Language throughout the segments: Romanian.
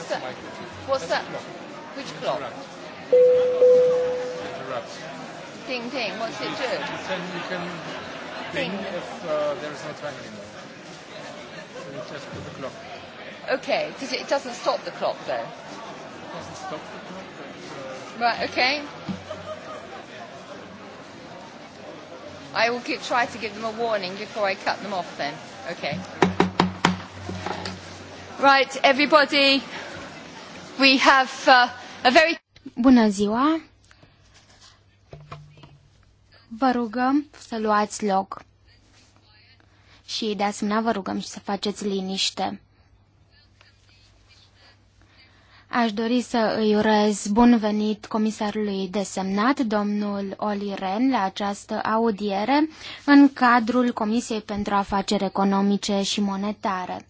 What's that? What's that? Which clock? Interrupts. Ding ding. What's it do? You can, you can ding, if uh, there is no time anymore. So you just put the clock. Okay, because it doesn't stop the clock though. It doesn't stop the clock. But, uh... Right. Okay. I will give, try to give them a warning before I cut them off then. Okay. Right, everybody. We have uh, a very... Bună ziua! Vă rugăm să luați loc și de asemenea vă rugăm și să faceți liniște. Aș dori să îi urez bun venit comisarului desemnat, domnul Oli Ren, la această audiere în cadrul Comisiei pentru Afaceri Economice și Monetare.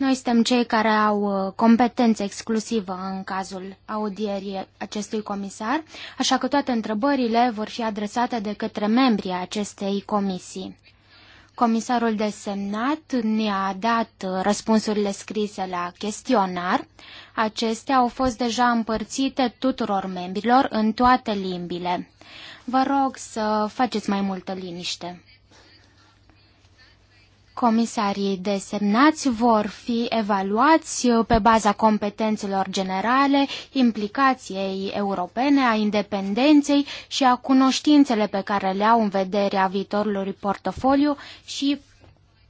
Noi suntem cei care au uh, competență exclusivă în cazul audierii acestui comisar, așa că toate întrebările vor fi adresate de către membrii acestei comisii. Comisarul desemnat ne-a dat uh, răspunsurile scrise la chestionar. Acestea au fost deja împărțite tuturor membrilor în toate limbile. Vă rog să faceți mai multă liniște. Comisarii desemnați vor fi evaluați pe baza competențelor generale, implicației europene, a independenței și a cunoștințele pe care le au în vederea viitorului portofoliu și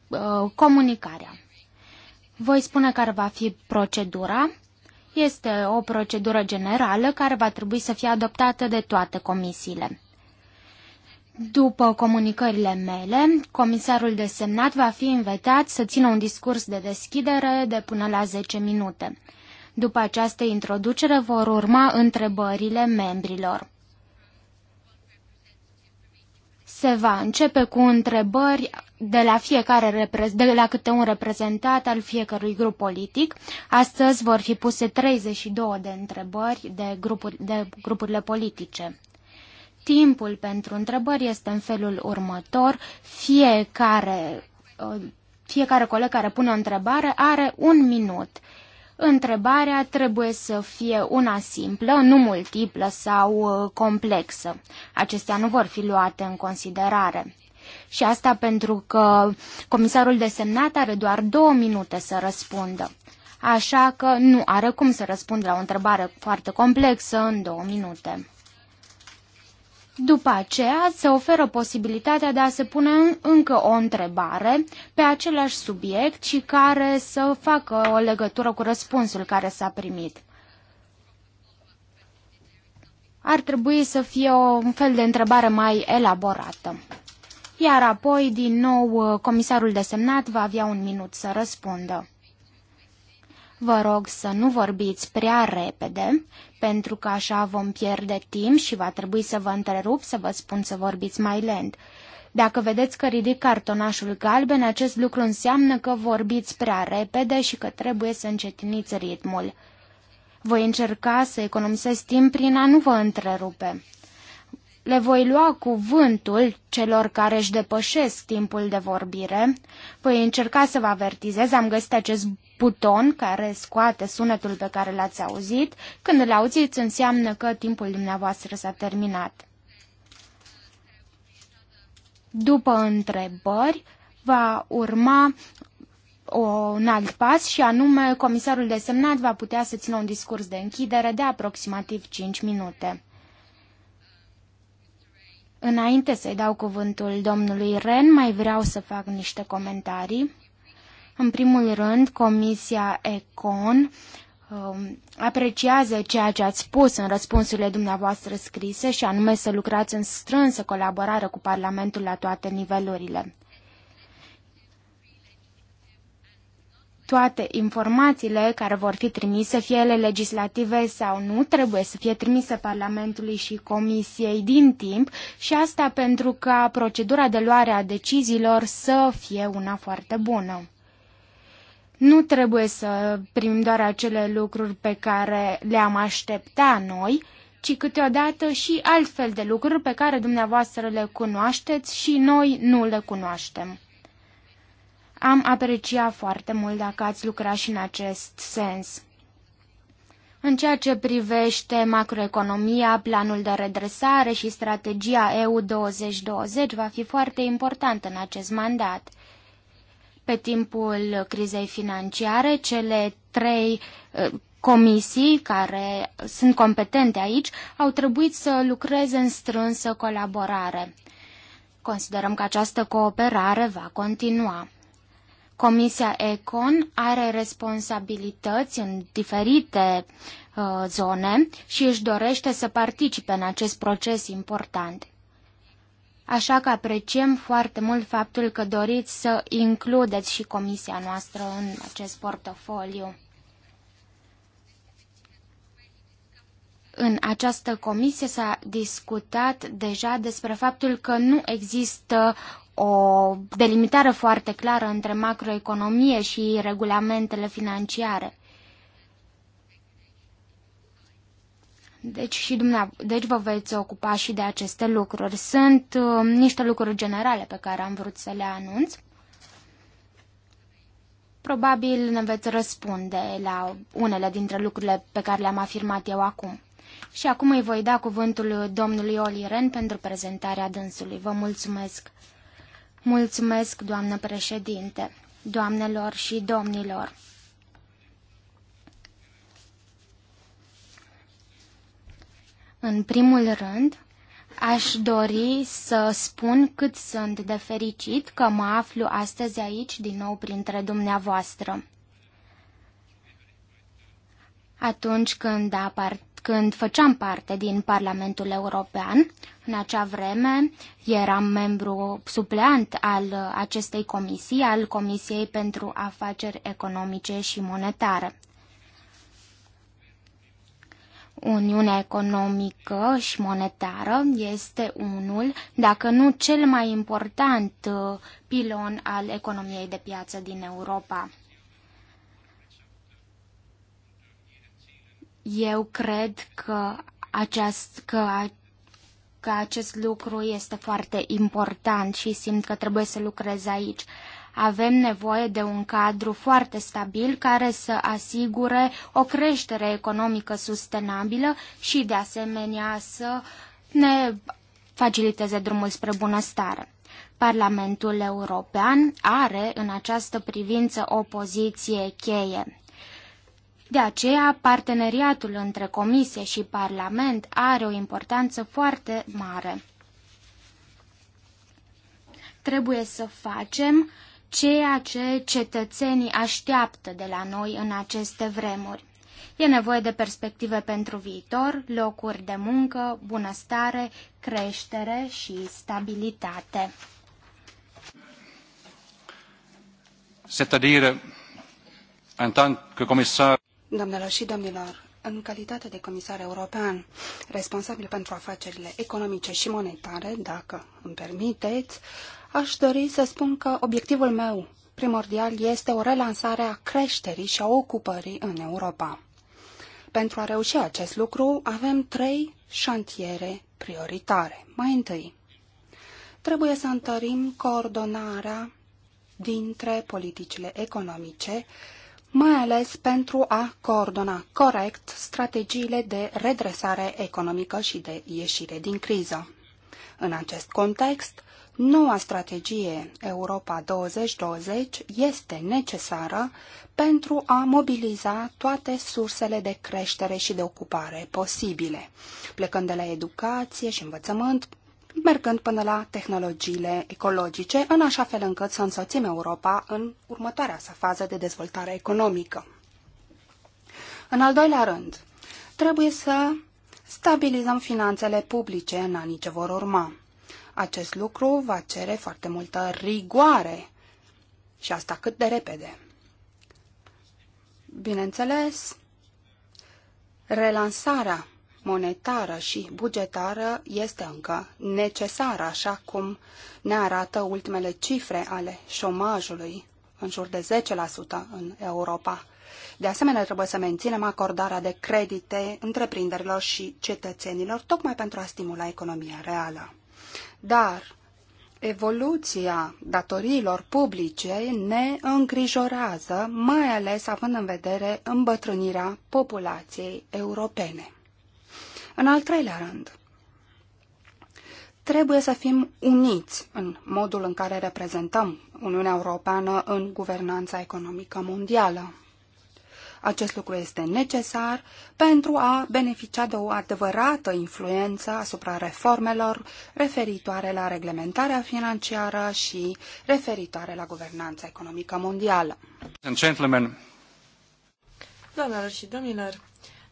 uh, comunicarea. Voi spune care va fi procedura. Este o procedură generală care va trebui să fie adoptată de toate comisiile. După comunicările mele, comisarul desemnat va fi invitat să țină un discurs de deschidere de până la 10 minute. După această introducere vor urma întrebările membrilor. Se va începe cu întrebări de la, fiecare, de la câte un reprezentat al fiecărui grup politic. Astăzi vor fi puse 32 de întrebări de, grupuri, de grupurile politice. Timpul pentru întrebări este în felul următor. Fiecare, uh, fiecare coleg care pune o întrebare are un minut. Întrebarea trebuie să fie una simplă, nu multiplă sau uh, complexă. Acestea nu vor fi luate în considerare. Și asta pentru că comisarul desemnat are doar două minute să răspundă. Așa că nu are cum să răspundă la o întrebare foarte complexă în două minute. După aceea se oferă posibilitatea de a se pune încă o întrebare pe același subiect și care să facă o legătură cu răspunsul care s-a primit. Ar trebui să fie o, un fel de întrebare mai elaborată. Iar apoi, din nou, comisarul desemnat va avea un minut să răspundă. Vă rog să nu vorbiți prea repede, pentru că așa vom pierde timp și va trebui să vă întrerup să vă spun să vorbiți mai lent. Dacă vedeți că ridic cartonașul galben, acest lucru înseamnă că vorbiți prea repede și că trebuie să încetiniți ritmul. Voi încerca să economisesc timp prin a nu vă întrerupe. Le voi lua cuvântul celor care își depășesc timpul de vorbire. Voi încerca să vă avertizez, am găsit acest buton care scoate sunetul pe care l-ați auzit. Când îl auziți, înseamnă că timpul dumneavoastră s-a terminat. După întrebări, va urma un alt pas și anume comisarul desemnat va putea să țină un discurs de închidere de aproximativ 5 minute. Înainte să-i dau cuvântul domnului Ren, mai vreau să fac niște comentarii. În primul rând, Comisia Econ um, apreciază ceea ce ați spus în răspunsurile dumneavoastră scrise și anume să lucrați în strânsă colaborare cu Parlamentul la toate nivelurile. Toate informațiile care vor fi trimise, fie ele legislative sau nu, trebuie să fie trimise Parlamentului și Comisiei din timp și asta pentru ca procedura de luare a deciziilor să fie una foarte bună. Nu trebuie să primim doar acele lucruri pe care le-am aștepta noi, ci câteodată și altfel de lucruri pe care dumneavoastră le cunoașteți și noi nu le cunoaștem. Am apreciat foarte mult dacă ați lucra și în acest sens. În ceea ce privește macroeconomia, planul de redresare și strategia EU 2020 va fi foarte important în acest mandat. Pe timpul crizei financiare, cele trei eh, comisii care sunt competente aici au trebuit să lucreze în strânsă colaborare. Considerăm că această cooperare va continua. Comisia Econ are responsabilități în diferite uh, zone și își dorește să participe în acest proces important. Așa că apreciem foarte mult faptul că doriți să includeți și comisia noastră în acest portofoliu. În această comisie s-a discutat deja despre faptul că nu există o delimitare foarte clară între macroeconomie și regulamentele financiare. Deci, și dumneavoastră, deci vă veți ocupa și de aceste lucruri. Sunt uh, niște lucruri generale pe care am vrut să le anunț. Probabil ne veți răspunde la unele dintre lucrurile pe care le-am afirmat eu acum. Și acum îi voi da cuvântul domnului Ren pentru prezentarea dânsului. Vă mulțumesc! Mulțumesc, doamnă președinte, doamnelor și domnilor! În primul rând, aș dori să spun cât sunt de fericit că mă aflu astăzi aici din nou printre dumneavoastră. Atunci când, apart, când făceam parte din Parlamentul European, în acea vreme eram membru supleant al acestei comisii, al Comisiei pentru Afaceri Economice și Monetare. Uniunea economică și monetară este unul, dacă nu cel mai important uh, pilon al economiei de piață din Europa. Eu cred că, aceast, că, că acest lucru este foarte important și simt că trebuie să lucrez aici. Avem nevoie de un cadru foarte stabil care să asigure o creștere economică sustenabilă și, de asemenea, să ne faciliteze drumul spre bunăstare. Parlamentul European are în această privință o poziție cheie. De aceea, parteneriatul între Comisie și Parlament are o importanță foarte mare. Trebuie să facem ceea ce cetățenii așteaptă de la noi în aceste vremuri. E nevoie de perspective pentru viitor, locuri de muncă, bunăstare, creștere și stabilitate. comisar... Doamnelor și domnilor, în calitate de comisar european responsabil pentru afacerile economice și monetare, dacă îmi permiteți, Aș dori să spun că obiectivul meu primordial este o relansare a creșterii și a ocupării în Europa. Pentru a reuși acest lucru, avem trei șantiere prioritare. Mai întâi, trebuie să întărim coordonarea dintre politicile economice, mai ales pentru a coordona corect strategiile de redresare economică și de ieșire din criză. În acest context, noua strategie Europa 2020 este necesară pentru a mobiliza toate sursele de creștere și de ocupare posibile, plecând de la educație și învățământ, mergând până la tehnologiile ecologice, în așa fel încât să însoțim Europa în următoarea sa fază de dezvoltare economică. În al doilea rând, trebuie să stabilizăm finanțele publice în anii ce vor urma. Acest lucru va cere foarte multă rigoare și asta cât de repede. Bineînțeles, relansarea monetară și bugetară este încă necesară, așa cum ne arată ultimele cifre ale șomajului, în jur de 10% în Europa. De asemenea, trebuie să menținem acordarea de credite întreprinderilor și cetățenilor, tocmai pentru a stimula economia reală. Dar evoluția datoriilor publice ne îngrijorează, mai ales având în vedere îmbătrânirea populației europene. În al treilea rând, trebuie să fim uniți în modul în care reprezentăm Uniunea Europeană în guvernanța economică mondială. Acest lucru este necesar pentru a beneficia de o adevărată influență asupra reformelor referitoare la reglementarea financiară și referitoare la guvernanța economică mondială. Doamnelor și domnilor,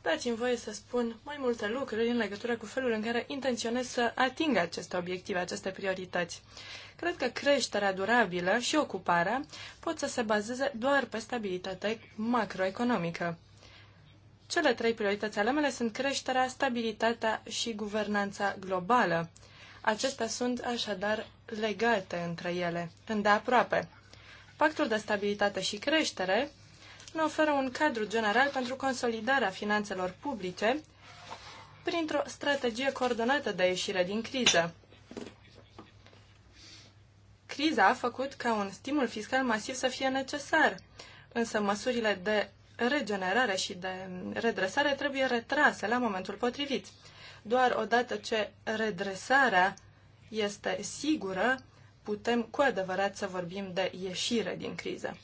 dați-mi voie să spun mai multe lucruri în legătură cu felul în care intenționez să ating aceste obiective, aceste priorități. Cred că creșterea durabilă și ocuparea pot să se bazeze doar pe stabilitate macroeconomică. Cele trei priorități ale mele sunt creșterea, stabilitatea și guvernanța globală. Acestea sunt așadar legate între ele, îndeaproape. Pactul de stabilitate și creștere ne oferă un cadru general pentru consolidarea finanțelor publice printr-o strategie coordonată de ieșire din criză. Criza a făcut ca un stimul fiscal masiv să fie necesar, însă măsurile de regenerare și de redresare trebuie retrase la momentul potrivit. Doar odată ce redresarea este sigură, putem cu adevărat să vorbim de ieșire din criză.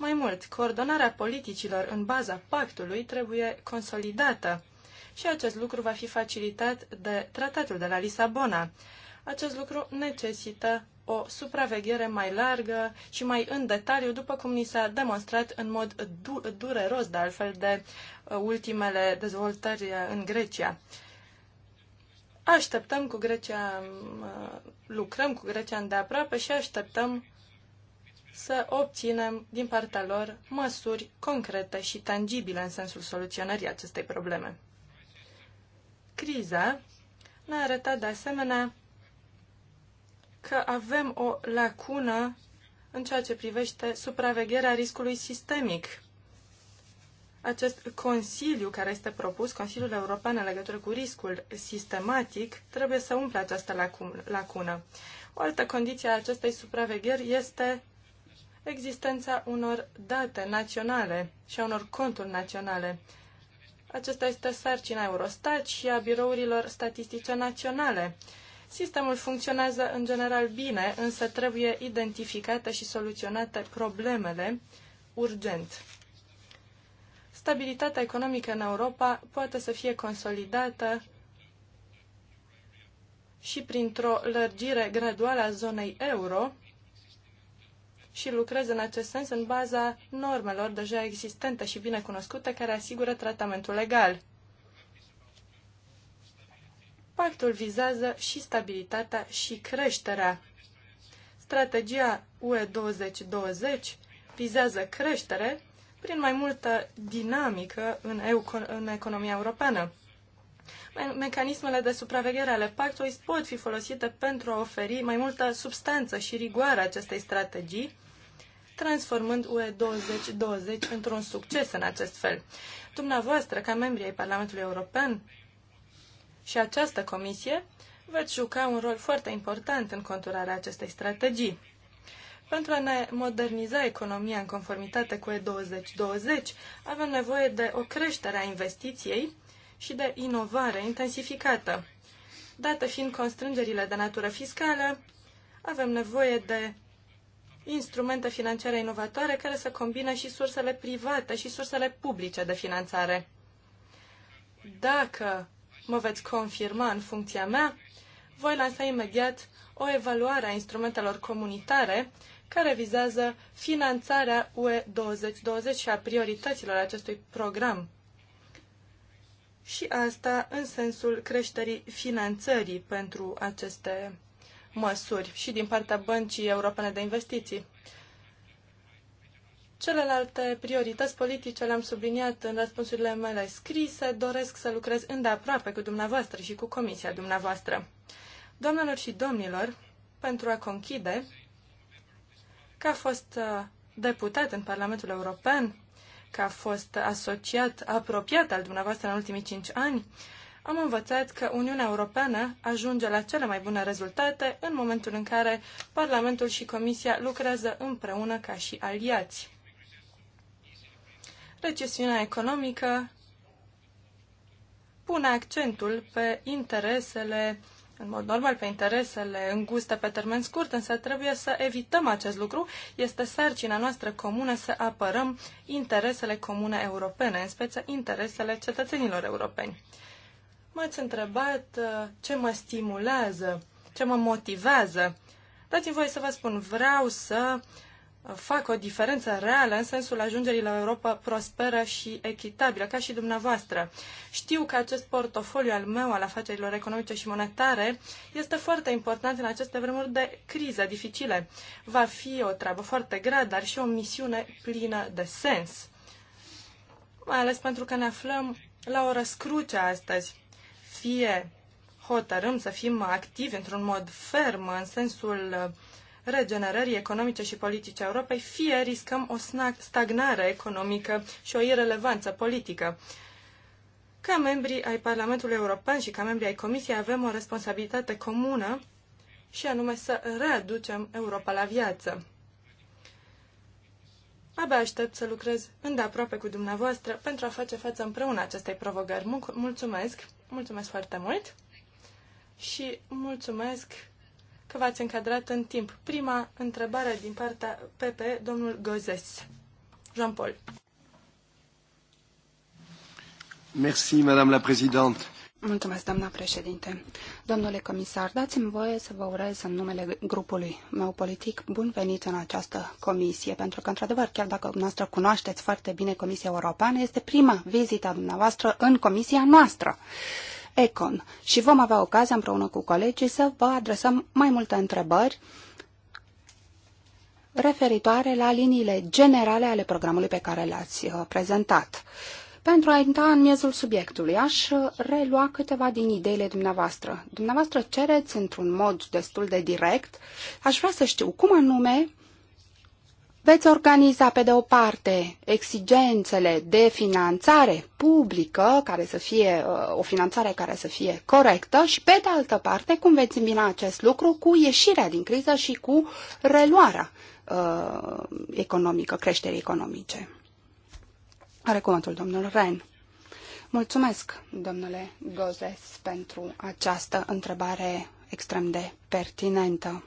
Mai mult, coordonarea politicilor în baza pactului trebuie consolidată și acest lucru va fi facilitat de tratatul de la Lisabona. Acest lucru necesită o supraveghere mai largă și mai în detaliu, după cum ni s-a demonstrat în mod du- dureros, de altfel, de uh, ultimele dezvoltări uh, în Grecia. Așteptăm cu Grecia, uh, lucrăm cu Grecia îndeaproape și așteptăm să obținem din partea lor măsuri concrete și tangibile în sensul soluționării acestei probleme. Criza ne-a arătat de asemenea că avem o lacună în ceea ce privește supravegherea riscului sistemic. Acest Consiliu care este propus, Consiliul European în legătură cu riscul sistematic, trebuie să umple această lacună. O altă condiție a acestei supravegheri este existența unor date naționale și a unor conturi naționale. Acesta este sarcina Eurostat și a birourilor statistice naționale. Sistemul funcționează în general bine, însă trebuie identificate și soluționate problemele urgent. Stabilitatea economică în Europa poate să fie consolidată și printr-o lărgire graduală a zonei euro, și lucrez în acest sens în baza normelor deja existente și bine cunoscute care asigură tratamentul legal. Pactul vizează și stabilitatea și creșterea. Strategia UE 2020 vizează creștere prin mai multă dinamică în, eu, în economia europeană. Mecanismele de supraveghere ale pactului pot fi folosite pentru a oferi mai multă substanță și rigoare acestei strategii, transformând UE 2020 într-un succes în acest fel. Dumneavoastră, ca membri ai Parlamentului European și această comisie, veți juca un rol foarte important în conturarea acestei strategii. Pentru a ne moderniza economia în conformitate cu E2020, avem nevoie de o creștere a investiției și de inovare intensificată. Dată fiind constrângerile de natură fiscală, avem nevoie de instrumente financiare inovatoare care să combine și sursele private și sursele publice de finanțare. Dacă mă veți confirma în funcția mea, voi lansa imediat o evaluare a instrumentelor comunitare care vizează finanțarea UE 2020 și a priorităților acestui program și asta în sensul creșterii finanțării pentru aceste măsuri și din partea Băncii Europene de Investiții. Celelalte priorități politice le-am subliniat în răspunsurile mele scrise. Doresc să lucrez îndeaproape cu dumneavoastră și cu comisia dumneavoastră. Doamnelor și domnilor, pentru a conchide, că a fost uh, deputat în Parlamentul European, că a fost asociat apropiat al dumneavoastră în ultimii cinci ani, am învățat că Uniunea Europeană ajunge la cele mai bune rezultate în momentul în care Parlamentul și Comisia lucrează împreună ca și aliați. Recesiunea economică pune accentul pe interesele în mod normal pe interesele înguste pe termen scurt, însă trebuie să evităm acest lucru. Este sarcina noastră comună să apărăm interesele comune europene, în speță interesele cetățenilor europeni. M-ați întrebat uh, ce mă stimulează, ce mă motivează. Dați-mi voie să vă spun, vreau să uh, fac o diferență reală în sensul ajungerii la Europa prosperă și echitabilă, ca și dumneavoastră. Știu că acest portofoliu al meu al afacerilor economice și monetare este foarte important în aceste vremuri de criză dificile. Va fi o treabă foarte grea, dar și o misiune plină de sens. Mai ales pentru că ne aflăm la o răscruce astăzi. Fie hotărâm să fim activi într-un mod ferm în sensul uh, regenerării economice și politice a Europei, fie riscăm o stagnare economică și o irelevanță politică. Ca membri ai Parlamentului European și ca membri ai Comisiei avem o responsabilitate comună și anume să readucem Europa la viață. Abia aștept să lucrez îndeaproape cu dumneavoastră pentru a face față împreună acestei provocări. Mulțumesc! Mulțumesc foarte mult! Și mulțumesc că v-ați încadrat în timp. Prima întrebare din partea PP, domnul Gozes. Jean-Paul. Merci, Madame la Présidente. Mulțumesc, doamna președinte. Domnule comisar, dați-mi voie să vă urez în numele grupului meu politic bun venit în această comisie, pentru că, într-adevăr, chiar dacă dumneavoastră cunoașteți foarte bine Comisia Europeană, este prima vizită a dumneavoastră în comisia noastră. Uh, ECON și vom avea ocazia împreună cu colegii să vă adresăm mai multe întrebări referitoare la liniile generale ale programului pe care le-ați uh, prezentat. Pentru a intra în miezul subiectului, aș uh, relua câteva din ideile dumneavoastră. Dumneavoastră cereți într-un mod destul de direct. Aș vrea să știu cum anume veți organiza, pe de o parte, exigențele de finanțare publică, care să fie uh, o finanțare care să fie corectă, și, pe de altă parte, cum veți îmbina acest lucru cu ieșirea din criză și cu reluarea uh, economică, creșterii economice. Are cuvântul domnul Ren. Mulțumesc, domnule Gozes, pentru această întrebare extrem de pertinentă.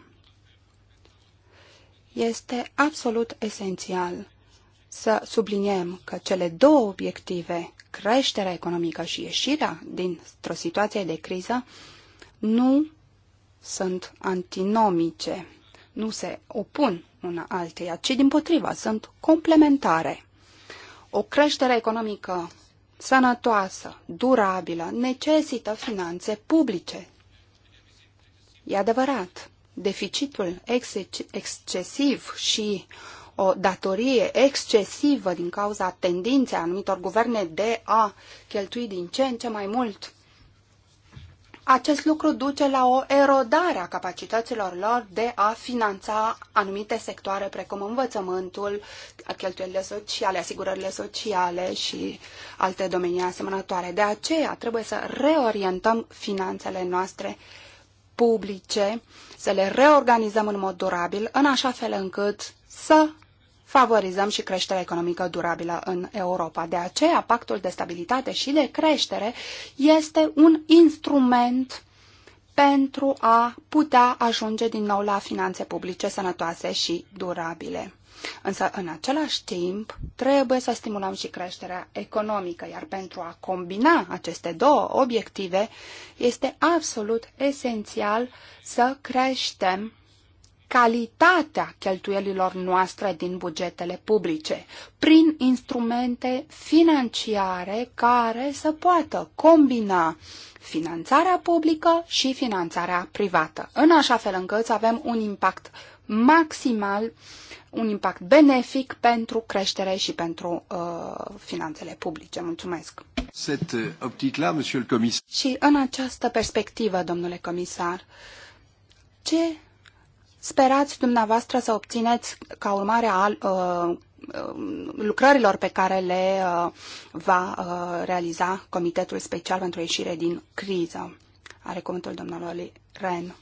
Este absolut esențial să subliniem că cele două obiective, creșterea economică și ieșirea dintr-o situație de criză, nu sunt antinomice, nu se opun una alteia, ci din potriva, sunt complementare. O creștere economică sănătoasă, durabilă, necesită finanțe publice. E adevărat deficitul ex excesiv și o datorie excesivă din cauza tendinței anumitor guverne de a cheltui din ce în ce mai mult. Acest lucru duce la o erodare a capacităților lor de a finanța anumite sectoare precum învățământul, cheltuielile sociale, asigurările sociale și alte domenii asemănătoare. De aceea trebuie să reorientăm finanțele noastre publice să le reorganizăm în mod durabil, în așa fel încât să favorizăm și creșterea economică durabilă în Europa. De aceea, pactul de stabilitate și de creștere este un instrument pentru a putea ajunge din nou la finanțe publice sănătoase și durabile. Însă, în același timp, trebuie să stimulăm și creșterea economică, iar pentru a combina aceste două obiective, este absolut esențial să creștem calitatea cheltuielilor noastre din bugetele publice, prin instrumente financiare care să poată combina finanțarea publică și finanțarea privată, în așa fel încât să avem un impact maximal un impact benefic pentru creștere și pentru uh, finanțele publice. Mulțumesc! Cette uh, optique-là, monsieur le comisar. Și în această perspectivă, domnule comisar, ce sperați dumneavoastră să obțineți ca urmare a uh, uh, lucrărilor pe care le uh, va uh, realiza Comitetul Special pentru Ieșire din Criză. Are cuvântul domnului Ren.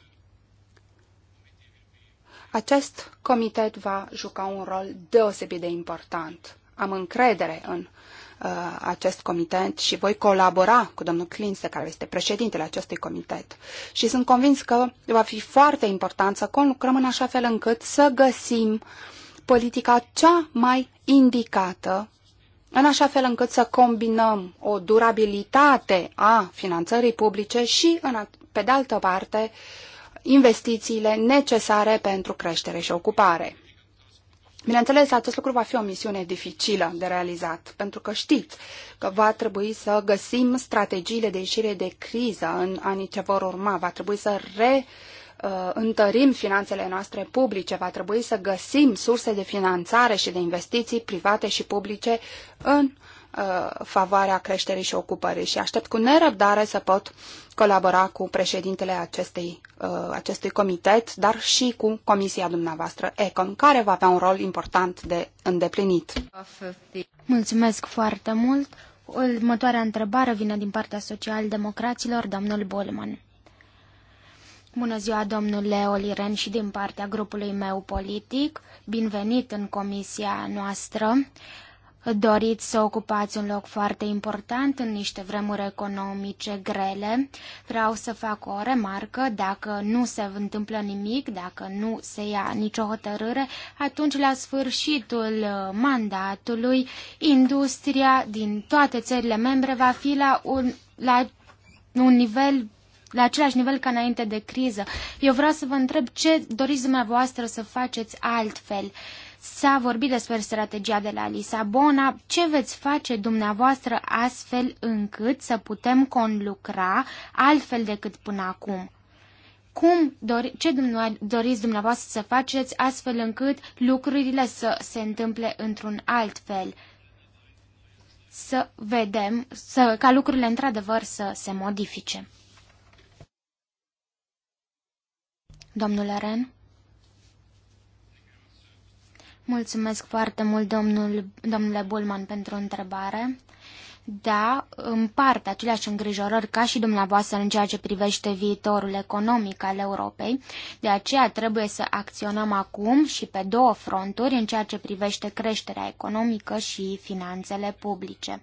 Acest comitet va juca un rol deosebit de important. Am încredere în uh, acest comitet și voi colabora cu domnul Clinse, care este președintele acestui comitet. Și sunt convins că va fi foarte important să conlucrăm în așa fel încât să găsim politica cea mai indicată în așa fel încât să combinăm o durabilitate a finanțării publice și, în, pe de altă parte, investițiile necesare pentru creștere și ocupare. Bineînțeles, acest lucru va fi o misiune dificilă de realizat, pentru că știți că va trebui să găsim strategiile de ieșire de criză în anii ce vor urma, va trebui să re uh, întărim finanțele noastre publice, va trebui să găsim surse de finanțare și de investiții private și publice în Uh, favoarea creșterii și ocupării și aștept cu nerăbdare să pot colabora cu președintele acestei, uh, acestui comitet, dar și cu comisia dumneavoastră ECON, care va avea un rol important de îndeplinit. Mulțumesc foarte mult! Următoarea întrebare vine din partea social-democraților, domnul Bolman. Bună ziua, domnule Oliren și din partea grupului meu politic. Binvenit în comisia noastră. Uh, doriți să ocupați un loc foarte important în niște vremuri economice grele. Vreau să fac o remarcă, dacă nu se întâmplă nimic, dacă nu se ia nicio hotărâre, atunci la sfârșitul uh, mandatului, industria din toate țările membre va fi la un, la un nivel la același nivel ca înainte de criză. Eu vreau să vă întreb ce doriți dumneavoastră să faceți altfel. Uh, S-a vorbit despre strategia de la Lisabona. Ce veți face dumneavoastră astfel încât să putem conlucra altfel decât până acum? Cum dori, ce doriți dumneavoastră să faceți astfel încât lucrurile să se întâmple într-un alt fel? Să vedem, să, ca lucrurile într-adevăr să se modifice. Domnule Ren? Mulțumesc foarte mult, domnul, domnule Bulman, pentru întrebare. Da, împart aceleași îngrijorări ca și dumneavoastră în ceea ce privește viitorul economic al Europei, de aceea trebuie să acționăm acum și pe două fronturi în ceea ce privește creșterea economică și finanțele publice.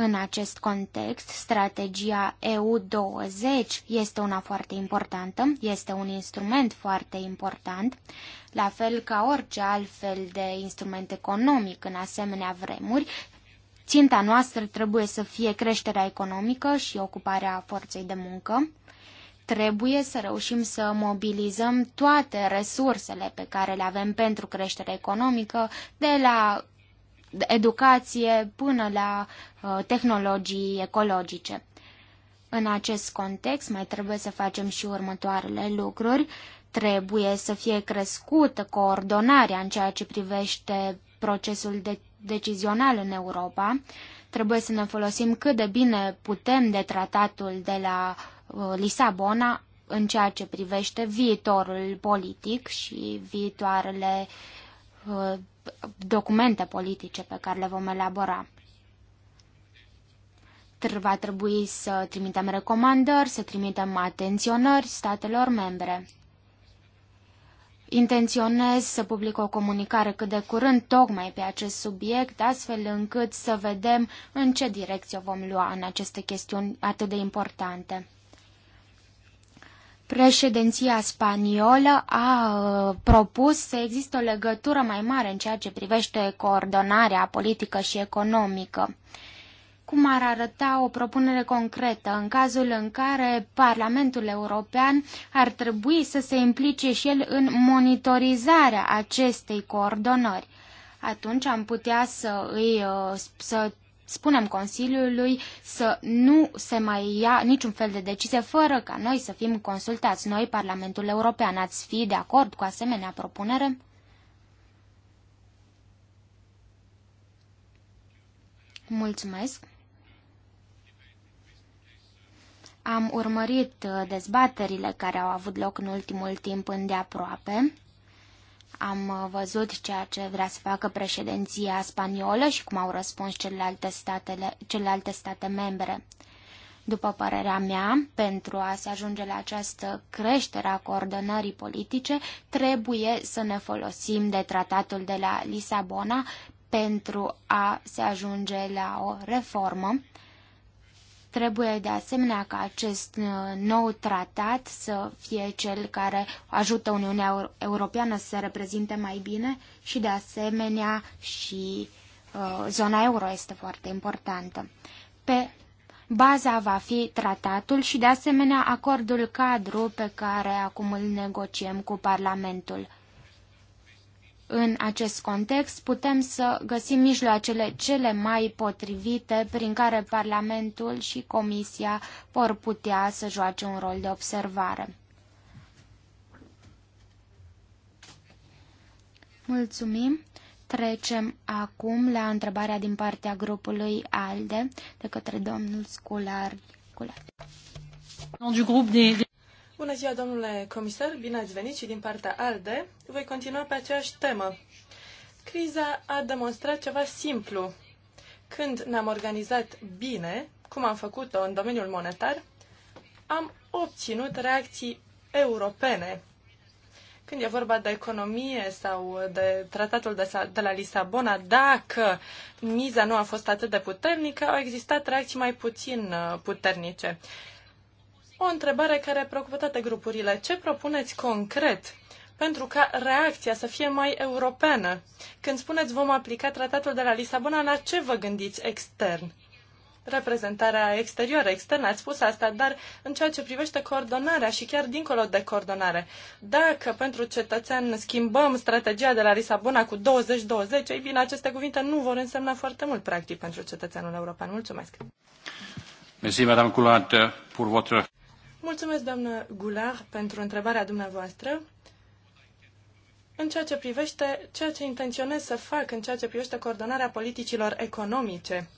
În acest context, strategia EU20 este una foarte importantă, este un instrument foarte important, la fel ca orice altfel de instrument economic în asemenea vremuri, Ținta noastră trebuie să fie creșterea economică și ocuparea forței de muncă. Trebuie să reușim să mobilizăm toate resursele pe care le avem pentru creștere economică, de la educație până la uh, tehnologii ecologice. În acest context mai trebuie să facem și următoarele lucruri. Trebuie să fie crescută coordonarea în ceea ce privește procesul de decizional în Europa. Trebuie să ne folosim cât de bine putem de tratatul de la uh, Lisabona în ceea ce privește viitorul politic și viitoarele uh, Uh, documente politice pe care le vom elabora. Va trebui să trimitem recomandări, să trimitem atenționări statelor membre. Intenționez să public o comunicare cât de curând tocmai pe acest subiect, astfel încât să vedem în ce direcție vom lua în aceste chestiuni atât de importante. Președinția spaniolă a uh, propus să existe o legătură mai mare în ceea ce privește coordonarea politică și economică. Cum ar arăta o propunere concretă în cazul în care Parlamentul European ar trebui să se implice și el în monitorizarea acestei coordonări? Atunci am putea să, îi, uh, să spunem Consiliului să nu se mai ia niciun fel de decizie fără ca noi să fim consultați. Noi, Parlamentul European, ați fi de acord cu asemenea propunere? Mulțumesc! Am urmărit uh, dezbaterile care au avut loc în ultimul timp îndeaproape. Am uh, văzut ceea ce vrea să facă președinția spaniolă și cum au răspuns celelalte, statele, celelalte state membre. După părerea mea, pentru a se ajunge la această creștere a coordonării politice, trebuie să ne folosim de tratatul de la Lisabona pentru a se ajunge la o reformă Trebuie de asemenea ca acest uh, nou tratat să fie cel care ajută Uniunea Europeană să se reprezinte mai bine și de asemenea și uh, zona euro este foarte importantă. Pe baza va fi tratatul și de asemenea acordul cadru pe care acum îl negociem cu Parlamentul. În acest context putem să găsim mijloacele cele mai potrivite prin care Parlamentul și Comisia vor putea să joace un rol de observare. Mulțumim! Trecem acum la întrebarea din partea grupului ALDE de către domnul Scular. Scular. Du grup de... Bună ziua, domnule comisar, bine ați venit și din partea ALDE. Voi continua pe aceeași temă. Criza a demonstrat ceva simplu. Când ne-am organizat bine, cum am făcut-o în domeniul monetar, am obținut reacții europene. Când e vorba de economie sau de tratatul de, de la Lisabona, dacă miza nu a fost atât de puternică, au existat reacții mai puțin uh, puternice o întrebare care preocupă toate grupurile. Ce propuneți concret pentru ca reacția să fie mai europeană? Când spuneți vom aplica tratatul de la Lisabona, la ce vă gândiți extern? Reprezentarea exterioară, externă, ați spus asta, dar în ceea ce privește coordonarea și chiar dincolo de coordonare, dacă pentru cetățean schimbăm strategia de la Lisabona cu 20-20, ei bine, aceste cuvinte nu vor însemna foarte mult, practic, pentru cetățeanul european. Mulțumesc! Mulțumesc, doamnă Coulard, pentru votre Mulțumesc, doamnă Gular, pentru întrebarea dumneavoastră. În ceea ce privește ceea ce intenționez să fac în ceea ce privește coordonarea politicilor economice,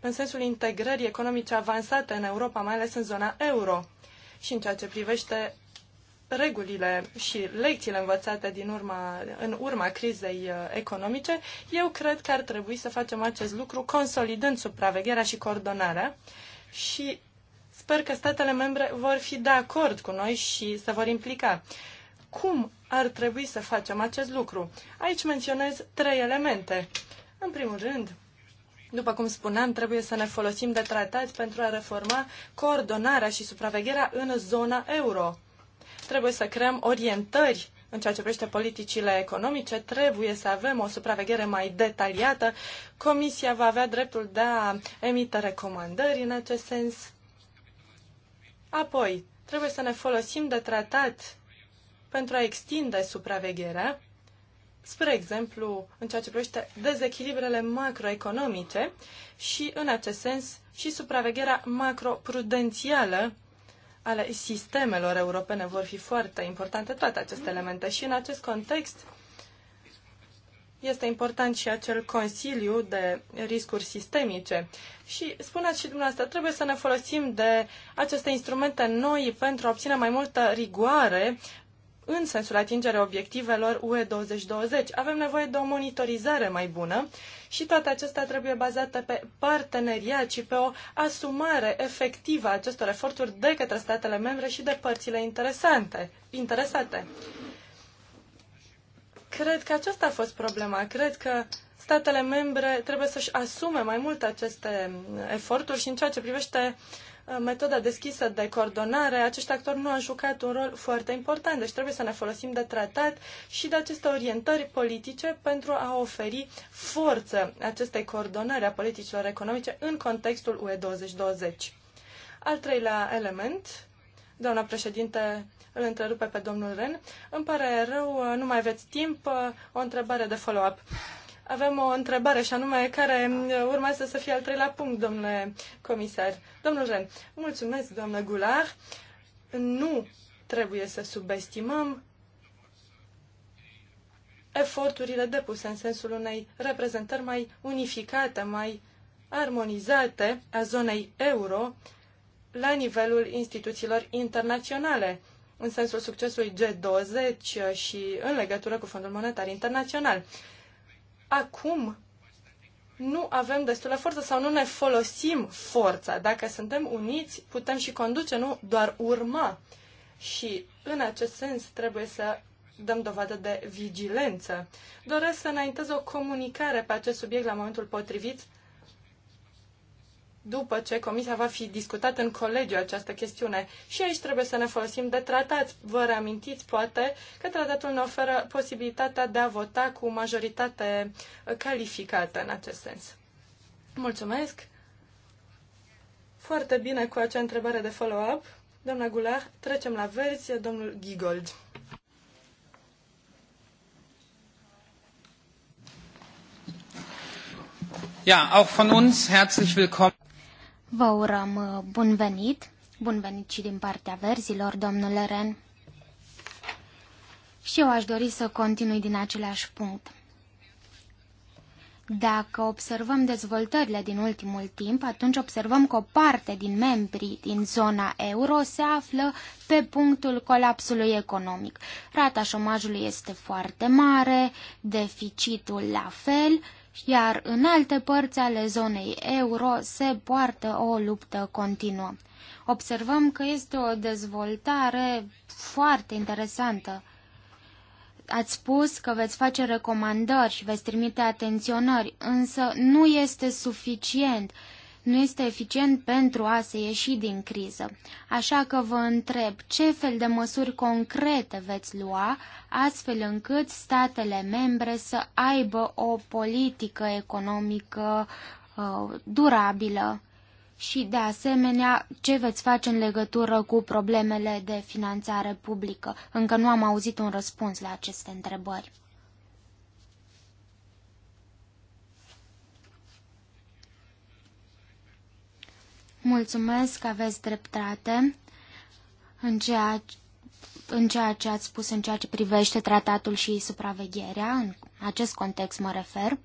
în sensul integrării economice avansate în Europa, mai ales în zona euro, și în ceea ce privește regulile și lecțiile învățate din urma, în urma crizei uh, economice, eu cred că ar trebui să facem acest lucru consolidând supravegherea și coordonarea și Sper că statele membre vor fi de acord cu noi și se vor implica. Cum ar trebui să facem acest lucru? Aici menționez trei elemente. În primul rând, după cum spuneam, trebuie să ne folosim de tratat pentru a reforma coordonarea și supravegherea în zona euro. Trebuie să creăm orientări în ceea ce privește politicile economice, trebuie să avem o supraveghere mai detaliată. Comisia va avea dreptul de a emite recomandări în acest sens. Apoi, trebuie să ne folosim de tratat pentru a extinde supravegherea, spre exemplu, în ceea ce privește dezechilibrele macroeconomice și, în acest sens, și supravegherea macroprudențială ale sistemelor europene vor fi foarte importante toate aceste elemente și în acest context este important și acel Consiliu de Riscuri Sistemice. Și spuneți și dumneavoastră, trebuie să ne folosim de aceste instrumente noi pentru a obține mai multă rigoare în sensul atingerea obiectivelor UE 2020. Avem nevoie de o monitorizare mai bună și toate acestea trebuie bazate pe parteneriat și pe o asumare efectivă a acestor eforturi de către statele membre și de părțile interesante, interesate. Cred că aceasta a fost problema. Cred că statele membre trebuie să-și asume mai mult aceste eforturi și în ceea ce privește uh, metoda deschisă de coordonare, acești actori nu au jucat un rol foarte important, deci trebuie să ne folosim de tratat și de aceste orientări politice pentru a oferi forță acestei coordonări a politicilor economice în contextul UE 2020. Al treilea element, doamna președinte îl întrerupe pe domnul Ren. Îmi pare rău, nu mai aveți timp, o întrebare de follow-up. Avem o întrebare și anume care urmează să fie al treilea punct, domnule comisar. Domnul Ren, mulțumesc, doamnă Gular. Nu trebuie să subestimăm eforturile depuse în sensul unei reprezentări mai unificate, mai armonizate a zonei euro la nivelul instituțiilor internaționale în sensul succesului G20 și în legătură cu Fondul Monetar Internațional. Acum nu avem destulă forță sau nu ne folosim forța. Dacă suntem uniți, putem și conduce, nu doar urma. Și în acest sens trebuie să dăm dovadă de vigilență. Doresc să înaintez o comunicare pe acest subiect la momentul potrivit după ce Comisia va fi discutat în colegiu această chestiune. Și aici trebuie să ne folosim de tratați. Vă reamintiți, poate, că tratatul ne oferă posibilitatea de a vota cu majoritate calificată în acest sens. Mulțumesc! Foarte bine cu acea întrebare de follow-up. Doamna Gular, trecem la verzi, domnul Gigold. Ja, auch von uns herzlich willkommen. Vă urăm uh, bun venit, bun venit și din partea verzilor, domnule Ren. Și eu aș dori să continui din același punct. Dacă observăm dezvoltările din ultimul timp, atunci observăm că o parte din membrii din zona euro se află pe punctul colapsului economic. Rata șomajului este foarte mare, deficitul la fel iar în alte părți ale zonei euro se poartă o luptă continuă. Observăm că este o dezvoltare foarte interesantă. Ați spus că veți face recomandări și veți trimite atenționări, însă nu este suficient nu este eficient pentru a se ieși din criză. Așa că vă întreb ce fel de măsuri concrete veți lua astfel încât statele membre să aibă o politică economică uh, durabilă și, de asemenea, ce veți face în legătură cu problemele de finanțare publică? Încă nu am auzit un răspuns la aceste întrebări. Mulțumesc, aveți dreptate în ceea, în ceea ce ați spus în ceea ce privește tratatul și supravegherea, în acest context mă refer.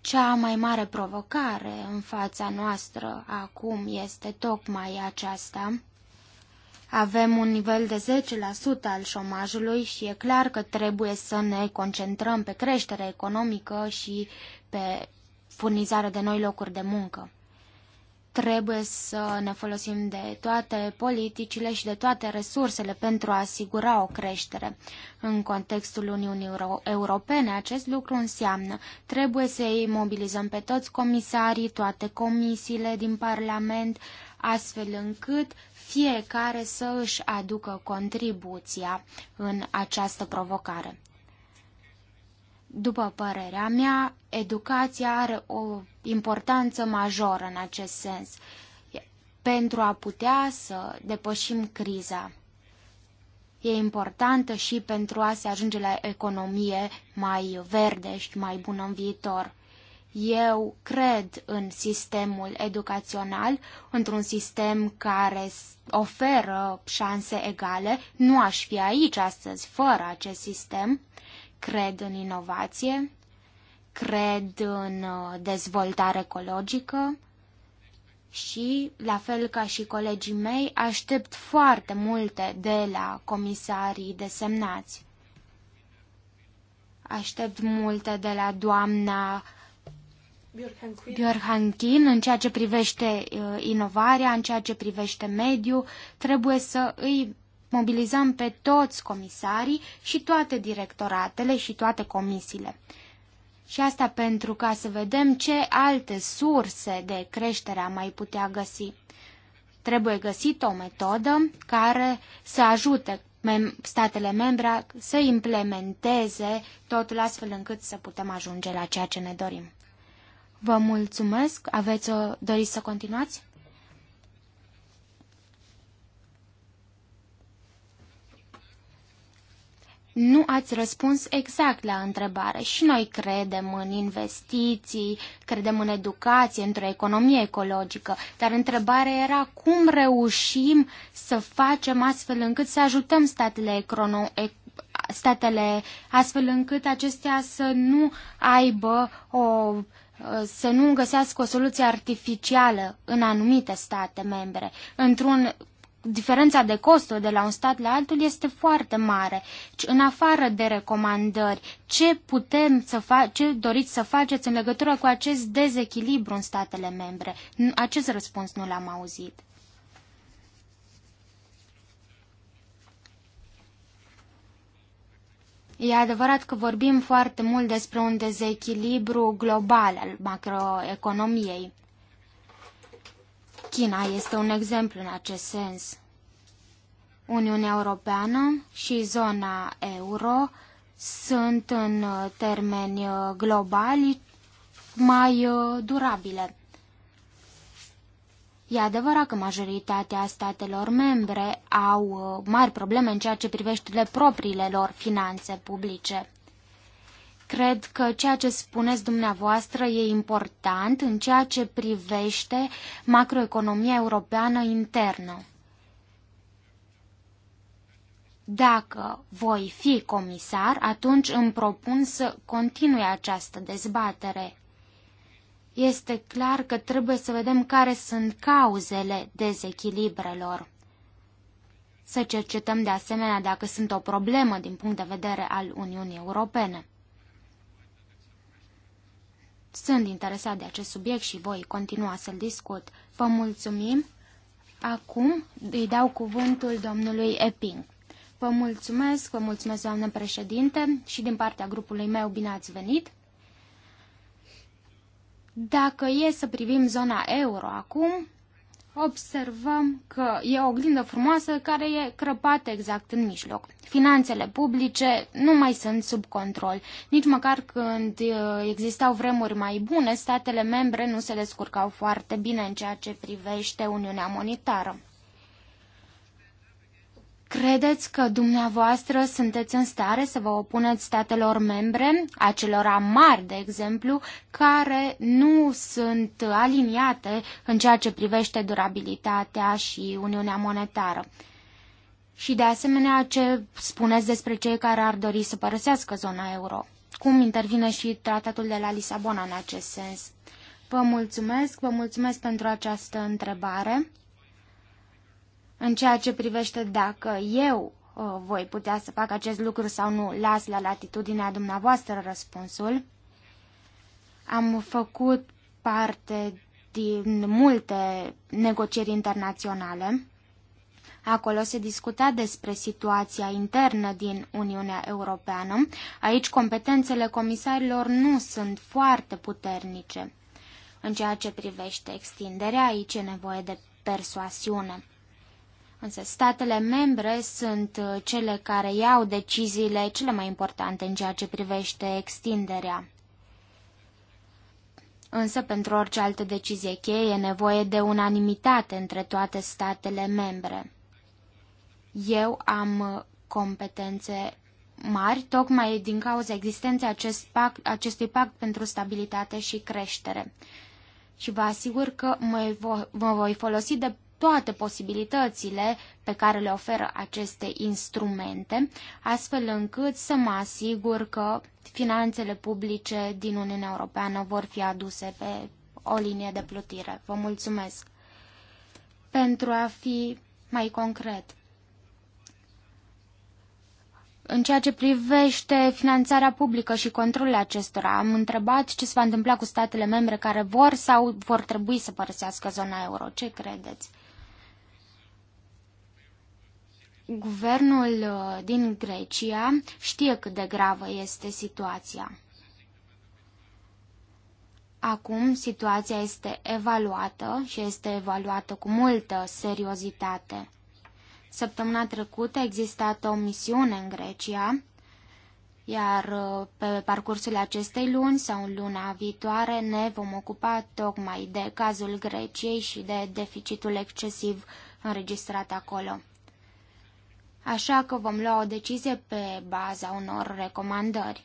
Cea mai mare provocare în fața noastră acum este tocmai aceasta. Avem un nivel de 10% al șomajului și e clar că trebuie să ne concentrăm pe creșterea economică și pe furnizare de noi locuri de muncă. Trebuie să ne folosim de toate politicile și de toate resursele pentru a asigura o creștere. În contextul Uniunii Euro Europene, acest lucru înseamnă trebuie să îi mobilizăm pe toți comisarii, toate comisiile din Parlament, astfel încât fiecare să își aducă contribuția în această provocare. După părerea mea, educația are o importanță majoră în acest sens pentru a putea să depășim criza. E importantă și pentru a se ajunge la economie mai verde și mai bună în viitor. Eu cred în sistemul educațional, într-un sistem care oferă șanse egale. Nu aș fi aici astăzi fără acest sistem cred în inovație, cred în uh, dezvoltare ecologică și, la fel ca și colegii mei, aștept foarte multe de la comisarii desemnați. Aștept multe de la doamna Björhankin în ceea ce privește uh, inovarea, în ceea ce privește mediu, trebuie să îi Mobilizăm pe toți comisarii și toate directoratele și toate comisiile. Și asta pentru ca să vedem ce alte surse de creștere am mai putea găsi. Trebuie găsit o metodă care să ajute mem- statele membre să implementeze totul astfel încât să putem ajunge la ceea ce ne dorim. Vă mulțumesc. Aveți o doriți să continuați? nu ați răspuns exact la întrebare și noi credem în investiții, credem în educație, într-o economie ecologică, dar întrebarea era cum reușim să facem astfel încât să ajutăm statele economice statele, astfel încât acestea să nu aibă o să nu găsească o soluție artificială în anumite state membre. Într-un diferența de costuri de la un stat la altul este foarte mare. În afară de recomandări, ce putem să fa- ce doriți să faceți în legătură cu acest dezechilibru în statele membre? Acest răspuns nu l-am auzit. E adevărat că vorbim foarte mult despre un dezechilibru global al macroeconomiei. China este un exemplu în acest sens. Uniunea Europeană și zona euro sunt în uh, termeni uh, globali mai uh, durabile. E adevărat că majoritatea statelor membre au mari probleme în ceea ce privește propriile lor finanțe publice. Cred că ceea ce spuneți dumneavoastră e important în ceea ce privește macroeconomia europeană internă. Dacă voi fi comisar, atunci îmi propun să continui această dezbatere. Este clar că trebuie să vedem care sunt cauzele dezechilibrelor. Să cercetăm de asemenea dacă sunt o problemă din punct de vedere al Uniunii Europene. Sunt interesat de acest subiect și voi continua să-l discut. Vă mulțumim. Acum îi dau cuvântul domnului Epping. Vă mulțumesc, vă mulțumesc, doamnă președinte, și din partea grupului meu bine ați venit. Dacă e să privim zona euro acum, observăm că e o oglindă frumoasă care e crăpată exact în mijloc. Finanțele publice nu mai sunt sub control. Nici măcar când uh, existau vremuri mai bune, statele membre nu se descurcau foarte bine în ceea ce privește Uniunea Monetară. Credeți că dumneavoastră sunteți în stare să vă opuneți statelor membre, acelora mari, de exemplu, care nu sunt aliniate în ceea ce privește durabilitatea și Uniunea Monetară? Și de asemenea, ce spuneți despre cei care ar dori să părăsească zona euro? Cum intervine și tratatul de la Lisabona în acest sens? Vă mulțumesc, vă mulțumesc pentru această întrebare. În ceea ce privește dacă eu uh, voi putea să fac acest lucru sau nu, las la latitudinea dumneavoastră răspunsul. Am făcut parte din multe negocieri internaționale. Acolo se discuta despre situația internă din Uniunea Europeană. Aici competențele comisarilor nu sunt foarte puternice. În ceea ce privește extinderea, aici e nevoie de persoasiune. Însă statele membre sunt uh, cele care iau deciziile cele mai importante în ceea ce privește extinderea. Însă pentru orice altă decizie cheie e nevoie de unanimitate între toate statele membre. Eu am uh, competențe mari tocmai din cauza existenței acest pact, acestui pact pentru stabilitate și creștere. Și vă asigur că mă, mă voi folosi de toate posibilitățile pe care le oferă aceste instrumente, astfel încât să mă asigur că finanțele publice din Uniunea Europeană vor fi aduse pe o linie de plutire. Vă mulțumesc! Pentru a fi mai concret, în ceea ce privește finanțarea publică și controlul acestora, am întrebat ce se va întâmpla cu statele membre care vor sau vor trebui să părăsească zona euro. Ce credeți? Guvernul uh, din Grecia știe cât de gravă este situația. Acum situația este evaluată și este evaluată cu multă seriozitate. Săptămâna trecută a existat o misiune în Grecia, iar uh, pe parcursul acestei luni sau în luna viitoare ne vom ocupa tocmai de cazul Greciei și de deficitul excesiv înregistrat acolo așa că vom lua o decizie pe baza unor recomandări.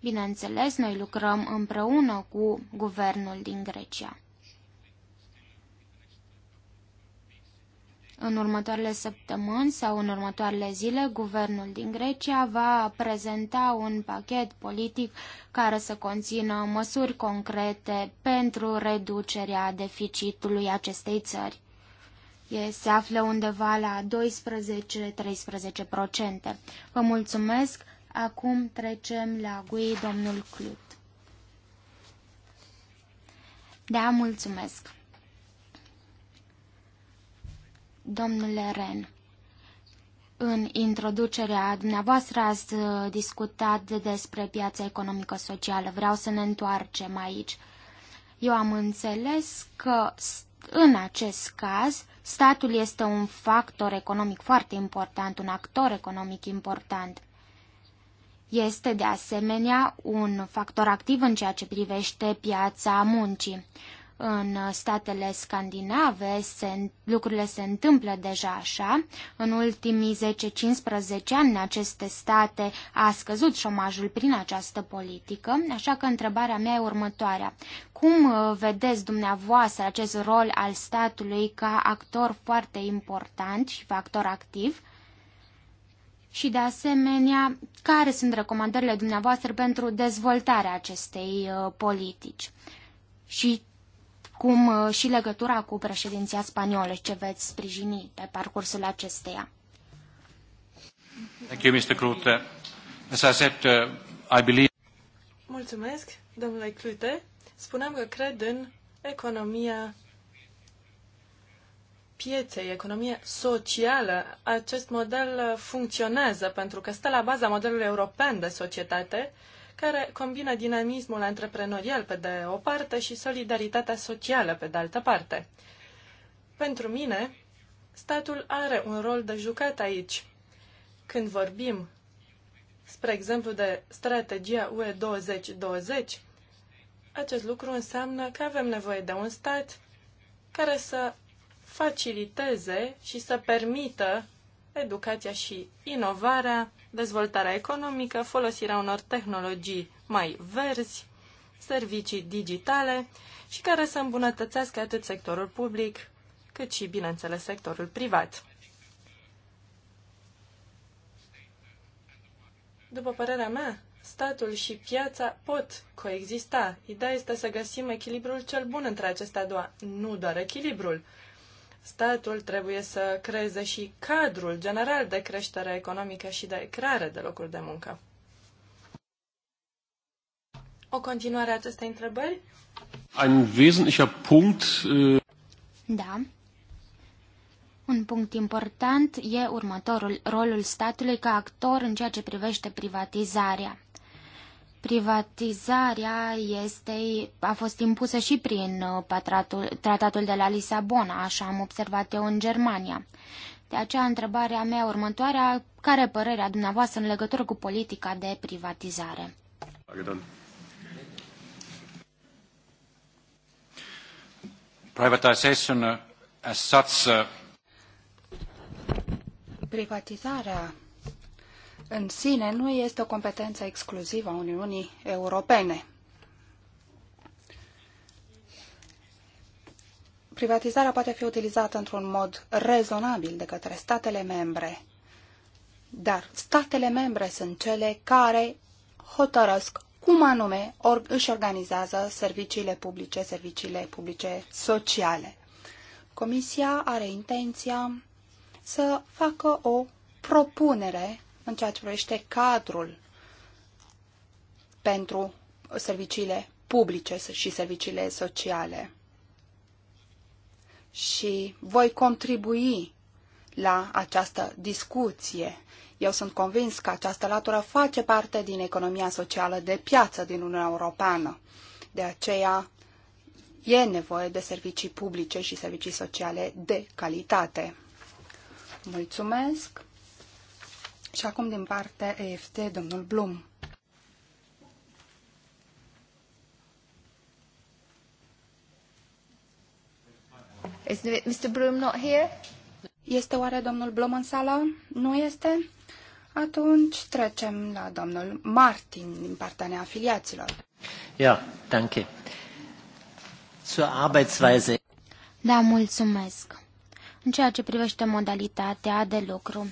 Bineînțeles, noi lucrăm împreună cu guvernul din Grecia. În următoarele săptămâni sau în următoarele zile, guvernul din Grecia va prezenta un pachet politic care să conțină măsuri concrete pentru reducerea deficitului acestei țări e, se află undeva la 12-13%. Vă mulțumesc. Acum trecem la GUI, domnul Clut. Da, mulțumesc. Domnule Ren, în introducerea dumneavoastră ați uh, discutat despre piața economică-socială. Vreau să ne întoarcem aici. Eu am înțeles că în acest caz, statul este un factor economic foarte important, un actor economic important. Este de asemenea un factor activ în ceea ce privește piața muncii. În statele scandinave se, lucrurile se întâmplă deja așa. În ultimii 10-15 ani în aceste state a scăzut șomajul prin această politică, așa că întrebarea mea e următoarea. Cum uh, vedeți dumneavoastră acest rol al statului ca actor foarte important și factor activ? Și de asemenea, care sunt recomandările dumneavoastră pentru dezvoltarea acestei uh, politici? Și cum uh, și legătura cu președinția spaniolă, ce veți sprijini pe parcursul acesteia. Thank you, Mr. Klute. As I said, uh, I believe... Mulțumesc, domnule Clute. Spuneam că cred în economia pieței, economia socială, acest model funcționează pentru că stă la baza modelului european de societate care combină dinamismul antreprenorial pe de o parte și solidaritatea socială pe de altă parte. Pentru mine, statul are un rol de jucat aici. Când vorbim, spre exemplu, de strategia UE 2020, acest lucru înseamnă că avem nevoie de un stat care să faciliteze și să permită educația și inovarea dezvoltarea economică, folosirea unor tehnologii mai verzi, servicii digitale și care să îmbunătățească atât sectorul public, cât și, bineînțeles, sectorul privat. După părerea mea, statul și piața pot coexista. Ideea este să găsim echilibrul cel bun între acestea două, nu doar echilibrul statul trebuie să creeze și cadrul general de creștere economică și de creare de locuri de muncă. O continuare a acestei întrebări? Un wesentlicher punct. Äh, da. Un punct important e următorul, rolul statului ca actor în ceea ce privește privatizarea. Privatizarea este, a fost impusă și prin uh, patratul, tratatul de la Lisabona, așa am observat eu în Germania. De aceea, întrebarea mea următoarea, care părerea dumneavoastră în legătură cu politica de privatizare? Uh, as such, uh, Privatizarea în sine nu este o competență exclusivă a Uniunii Europene. Privatizarea poate fi utilizată într-un mod rezonabil de către statele membre, dar statele membre sunt cele care hotărăsc cum anume or, își organizează serviciile publice, serviciile publice sociale. Comisia are intenția să facă o propunere în ceea ce privește cadrul pentru serviciile publice și serviciile sociale. Și voi contribui la această discuție. Eu sunt convins că această latură face parte din economia socială de piață din Uniunea Europeană. De aceea e nevoie de servicii publice și servicii sociale de calitate. Mulțumesc! Și acum din partea EFT, domnul Blum. Is Mr. Bloom not here? Este oare domnul Blum în sală? Nu este? Atunci trecem la domnul Martin din partea neafiliaților. Ja, danke. Zur Arbeitsweise. Da, mulțumesc. În ceea ce privește modalitatea de lucru,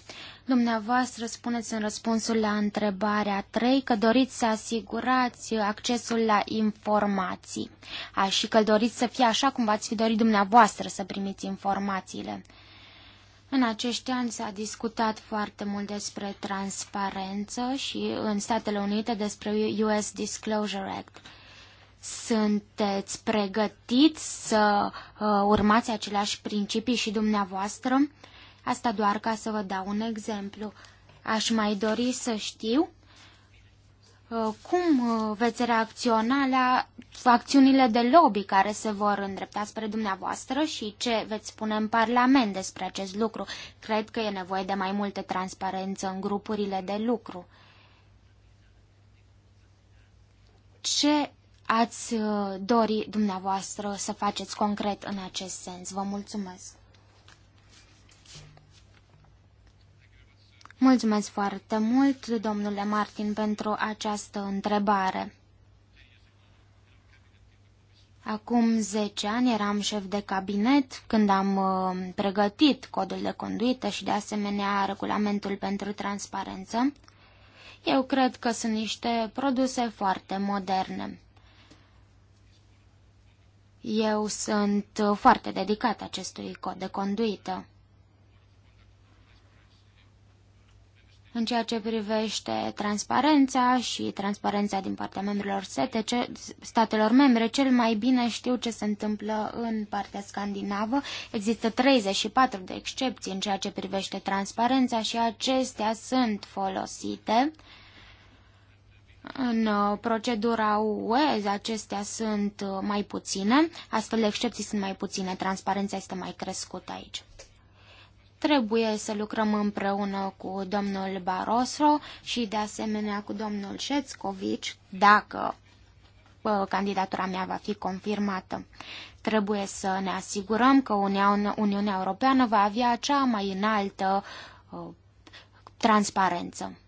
Dumneavoastră spuneți în răspunsul la întrebarea 3 că doriți să asigurați accesul la informații a, și că doriți să fie așa cum v-ați fi dorit dumneavoastră să primiți informațiile. În acești ani s-a discutat foarte mult despre transparență și în Statele Unite despre US Disclosure Act. Sunteți pregătiți să uh, urmați aceleași principii și dumneavoastră? Uh, Asta doar ca să vă dau un exemplu. Aș mai dori să știu uh, cum uh, veți reacționa la acțiunile de lobby care se vor îndrepta spre dumneavoastră și ce veți spune în Parlament despre acest lucru? Cred că e nevoie de mai multă transparență în grupurile de lucru. Ce ați uh, dori dumneavoastră să faceți concret în acest sens? Vă mulțumesc! Mulțumesc foarte mult, domnule Martin, pentru această întrebare. Acum 10 ani eram șef de cabinet când am uh, pregătit codul de conduită și de asemenea regulamentul pentru transparență. Eu cred că sunt niște produse foarte moderne. Eu sunt foarte dedicat acestui cod de conduită. În ceea ce privește transparența și transparența din partea membrilor sete, ce, statelor membre, cel mai bine știu ce se întâmplă în partea scandinavă. Există 34 de excepții în ceea ce privește transparența și acestea sunt folosite. În uh, procedura UE acestea sunt uh, mai puține, astfel de excepții sunt mai puține, transparența este mai crescută aici. Trebuie să lucrăm împreună cu domnul Barroso și de asemenea cu domnul Șețcovici, dacă candidatura mea va fi confirmată. Trebuie să ne asigurăm că Uniunea Europeană va avea cea mai înaltă uh, transparență.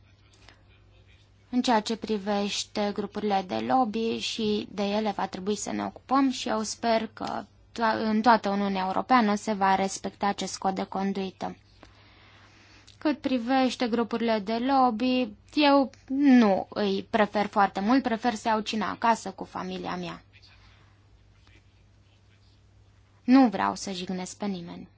În ceea ce privește grupurile de lobby și de ele va trebui să ne ocupăm și eu sper că în toată Uniunea Europeană se va respecta acest cod de conduită. Cât privește grupurile de lobby, eu nu îi prefer foarte mult, prefer să iau cina acasă cu familia mea. Nu vreau să jignesc pe nimeni.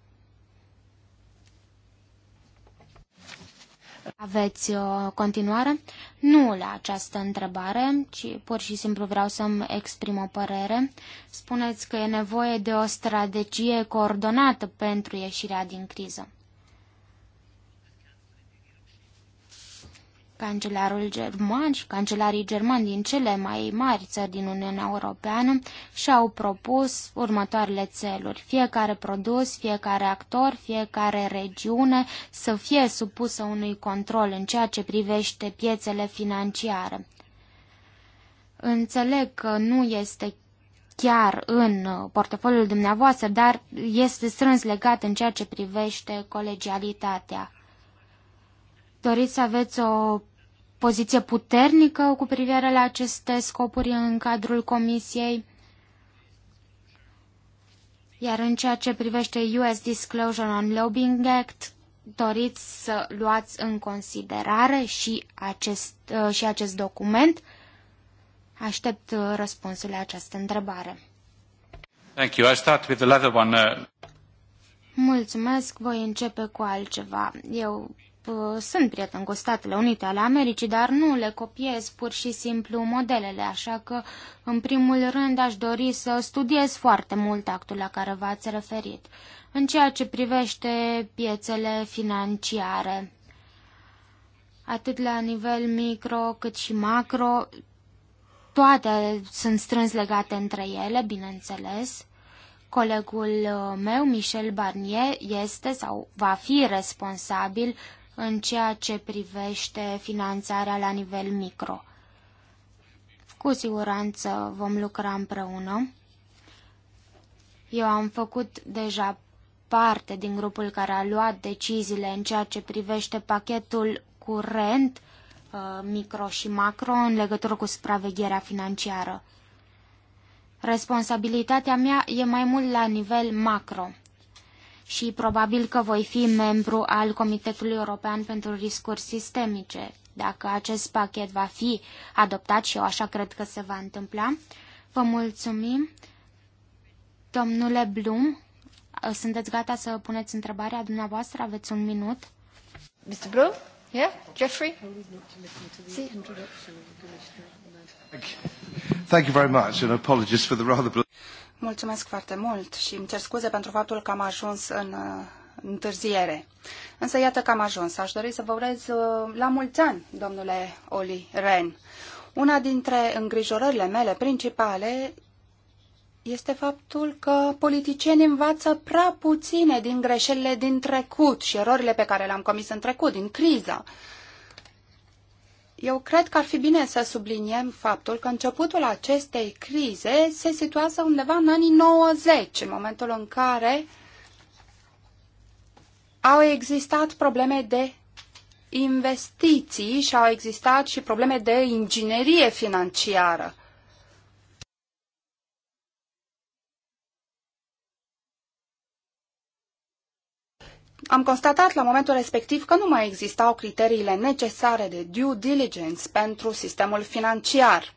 Aveți o uh, continuare? Nu la această întrebare, ci pur și simplu vreau să-mi exprim o părere. Spuneți că e nevoie de o strategie coordonată pentru ieșirea din criză. Cancelarul german și cancelarii germani din cele mai mari țări din Uniunea Europeană și-au propus următoarele țeluri. Fiecare produs, fiecare actor, fiecare regiune să fie supusă unui control în ceea ce privește piețele financiare. Înțeleg că nu este chiar în portofoliul dumneavoastră, dar este strâns legat în ceea ce privește colegialitatea. Doriți să aveți o poziție puternică cu privire la aceste scopuri în cadrul Comisiei. Iar în ceea ce privește US Disclosure on Lobbying Act, doriți să luați în considerare și acest, uh, și acest document? Aștept uh, răspunsul la această întrebare. Thank you. I start with the one. Uh, Mulțumesc, voi începe cu altceva. Eu sunt prieten cu Statele Unite ale Americii, dar nu le copiez pur și simplu modelele, așa că, în primul rând, aș dori să studiez foarte mult actul la care v-ați referit, în ceea ce privește piețele financiare. Atât la nivel micro cât și macro, toate sunt strâns legate între ele, bineînțeles. Colegul meu, Michel Barnier, este sau va fi responsabil în ceea ce privește finanțarea la nivel micro. Cu siguranță vom lucra împreună. Eu am făcut deja parte din grupul care a luat deciziile în ceea ce privește pachetul curent, uh, micro și macro, în legătură cu supravegherea financiară. Responsabilitatea mea e mai mult la nivel macro și probabil că voi fi membru al Comitetului European pentru Riscuri Sistemice, dacă acest pachet va fi adoptat și eu așa cred că se va întâmpla. Vă mulțumim. Domnule Blum, sunteți gata să puneți întrebarea dumneavoastră? Aveți un minut. Mr. Blum? Yeah? Jeffrey? Thank you very much and apologies for the rather... Mulțumesc foarte mult și îmi cer scuze pentru faptul că am ajuns în uh, întârziere. Însă iată că am ajuns. Aș dori să vă urez uh, la mulți ani, domnule Oli Ren. Una dintre îngrijorările mele principale este faptul că politicienii învață prea puține din greșelile din trecut și erorile pe care le-am comis în trecut, din criză. Uh, eu cred că ar fi bine să subliniem faptul că începutul acestei crize se situează undeva în anii 90, în momentul în care au existat probleme de investiții și au existat și probleme de inginerie financiară. am constatat la momentul respectiv că nu mai existau criteriile necesare de due diligence pentru sistemul financiar.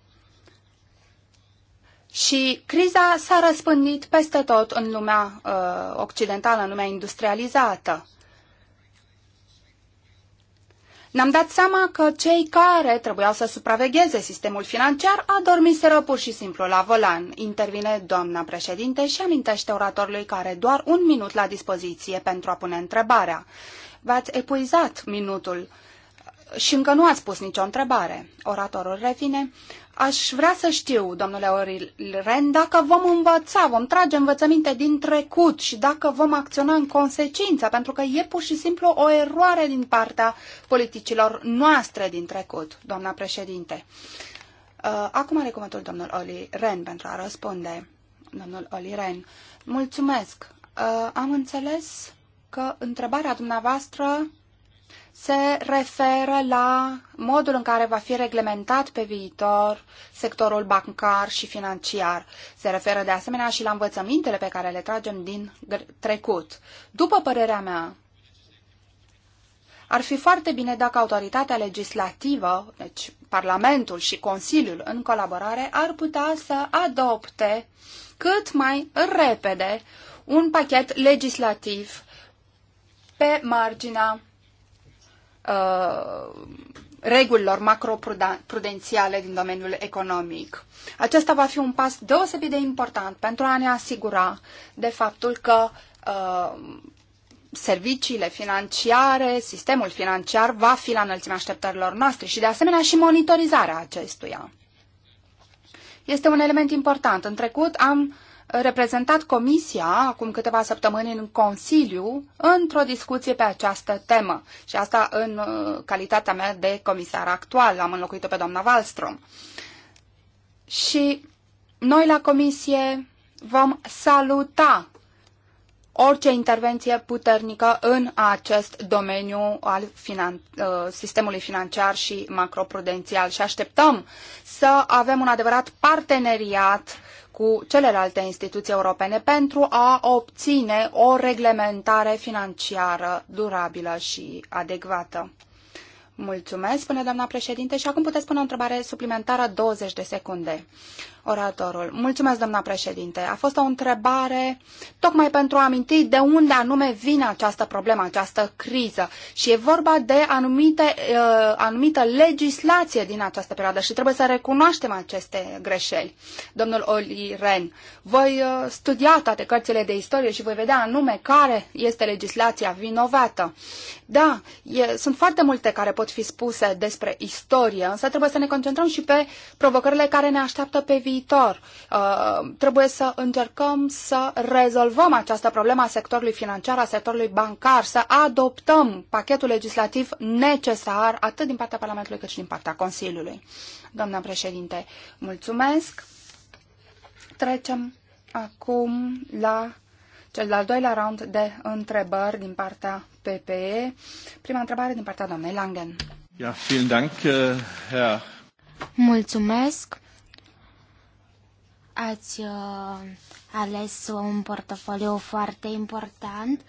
Și criza s-a răspândit peste tot în lumea uh, occidentală, în lumea industrializată ne-am dat seama că cei care trebuiau să supravegheze sistemul financiar adormiseră pur și simplu la volan. Intervine doamna președinte și amintește oratorului care doar un minut la dispoziție pentru a pune întrebarea. V-ați epuizat minutul și încă nu ați pus nicio întrebare. Oratorul revine. Aș vrea să știu, domnule Orilen, dacă vom învăța, vom trage învățăminte din trecut și dacă vom acționa în consecință, pentru că e pur și simplu o eroare din partea politicilor noastre din trecut, doamna președinte. Uh, acum are cuvântul domnul Oli Ren pentru a răspunde. Domnul Oli Ren, mulțumesc. Uh, am înțeles că întrebarea dumneavoastră se referă la modul în care va fi reglementat pe viitor sectorul bancar și financiar. Se referă de asemenea și la învățămintele pe care le tragem din trecut. După părerea mea, ar fi foarte bine dacă autoritatea legislativă, deci Parlamentul și Consiliul în colaborare, ar putea să adopte cât mai repede un pachet legislativ pe marginea Uh, regulilor macroprudențiale din domeniul economic. Acesta va fi un pas deosebit de important pentru a ne asigura de faptul că uh, serviciile financiare, sistemul financiar va fi la înălțimea așteptărilor noastre și de asemenea și monitorizarea acestuia. Este un element important. În trecut am reprezentat Comisia acum câteva săptămâni în Consiliu într-o discuție pe această temă și asta în uh, calitatea mea de comisar actual. Am înlocuit-o pe doamna Wallström. Și noi la Comisie vom saluta orice intervenție puternică în acest domeniu al finan- uh, sistemului financiar și macroprudențial și așteptăm să avem un adevărat parteneriat cu celelalte instituții europene pentru a obține o reglementare financiară durabilă și adecvată. Mulțumesc, spune doamna președinte, și acum puteți pune o întrebare suplimentară 20 de secunde. Oratorul. Mulțumesc, doamna președinte. A fost o întrebare tocmai pentru a aminti de unde anume vine această problemă, această criză. Și e vorba de anumite, uh, anumită legislație din această perioadă și trebuie să recunoaștem aceste greșeli. Domnul Oli Ren, voi uh, studia toate cărțile de istorie și voi vedea anume care este legislația vinovată. Da, e, sunt foarte multe care pot fi spuse despre istorie, însă trebuie să ne concentrăm și pe provocările care ne așteaptă pe viitor viitor. Uh, trebuie să încercăm să rezolvăm această problemă a sectorului financiar, a sectorului bancar, să adoptăm pachetul legislativ necesar atât din partea Parlamentului cât și din partea Consiliului. Doamna președinte, mulțumesc. Trecem acum la cel de-al doilea round de întrebări din partea PPE. Prima întrebare din partea doamnei Langen. Ja, vielen Dank, uh, Herr. Mulțumesc. Ați uh, ales un portofoliu foarte important.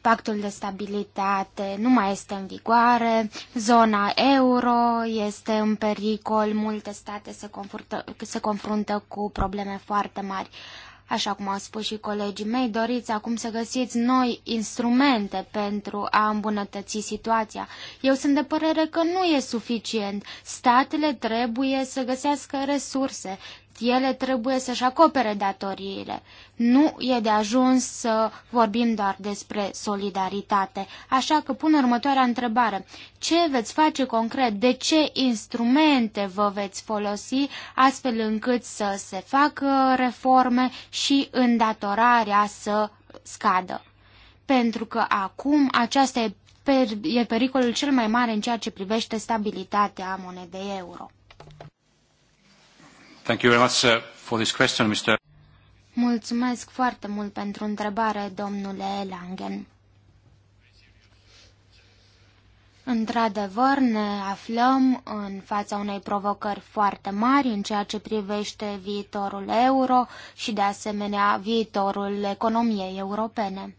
Pactul de stabilitate nu mai este în vigoare, zona euro este în pericol, multe state se confruntă, se confruntă cu probleme foarte mari. Așa cum au spus și colegii mei, doriți acum să găsiți noi instrumente pentru a îmbunătăți situația. Eu sunt de părere că nu e suficient. Statele trebuie să găsească resurse, ele trebuie să-și acopere datoriile. Nu e de ajuns să vorbim doar despre solidaritate. Așa că pun următoarea întrebare. Ce veți face concret? De ce instrumente vă veți folosi astfel încât să se facă reforme și îndatorarea să scadă? Pentru că acum aceasta e, per- e pericolul cel mai mare în ceea ce privește stabilitatea monedei euro. Thank you very much for this question, Mr. Mulțumesc foarte mult pentru întrebare, domnule Langen. Într-adevăr, ne aflăm în fața unei provocări foarte mari în ceea ce privește viitorul euro și, de asemenea, viitorul economiei europene.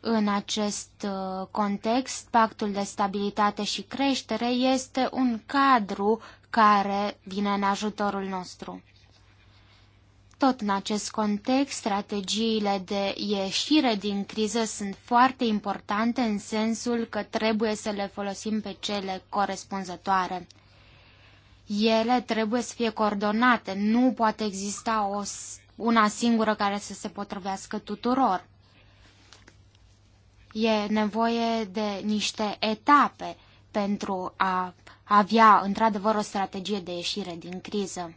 În acest uh, context, pactul de stabilitate și creștere este un cadru care vine în ajutorul nostru. Tot în acest context, strategiile de ieșire din criză sunt foarte importante în sensul că trebuie să le folosim pe cele corespunzătoare. Ele trebuie să fie coordonate, nu poate exista o, una singură care să se potrivească tuturor. E nevoie de niște etape pentru a avea într-adevăr o strategie de ieșire din criză.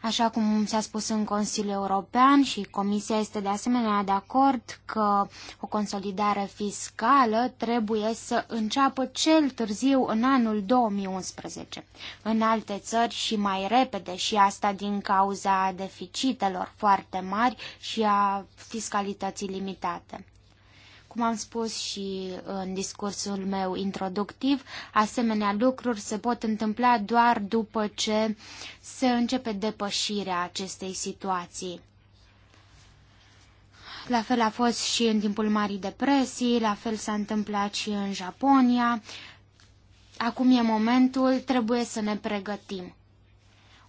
Așa cum s-a spus în Consiliul European și Comisia este de asemenea de acord că o consolidare fiscală trebuie să înceapă cel târziu în anul 2011. În alte țări și mai repede și asta din cauza deficitelor foarte mari și a fiscalității limitate. Cum am spus și în discursul meu introductiv, asemenea lucruri se pot întâmpla doar după ce se începe depășirea acestei situații. La fel a fost și în timpul Marii Depresii, la fel s-a întâmplat și în Japonia. Acum e momentul, trebuie să ne pregătim.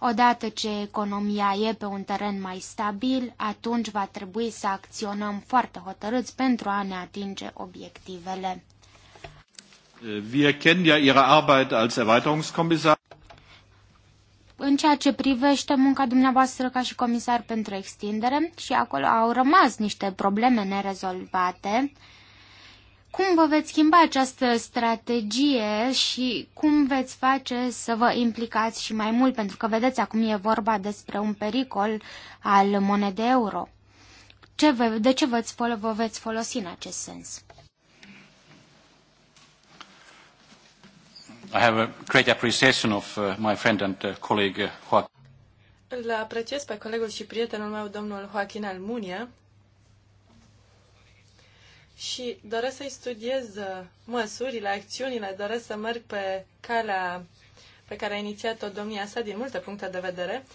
Odată ce economia e pe un teren mai stabil, atunci va trebui să acționăm foarte hotărâți pentru a ne atinge obiectivele. Wir kennen ja Ihre Arbeit als Erweiterungskommissar. În ceea ce privește munca dumneavoastră ca și comisar pentru extindere și acolo au rămas niște probleme nerezolvate cum vă veți schimba această strategie și cum veți face să vă implicați și mai mult? Pentru că vedeți, acum e vorba despre un pericol al monedei euro. Ce vă, de ce vă, vă veți folosi în acest sens? I have a great appreciation of uh, my friend and uh, colleague Joaquin. Îl apreciez pe colegul și prietenul meu, domnul Joaquin Almunia, și doresc să-i studiez uh, măsurile, acțiunile, doresc să merg pe calea pe care a inițiat-o domnia sa din multe puncte de vedere.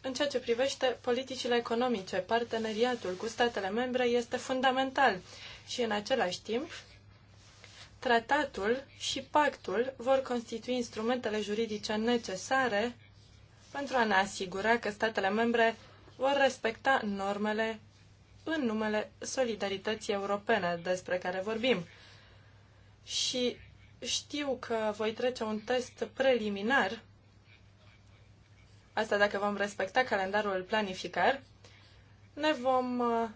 În ceea ce privește politicile economice, parteneriatul cu statele membre este fundamental și în același timp tratatul și pactul vor constitui instrumentele juridice necesare pentru a ne asigura că statele membre vor respecta normele în numele solidarității europene despre care vorbim. Și știu că voi trece un test preliminar, asta dacă vom respecta calendarul planificar, ne vom uh,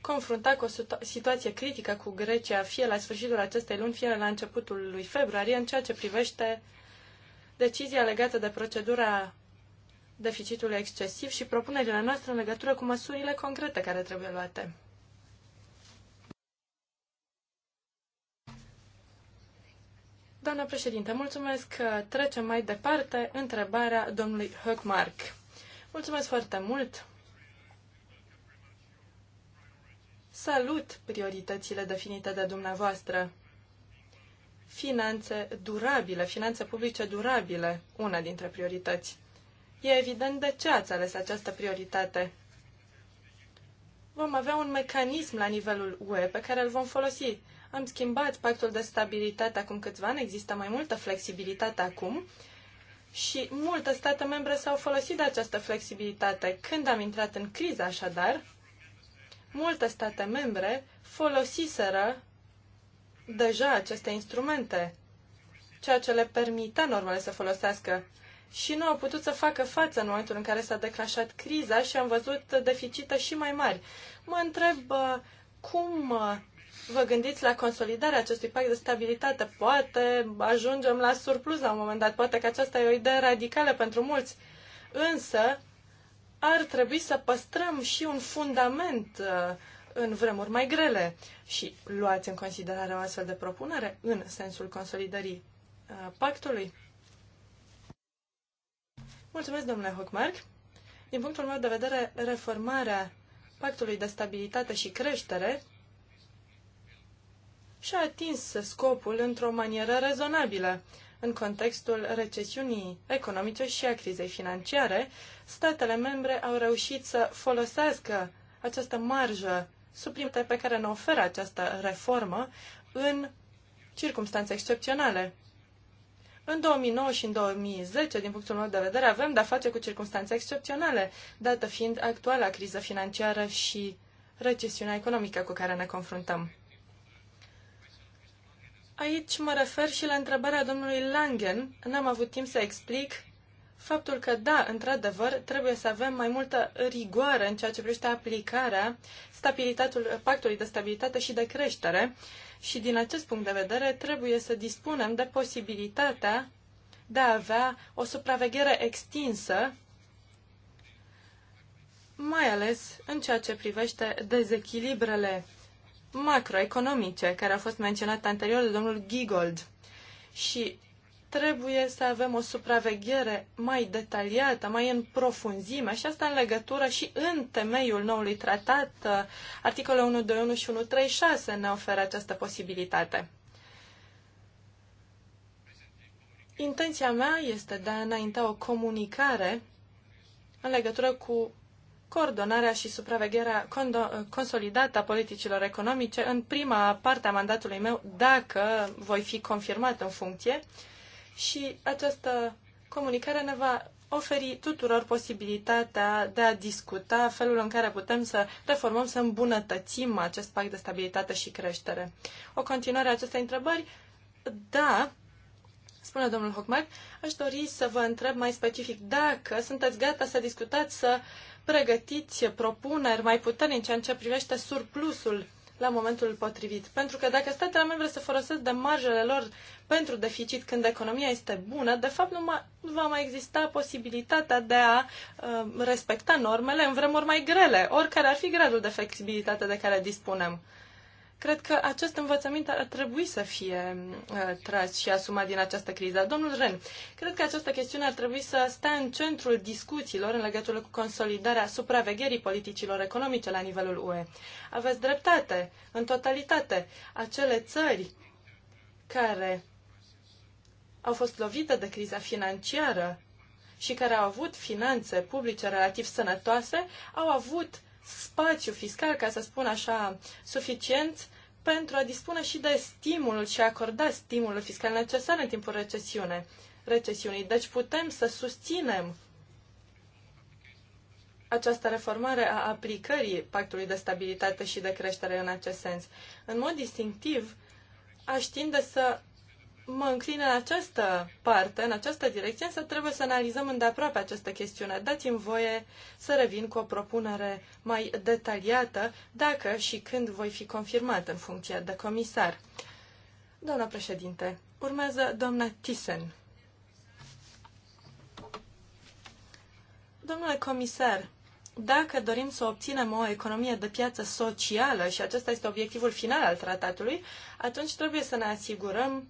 confrunta cu o situație critică cu Grecia, fie la sfârșitul acestei luni, fie la începutul lui februarie, în ceea ce privește decizia legată de procedura deficitul excesiv și propunerile noastre în legătură cu măsurile concrete care trebuie luate. Doamna președinte, mulțumesc că trecem mai departe întrebarea domnului Höckmark. Mulțumesc foarte mult! Salut prioritățile definite de dumneavoastră. Finanțe durabile, finanțe publice durabile, una dintre priorități. E evident de ce ați ales această prioritate. Vom avea un mecanism la nivelul UE pe care îl vom folosi. Am schimbat pactul de stabilitate acum câțiva ani, există mai multă flexibilitate acum și multe state membre s-au folosit de această flexibilitate. Când am intrat în criză, așadar, multe state membre folosiseră deja aceste instrumente, ceea ce le permitea normal să folosească și nu au putut să facă față în momentul în care s-a declanșat criza și am văzut deficită și mai mari. Mă întreb uh, cum uh, vă gândiți la consolidarea acestui pact de stabilitate. Poate ajungem la surplus la un moment dat, poate că aceasta e o idee radicală pentru mulți, însă ar trebui să păstrăm și un fundament uh, în vremuri mai grele și luați în considerare o astfel de propunere în sensul consolidării pactului. Mulțumesc, domnule Hochmark. Din punctul meu de vedere, reformarea Pactului de Stabilitate și Creștere și-a atins scopul într-o manieră rezonabilă. În contextul recesiunii economice și a crizei financiare, statele membre au reușit să folosească această marjă suprimată pe care ne oferă această reformă în circunstanțe excepționale. În 2009 și în 2010, din punctul meu de vedere, avem de-a face cu circunstanțe excepționale, dată fiind actuala criză financiară și recesiunea economică cu care ne confruntăm. Aici mă refer și la întrebarea domnului Langen. N-am avut timp să explic faptul că, da, într-adevăr, trebuie să avem mai multă rigoare în ceea ce privește aplicarea stabilitatul, pactului de stabilitate și de creștere, și din acest punct de vedere trebuie să dispunem de posibilitatea de a avea o supraveghere extinsă, mai ales în ceea ce privește dezechilibrele macroeconomice, care au fost menționate anterior de domnul Gigold. Și trebuie să avem o supraveghere mai detaliată, mai în profunzime și asta în legătură și în temeiul noului tratat. Uh, articolul 121 și 136 ne oferă această posibilitate. Intenția mea este de a înainta o comunicare în legătură cu coordonarea și supravegherea uh, consolidată a politicilor economice în prima parte a mandatului meu, dacă voi fi confirmat în funcție și această comunicare ne va oferi tuturor posibilitatea de a discuta felul în care putem să reformăm, să îmbunătățim acest pact de stabilitate și creștere. O continuare a acestei întrebări, da, spune domnul Hockmark, aș dori să vă întreb mai specific dacă sunteți gata să discutați, să pregătiți propuneri mai puternice în ce privește surplusul la momentul potrivit. Pentru că dacă statele membre se folosesc de marjele lor pentru deficit când economia este bună, de fapt nu, mai, nu va mai exista posibilitatea de a uh, respecta normele în vremuri mai grele, oricare ar fi gradul de flexibilitate de care dispunem. Cred că acest învățământ ar trebui să fie uh, tras și asumat din această criză. Domnul Ren, cred că această chestiune ar trebui să stea în centrul discuțiilor în legătură cu consolidarea supravegherii politicilor economice la nivelul UE. Aveți dreptate, în totalitate, acele țări care au fost lovite de criza financiară și care au avut finanțe publice relativ sănătoase, au avut spațiu fiscal, ca să spun așa, suficient pentru a dispune și de stimulul și a acorda stimulul fiscal necesar în timpul recesiune, recesiunii. Deci putem să susținem această reformare a aplicării Pactului de Stabilitate și de Creștere în acest sens. În mod distinctiv, aș tinde să mă înclin în această parte, în această direcție, însă trebuie să analizăm îndeaproape această chestiune. Dați-mi voie să revin cu o propunere mai detaliată, dacă și când voi fi confirmat în funcția de comisar. Doamna președinte, urmează doamna Thyssen. Domnule comisar, dacă dorim să obținem o economie de piață socială, și acesta este obiectivul final al tratatului, atunci trebuie să ne asigurăm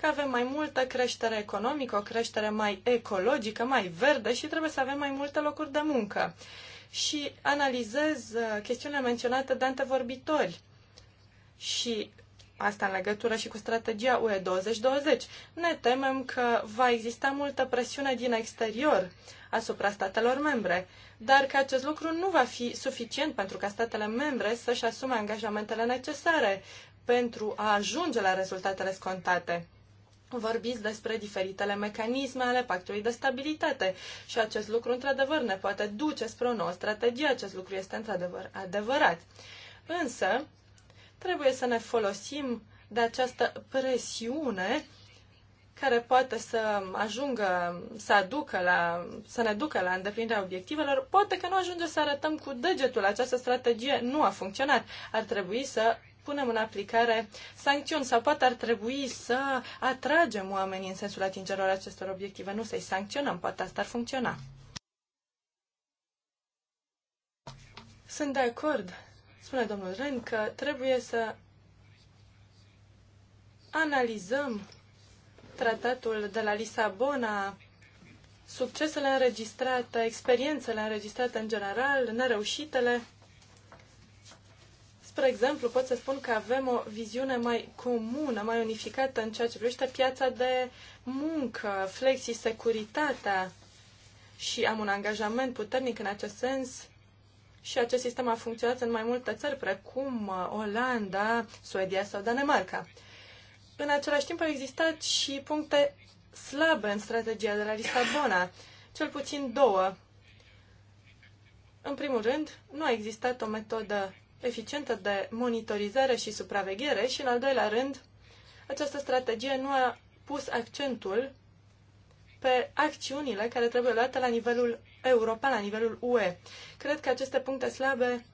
că avem mai multă creștere economică, o creștere mai ecologică, mai verde și trebuie să avem mai multe locuri de muncă. Și analizez uh, chestiunea menționată de antevorbitori și asta în legătură și cu strategia UE 2020. Ne temem că va exista multă presiune din exterior asupra statelor membre, dar că acest lucru nu va fi suficient pentru ca statele membre să-și asume angajamentele necesare pentru a ajunge la rezultatele scontate vorbiți despre diferitele mecanisme ale pactului de stabilitate și acest lucru, într-adevăr, ne poate duce spre o nouă strategie. Acest lucru este, într-adevăr, adevărat. Însă, trebuie să ne folosim de această presiune care poate să ajungă, să aducă la, să ne ducă la îndeplinirea obiectivelor, poate că nu ajunge să arătăm cu degetul această strategie nu a funcționat. Ar trebui să punem în aplicare sancțiuni sau poate ar trebui să atragem oamenii în sensul atingerilor acestor obiective, nu să-i sancționăm, poate asta ar funcționa. Sunt de acord, spune domnul Ren, că trebuie să analizăm tratatul de la Lisabona, succesele înregistrate, experiențele înregistrate în general, nereușitele spre exemplu, pot să spun că avem o viziune mai comună, mai unificată în ceea ce privește piața de muncă, flexi, securitatea și am un angajament puternic în acest sens și acest sistem a funcționat în mai multe țări, precum uh, Olanda, Suedia sau Danemarca. În același timp au existat și puncte slabe în strategia de la Lisabona, cel puțin două. În primul rând, nu a existat o metodă eficientă de monitorizare și supraveghere și, în al doilea rând, această strategie nu a pus accentul pe acțiunile care trebuie luate la nivelul european, la nivelul UE. Cred că aceste puncte slabe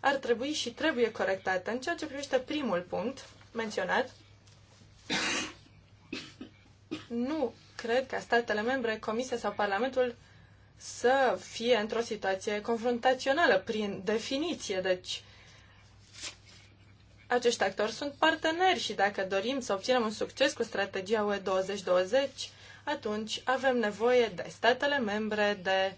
ar trebui și trebuie corectate. În ceea ce privește primul punct menționat, nu cred ca statele membre, Comisia sau Parlamentul să fie într-o situație confruntațională prin definiție. Deci acești actori sunt parteneri și dacă dorim să obținem un succes cu strategia UE 2020, atunci avem nevoie de statele membre, de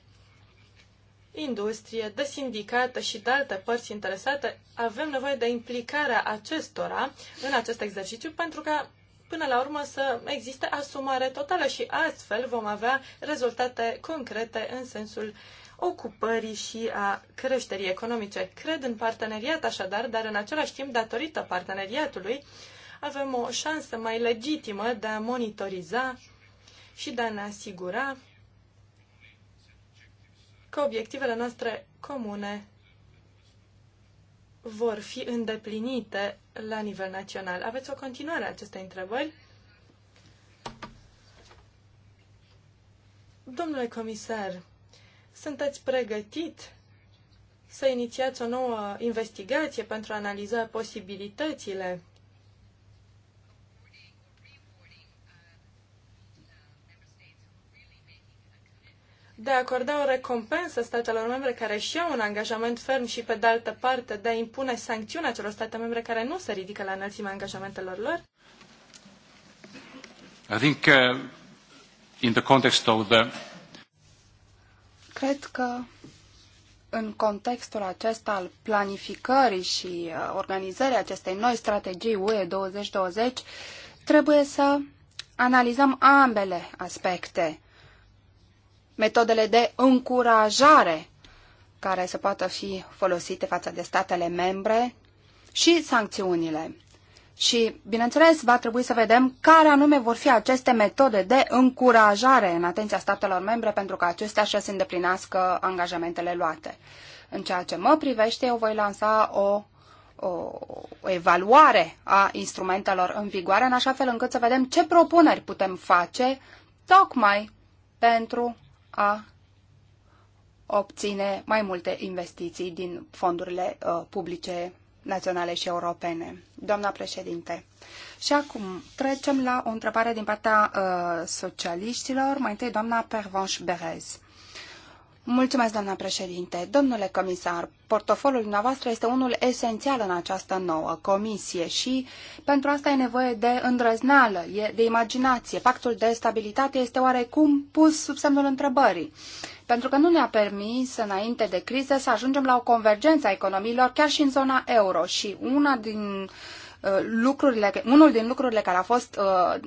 industrie, de sindicate și de alte părți interesate. Avem nevoie de implicarea acestora în acest exercițiu pentru ca până la urmă să existe asumare totală și astfel vom avea rezultate concrete în sensul uh, ocupării și a creșterii economice. Cred în parteneriat așadar, dar în același timp, datorită parteneriatului, avem o șansă mai legitimă de a monitoriza și de a ne asigura că obiectivele noastre comune vor fi îndeplinite la nivel național. Aveți o continuare a acestei întrebări? Domnule comisar, sunteți pregătit să inițiați o nouă investigație pentru a analiza posibilitățile de a acorda o recompensă statelor membre care își iau un angajament ferm și, pe de altă parte, de a impune sancțiuni acelor state membre care nu se ridică la înălțimea angajamentelor lor? I think uh, in the context of the Cred că în contextul acesta al planificării și uh, organizării acestei noi strategii UE 2020, trebuie să analizăm ambele aspecte. Metodele de încurajare care să poată fi folosite față de statele membre și sancțiunile. Și, bineînțeles, va trebui să vedem care anume vor fi aceste metode de încurajare în atenția statelor membre pentru ca acestea să se îndeplinească angajamentele luate. În ceea ce mă privește, eu voi lansa o, o, o evaluare a instrumentelor în vigoare, în așa fel încât să vedem ce propuneri putem face tocmai pentru a obține mai multe investiții din fondurile uh, publice naționale și europene. Doamna președinte. Și acum trecem la o întrebare din partea uh, socialiștilor. Mai întâi, doamna Pervanș Berez. Mulțumesc, doamna președinte. Domnule comisar, portofoliul dumneavoastră este unul esențial în această nouă comisie și pentru asta e nevoie de îndrăzneală, de imaginație. Pactul de stabilitate este oarecum pus sub semnul întrebării. Uh, pentru că nu ne-a permis înainte de criză să ajungem la o convergență a economiilor chiar și în zona euro și una din uh, lucrurile, unul din lucrurile care, a fost, uh,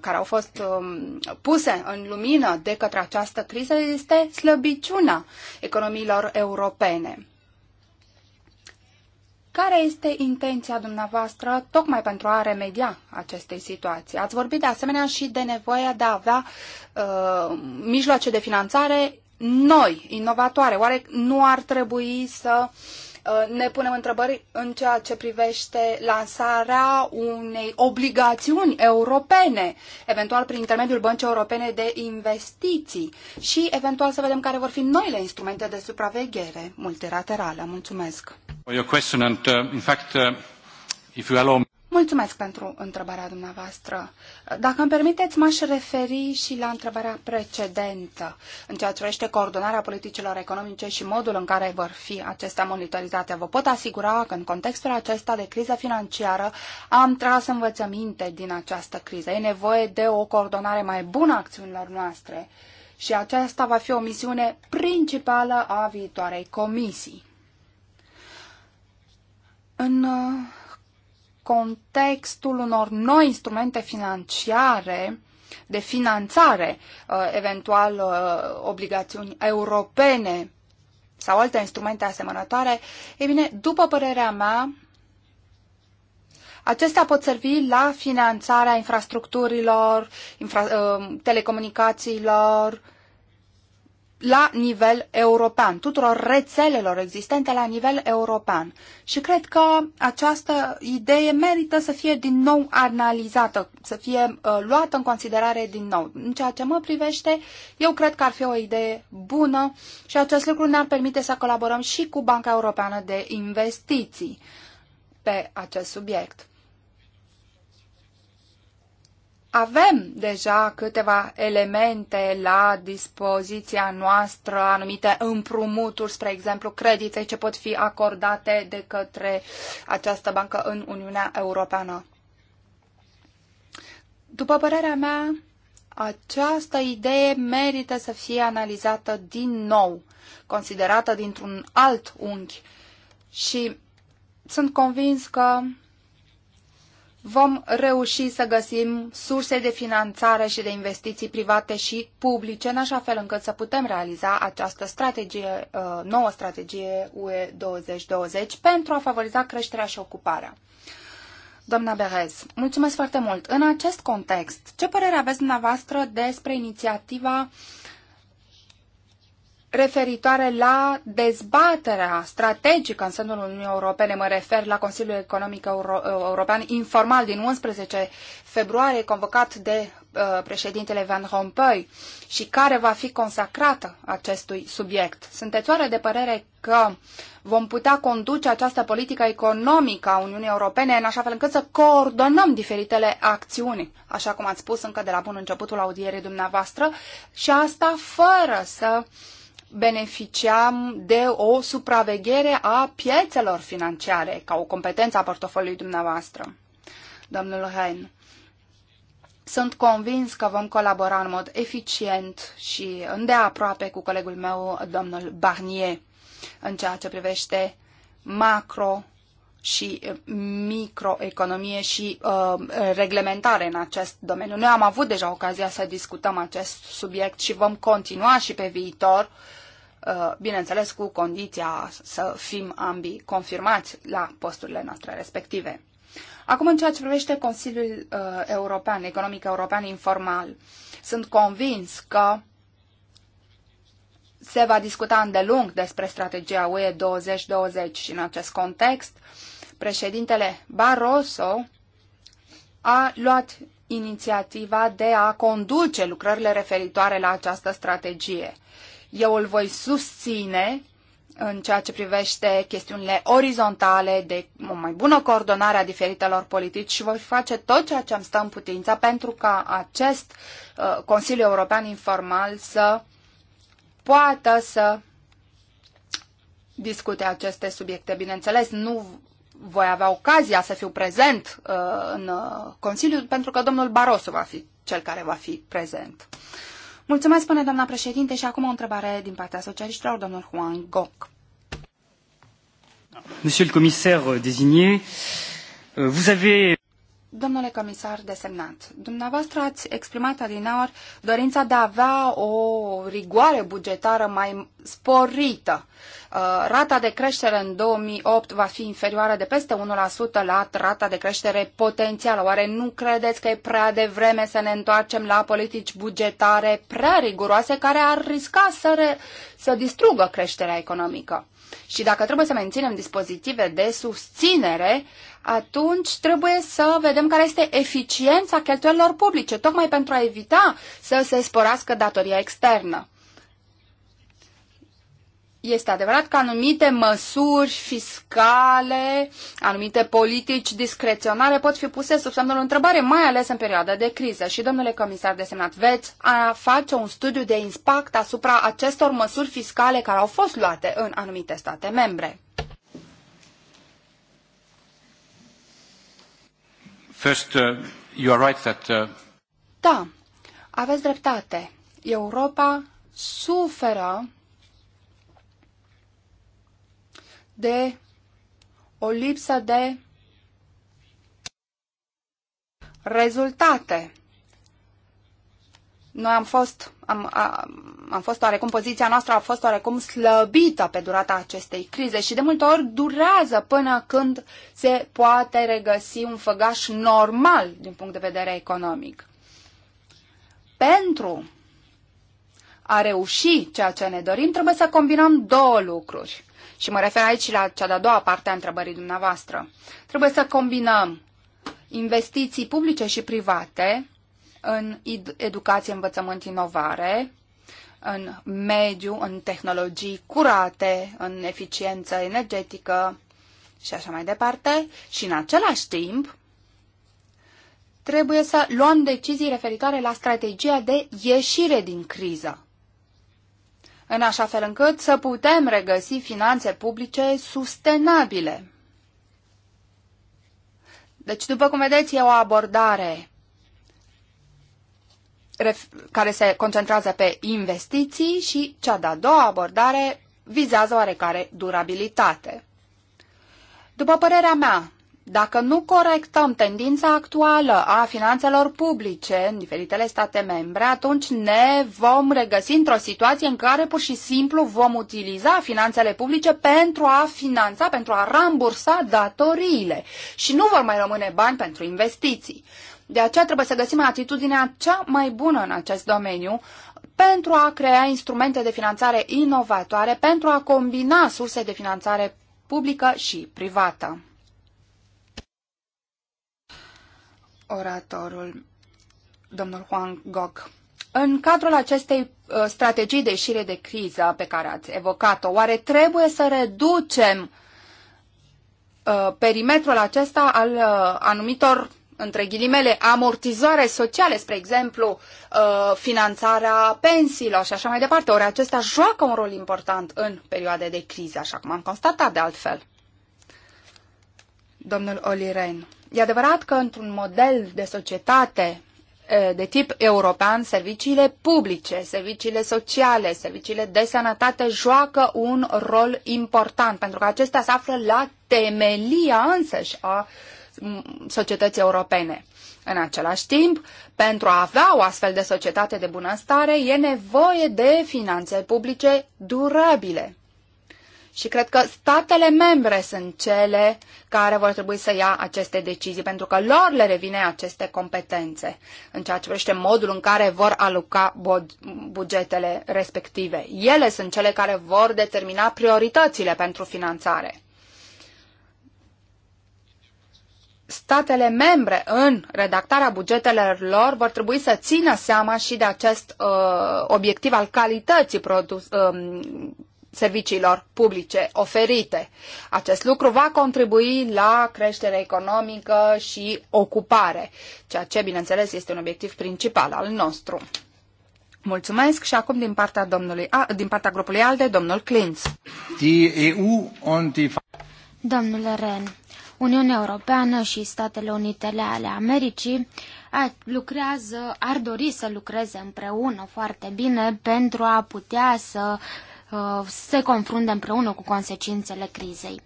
care au fost um, puse în lumină de către această criză este slăbiciunea economiilor europene. Care este intenția dumneavoastră tocmai pentru a remedia aceste situații? Ați vorbit de asemenea și de nevoia de a avea uh, mijloace de finanțare noi, inovatoare. Oare nu ar trebui să uh, Uh, ne punem întrebări în ceea ce privește lansarea unei obligațiuni europene, eventual prin intermediul Băncii Europene de Investiții și eventual să vedem care vor fi noile instrumente de supraveghere multilaterală. Mulțumesc! Mulțumesc pentru întrebarea dumneavoastră. Dacă îmi permiteți, m-aș referi și la întrebarea precedentă în ceea ce privește coordonarea politicilor economice și modul în care vor fi acestea monitorizate. Vă pot asigura că în contextul acesta de criză financiară am tras învățăminte din această criză. E nevoie de o coordonare mai bună a acțiunilor noastre și aceasta va fi o misiune principală a viitoarei comisii. În uh, contextul unor noi instrumente financiare de finanțare, uh, eventual uh, obligațiuni europene sau alte instrumente asemănătoare, e bine, după părerea mea, Acestea pot servi la finanțarea infrastructurilor, infra, uh, telecomunicațiilor, la nivel european, tuturor rețelelor existente la nivel european. Și cred că această idee merită să fie din nou analizată, să fie uh, luată în considerare din nou. În ceea ce mă privește, eu cred că ar fi o idee bună și acest lucru ne-ar permite să colaborăm și cu Banca Europeană de Investiții pe acest subiect avem deja câteva elemente la dispoziția noastră, anumite împrumuturi, spre exemplu, credite ce pot fi acordate de către această bancă în Uniunea Europeană. După părerea mea, această idee merită să fie analizată din nou, considerată dintr-un alt unghi, și sunt convins că vom reuși să găsim surse de finanțare și de investiții private și publice, în așa fel încât să putem realiza această strategie, uh, nouă strategie UE 2020 pentru a favoriza creșterea și ocuparea. Doamna Berez, mulțumesc foarte mult. În acest context, ce părere aveți dumneavoastră despre inițiativa uh, referitoare la dezbaterea strategică în sânul Uniunii Europene, mă refer la Consiliul Economic Euro European informal din 11 februarie, convocat de uh, președintele Van Rompuy și care va fi consacrată acestui subiect. Sunteți oare de părere că vom putea conduce această politică economică a Uniunii Europene în așa fel încât să coordonăm diferitele acțiuni, așa cum ați spus încă de la bun începutul audierii dumneavoastră, și asta fără să uh, beneficiam de o supraveghere a piețelor financiare ca o competență a portofoliului dumneavoastră, domnul Hain. Sunt convins că vom colabora în mod eficient și îndeaproape cu colegul meu, domnul Barnier, în ceea ce privește macro și eh, microeconomie și uh, reglementare în acest domeniu. Noi am avut deja ocazia să discutăm acest subiect și vom continua și pe viitor uh, Uh, bineînțeles cu condiția să fim ambii confirmați la posturile noastre respective. Acum, în ceea ce privește Consiliul uh, European, Economic European Informal, sunt convins că se va discuta îndelung despre strategia UE 2020 și în acest context, președintele Barroso a luat inițiativa de a conduce lucrările referitoare la această strategie – eu îl voi susține în ceea ce privește chestiunile orizontale de o mai bună coordonare a diferitelor politici și voi face tot ceea ce am stă în putință pentru ca acest uh, Consiliu European Informal să poată să discute aceste subiecte. Bineînțeles, nu voi avea ocazia să fiu prezent uh, în uh, Consiliu pentru că domnul Barosu va fi cel care va fi prezent. Uh, Mulțumesc, spune doamna președinte, și acum o întrebare din partea socialiștilor, domnul Juan Goc. Monsieur le commissaire désigné, euh, vous avez... Domnule comisar desemnat, dumneavoastră ați exprimat adineori dorința de a avea o rigoare bugetară mai sporită. Uh, rata de creștere în 2008 va fi inferioară de peste 1% la rata de creștere potențială. Oare nu credeți că e prea devreme să ne întoarcem la politici bugetare prea riguroase care ar risca să, re... să distrugă creșterea economică? Și dacă trebuie să menținem dispozitive de susținere, atunci trebuie să vedem care este eficiența cheltuielilor publice, tocmai pentru a evita să se sporească datoria externă. Este adevărat că anumite măsuri fiscale, anumite politici discreționare pot fi puse sub semnul întrebare, mai ales în perioada de criză. Și, domnule comisar desemnat, veți a face un studiu de impact asupra acestor măsuri fiscale care au fost luate în anumite state membre. First, uh, you are right that, uh... Da, aveți dreptate. Europa suferă de o lipsă de rezultate. Noi am fost, am, am fost oarecum, poziția noastră a fost oarecum slăbită pe durata acestei crize și de multe ori durează până când se poate regăsi un făgaș normal din punct de vedere economic. Pentru a reuși ceea ce ne dorim, trebuie să combinăm două lucruri. Și mă refer aici la cea de-a doua parte a întrebării dumneavoastră. Trebuie să combinăm investiții publice și private în educație, învățământ, inovare, în mediu, în tehnologii curate, în eficiență energetică și așa mai departe. Și în același timp, trebuie să luăm decizii referitoare la strategia de ieșire din criză în așa fel încât să putem regăsi finanțe publice sustenabile. Deci, după cum vedeți, e o abordare care se concentrează pe investiții și cea de-a doua abordare vizează oarecare durabilitate. După părerea mea, dacă nu corectăm tendința actuală a finanțelor publice în diferitele state membre, atunci ne vom regăsi într-o situație în care pur și simplu vom utiliza finanțele publice pentru a finanța, pentru a rambursa datoriile și nu vor mai rămâne bani pentru investiții. De aceea trebuie să găsim atitudinea cea mai bună în acest domeniu pentru a crea instrumente de finanțare inovatoare, pentru a combina surse de finanțare publică și privată. Oratorul, domnul Huang Gog. În cadrul acestei uh, strategii de ieșire de criză pe care ați evocat-o, oare trebuie să reducem uh, perimetrul acesta al uh, anumitor între ghilimele, amortizoare sociale, spre exemplu, uh, finanțarea pensiilor și așa mai departe. Ori acestea joacă un rol important în perioade de criză, așa cum am constatat de altfel. Domnul Oliren, e adevărat că într-un model de societate uh, de tip european, serviciile publice, serviciile sociale, serviciile de sănătate joacă un rol important, pentru că acestea se află la temelia însăși a uh, Mm, societății europene. În același timp, pentru a avea o astfel de societate de bunăstare, e nevoie de finanțe publice durabile. Și cred că statele membre sunt cele care vor trebui să ia aceste decizii, pentru că lor le revine aceste competențe în ceea ce privește modul în care vor aloca bugetele respective. Ele sunt cele care vor determina prioritățile pentru finanțare. statele membre în redactarea bugetelor lor vor trebui să țină seama și de acest uh, obiectiv al calității produs, uh, serviciilor publice oferite. Acest lucru va contribui la creștere economică și ocupare, ceea ce, bineînțeles, este un obiectiv principal al nostru. Mulțumesc și acum din partea, domnului, din partea grupului ALDE, domnul Klintz. Domnule Ren, Uniunea Europeană și Statele Unitele ale Americii a, lucrează, ar dori să lucreze împreună foarte bine pentru a putea să uh, se confrunte împreună cu consecințele crizei.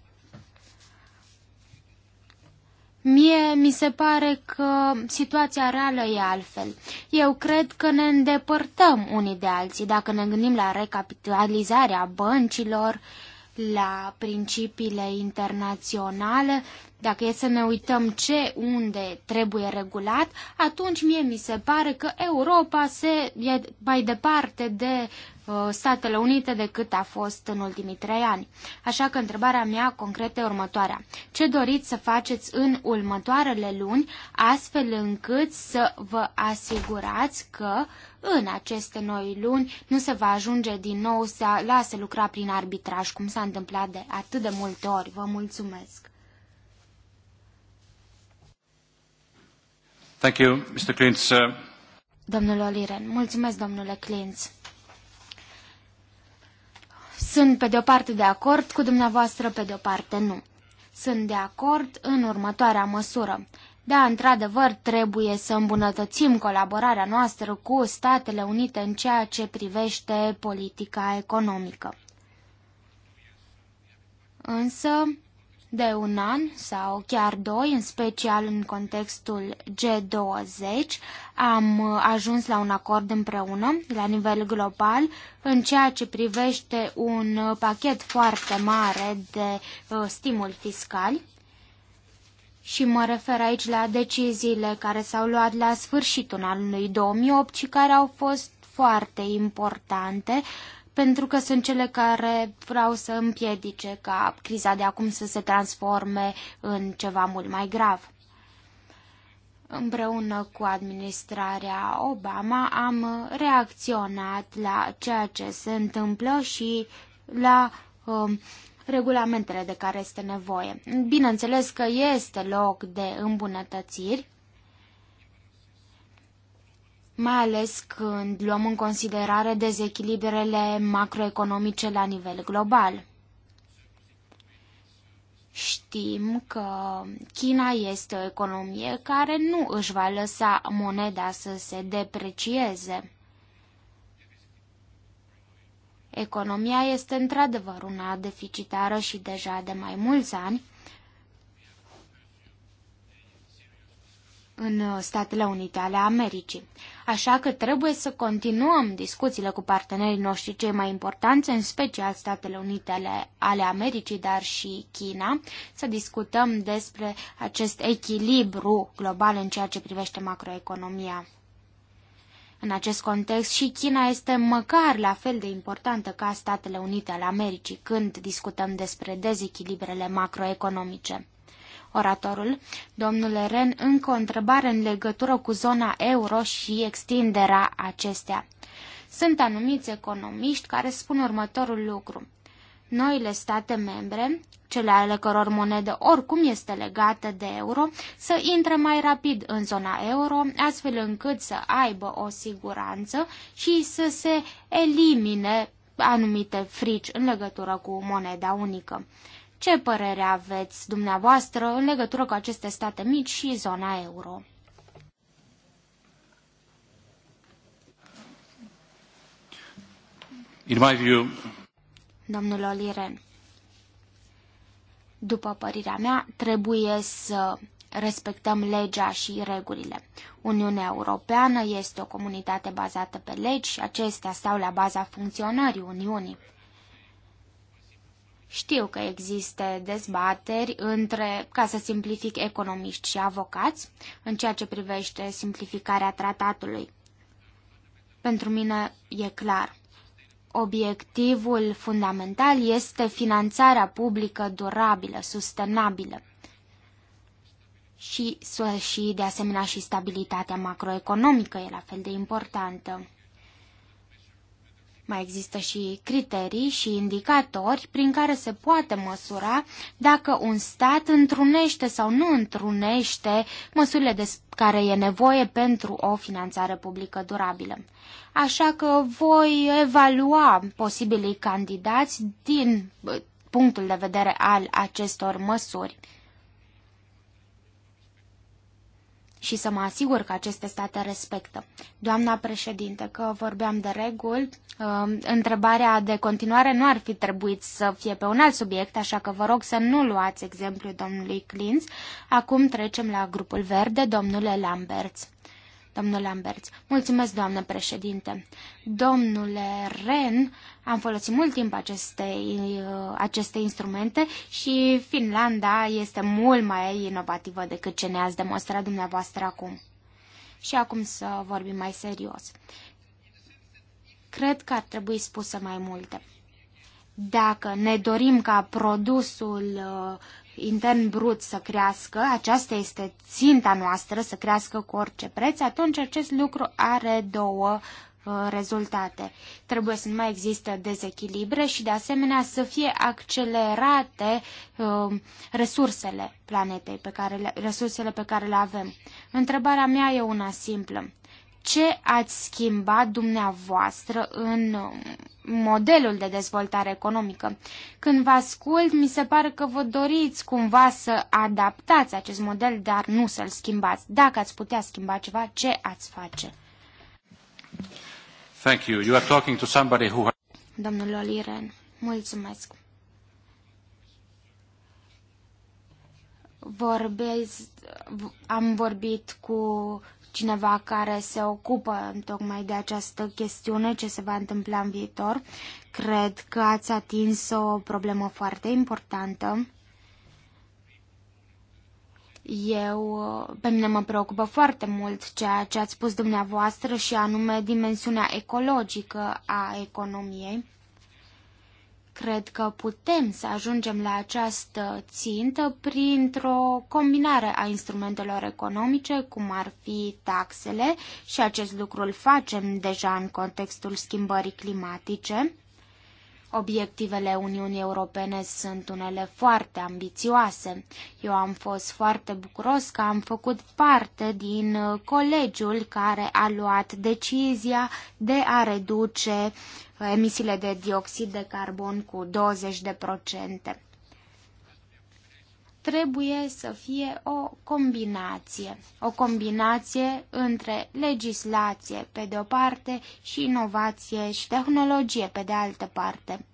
Mie mi se pare că situația reală e altfel. Eu cred că ne îndepărtăm unii de alții dacă ne gândim la recapitalizarea băncilor, uh, la principiile internaționale, dacă e să ne uităm ce, unde trebuie regulat, atunci mie mi se pare că Europa se e mai departe de uh, Statele Unite decât a fost în ultimii trei ani. Așa că întrebarea mea concretă e următoarea. Ce doriți să faceți în următoarele luni, astfel încât să vă asigurați că uh, în aceste noi luni nu se va ajunge din nou să lase lucra prin arbitraj, cum s-a întâmplat de atât de multe ori. Vă mulțumesc! Thank you, Mr. Klintz. Uh, Domnul Oliren, mulțumesc, domnule Klintz. Sunt pe de-o parte de acord cu dumneavoastră, pe de-o parte nu. Sunt de acord în următoarea măsură. Da, într-adevăr, trebuie să îmbunătățim colaborarea noastră cu Statele Unite în ceea ce privește politica economică. Însă, de un an sau chiar doi, în special în contextul G20, am ajuns la un acord împreună, la nivel global, în ceea ce privește un pachet foarte mare de uh, stimuli fiscali și mă refer aici la deciziile care s-au luat la sfârșitul anului 2008 și care au fost foarte importante pentru că sunt cele care vreau să împiedice ca criza de acum să se transforme în ceva mult mai grav. Împreună cu administrarea Obama am reacționat la ceea ce se întâmplă și la uh, regulamentele de care este nevoie. Bineînțeles că este loc de îmbunătățiri, mai ales când luăm în considerare dezechilibrele macroeconomice la nivel global. Știm că China este o economie care nu își va lăsa moneda să se deprecieze. Economia este într-adevăr una deficitară și deja de mai mulți ani. în Statele Unite ale Americii. Așa că trebuie să continuăm discuțiile cu partenerii noștri cei mai importanți, în special Statele Unite ale, ale Americii, dar și China, să discutăm despre acest echilibru global în ceea ce privește macroeconomia. În acest context și China este măcar la fel de importantă ca Statele Unite ale Americii când discutăm despre dezechilibrele macroeconomice. Oratorul, domnule Ren, încă o întrebare în legătură cu zona euro și extinderea acestea. Sunt anumiți economiști care spun următorul lucru. Noile state membre, cele ale căror monedă oricum este legată de euro, să intre mai rapid în zona euro, astfel încât să aibă o siguranță și să se elimine anumite frici în legătură cu moneda unică. Ce părere aveți dumneavoastră în legătură cu aceste state mici și zona euro? In my view... Domnul Oliren, după părerea mea, trebuie să respectăm legea și regulile. Uniunea Europeană este o comunitate bazată pe legi și acestea stau la baza funcționării Uniunii. Știu că există dezbateri între, ca să simplific, economiști și avocați în ceea ce privește simplificarea tratatului. Pentru mine e clar obiectivul fundamental este finanțarea publică durabilă, sustenabilă și, și de asemenea și stabilitatea macroeconomică e la fel de importantă. Mai există și criterii și indicatori prin care se poate măsura dacă un stat întrunește sau nu întrunește măsurile de care e nevoie pentru o finanțare publică durabilă. Așa că voi evalua posibilii candidați din punctul de vedere al acestor măsuri. și să mă asigur că aceste state respectă. Doamna președinte, că vorbeam de reguli, um, întrebarea de continuare nu ar fi trebuit să fie pe un alt subiect, așa că vă rog să nu luați exemplul domnului Clins. Acum trecem la grupul verde, domnule Lamberts. Domnule Lamberts. Mulțumesc, doamnă președinte. Domnule Ren, am folosit mult timp aceste, uh, aceste instrumente și Finlanda este mult mai inovativă decât ce ne-ați demonstrat dumneavoastră acum. Și acum să vorbim mai serios. Cred că ar trebui spuse mai multe. Dacă ne dorim ca produsul uh, intern brut să crească, aceasta este ținta noastră, să crească cu orice preț, atunci acest lucru are două uh, rezultate. Trebuie să nu mai există dezechilibre și de asemenea să fie accelerate uh, resursele planetei, pe care le, resursele pe care le avem. Întrebarea mea e una simplă ce ați schimbat dumneavoastră în um, modelul de dezvoltare economică. Când vă ascult, mi se pare că vă doriți cumva să adaptați acest model, dar nu să-l schimbați. Dacă ați putea schimba ceva, ce ați face? Thank you. You are talking to somebody who... Domnul Oliren, mulțumesc. Vorbez, am vorbit cu cineva care se ocupă tocmai de această chestiune, ce se va întâmpla în viitor. Cred că ați atins o problemă foarte importantă. Eu, pe mine mă preocupă foarte mult ceea ce ați spus dumneavoastră și anume dimensiunea ecologică a economiei. Cred că putem să ajungem la această țintă printr-o combinare a instrumentelor economice, cum ar fi taxele, și acest lucru îl facem deja în contextul schimbării climatice. Obiectivele Uniunii Europene sunt unele foarte ambițioase. Eu am fost foarte bucuros că am făcut parte din uh, colegiul care a luat decizia de a reduce uh, emisiile de dioxid de carbon cu 20% trebuie să fie o combinație. O combinație între legislație pe de o parte și inovație și tehnologie pe de altă parte.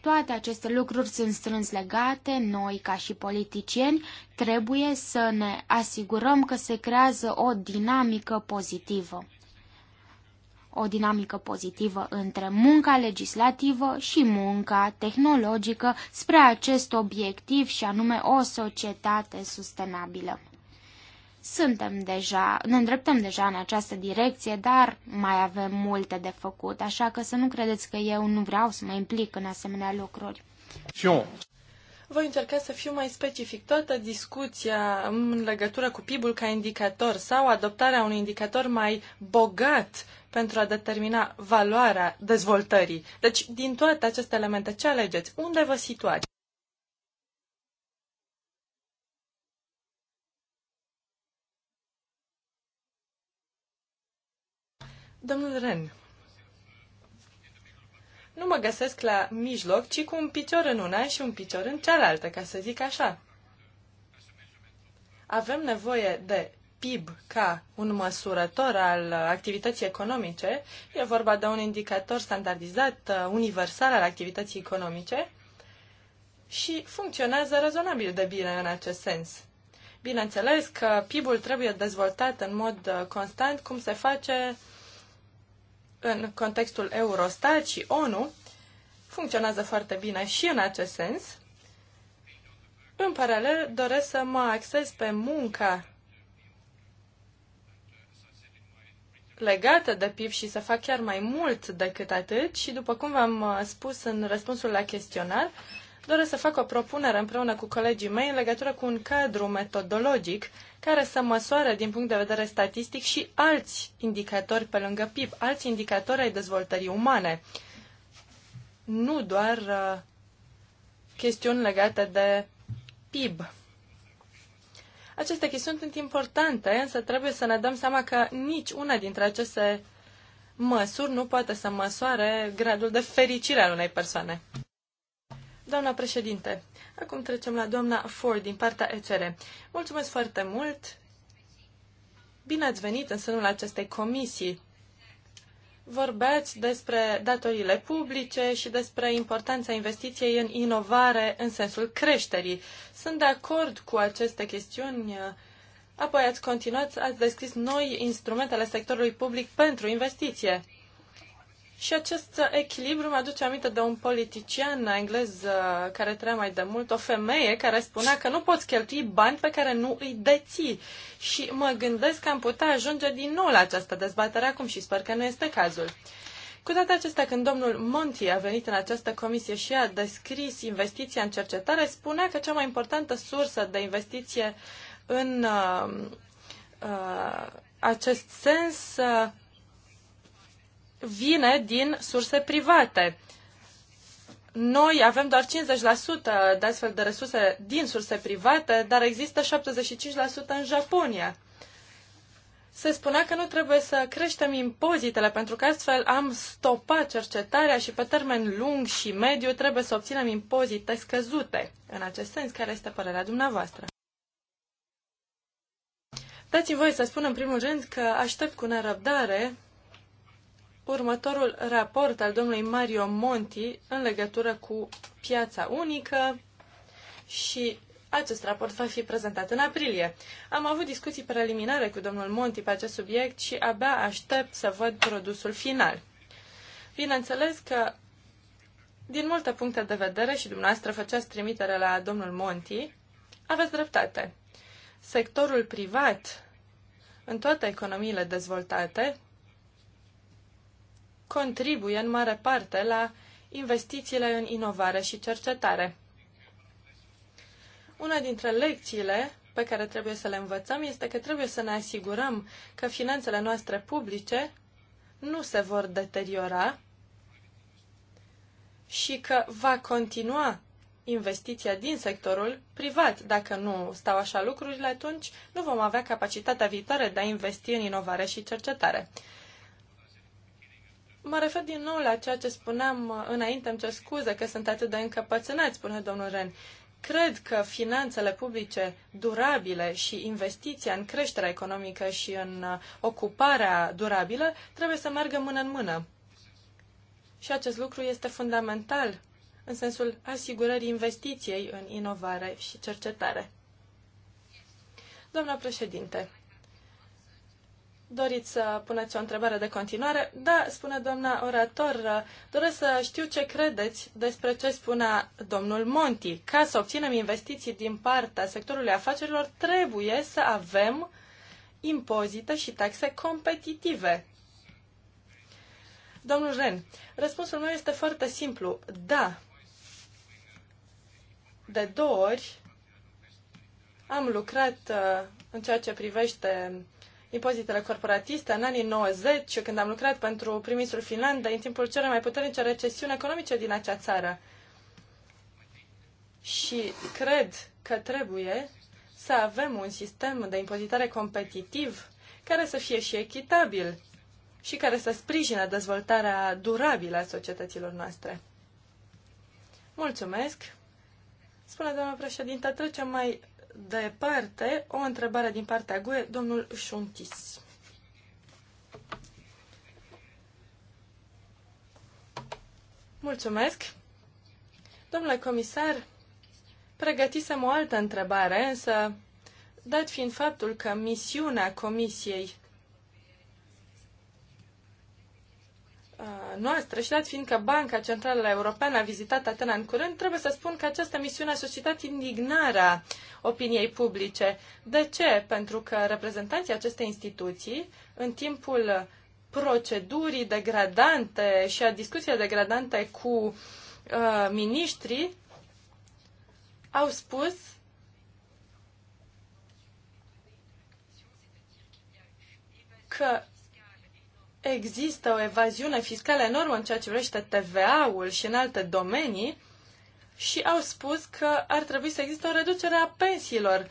Toate aceste lucruri sunt strâns legate, noi ca și politicieni trebuie să ne asigurăm că se creează o dinamică pozitivă o dinamică pozitivă între munca legislativă și munca tehnologică spre acest obiectiv și anume o societate sustenabilă. Suntem deja, ne îndreptăm deja în această direcție, dar mai avem multe de făcut, așa că să nu credeți că eu nu vreau să mă implic în asemenea lucruri. Voi încerca să fiu mai specific. Toată discuția în legătură cu PIB-ul ca indicator sau adoptarea unui indicator mai bogat pentru a determina valoarea dezvoltării. Deci, din toate aceste elemente, ce alegeți? Unde vă situați? Domnul Ren nu mă găsesc la mijloc, ci cu un picior în una și un picior în cealaltă, ca să zic așa. Avem nevoie de PIB ca un măsurător al activității economice, e vorba de un indicator standardizat, uh, universal al activității economice și funcționează rezonabil de bine în acest sens. Bineînțeles că PIB-ul trebuie dezvoltat în mod uh, constant, cum se face uh, în contextul Eurostat și ONU funcționează foarte bine și în acest sens. În paralel, doresc să mă axez pe munca legată de PIB și să fac chiar mai mult decât atât și, după cum v-am uh, spus în răspunsul la chestionar, doresc să fac o propunere împreună cu colegii mei în legătură cu un cadru metodologic care să măsoare din punct de vedere statistic și alți indicatori pe lângă PIB, alți indicatori ai dezvoltării umane. Nu doar uh, chestiuni legate de PIB. Aceste chestiuni sunt importante, însă trebuie să ne dăm seama că nici una dintre aceste măsuri nu poate să măsoare gradul de fericire al unei persoane. Doamna președinte, acum trecem la doamna Ford din partea ECR. Mulțumesc foarte mult! Bine ați venit în sânul acestei comisii. Vorbeați despre datoriile publice și despre importanța investiției în inovare în sensul creșterii. Sunt de acord cu aceste chestiuni. Apoi ați continuat, ați descris noi instrumentele sectorului public pentru investiție. Și acest echilibru mi-aduce aminte de un politician englez uh, care trăia mai de mult, o femeie care spunea că nu poți cheltui bani pe care nu îi deții. Și mă gândesc că am putea ajunge din nou la această dezbatere acum și sper că nu este cazul. Cu toate acestea, când domnul Monti a venit în această comisie și a descris investiția în cercetare, spunea că cea mai importantă sursă de investiție în uh, uh, acest sens uh, vine din surse private. Noi avem doar 50% de astfel de resurse din surse private, dar există 75% în Japonia. Se spunea că nu trebuie să creștem impozitele, pentru că astfel am stopat cercetarea și pe termen lung și mediu trebuie să obținem impozite scăzute. În acest sens, care este părerea dumneavoastră? Dați-mi voie să spun în primul rând că aștept cu nerăbdare următorul raport al domnului Mario Monti în legătură cu piața unică și acest raport va fi prezentat în aprilie. Am avut discuții preliminare cu domnul Monti pe acest subiect și abia aștept să văd produsul final. Bineînțeles că, din multe puncte de vedere, și dumneavoastră făceați trimitere la domnul Monti, aveți dreptate. Sectorul privat, în toate economiile dezvoltate, contribuie în mare parte la investițiile în inovare și cercetare. Una dintre lecțiile pe care trebuie să le învățăm este că trebuie să ne asigurăm că finanțele noastre publice nu se vor deteriora și că va continua investiția din sectorul privat. Dacă nu stau așa lucrurile, atunci nu vom avea capacitatea viitoare de a investi în inovare și cercetare. Mă refer din nou la ceea ce spuneam uh, înainte, îmi cer scuze că sunt atât de încăpățânați, spune domnul Ren. Cred că finanțele publice durabile și investiția în creșterea economică și în uh, ocuparea durabilă trebuie să meargă mână în mână. Și acest lucru este fundamental în sensul asigurării investiției în inovare și cercetare. Doamna președinte, Doriți să puneți o întrebare de continuare? Da, spune doamna orator, doresc să știu ce credeți despre ce spunea domnul Monti. Ca să obținem investiții din partea sectorului afacerilor, trebuie să avem impozite și taxe competitive. Domnul Ren, răspunsul meu este foarte simplu. Da. De două ori am lucrat uh, în ceea ce privește impozitele corporatiste în anii 90, când am lucrat pentru primisul Finlandei, în timpul celei mai puternice recesiuni economice din acea țară. Și cred că trebuie să avem un sistem de impozitare competitiv care să fie și echitabil și care să sprijine dezvoltarea durabilă a societăților noastre. Mulțumesc! Spune, doamna președinte, trecem mai departe, o întrebare din partea GUE, domnul Șuntis. Mulțumesc. Domnule comisar, pregătisem o altă întrebare, însă, dat fiind faptul că misiunea comisiei Uh, noastră și dat fiindcă Banca Centrală Europeană a vizitat Atena în curând, trebuie să spun că această misiune a suscitat indignarea opiniei publice. De ce? Pentru că reprezentanții acestei instituții, în timpul procedurii degradante și a discuției degradante cu uh, miniștrii, au spus că există o evaziune fiscală enormă în ceea ce privește TVA-ul și în alte domenii și au spus că ar trebui să existe o reducere a pensiilor.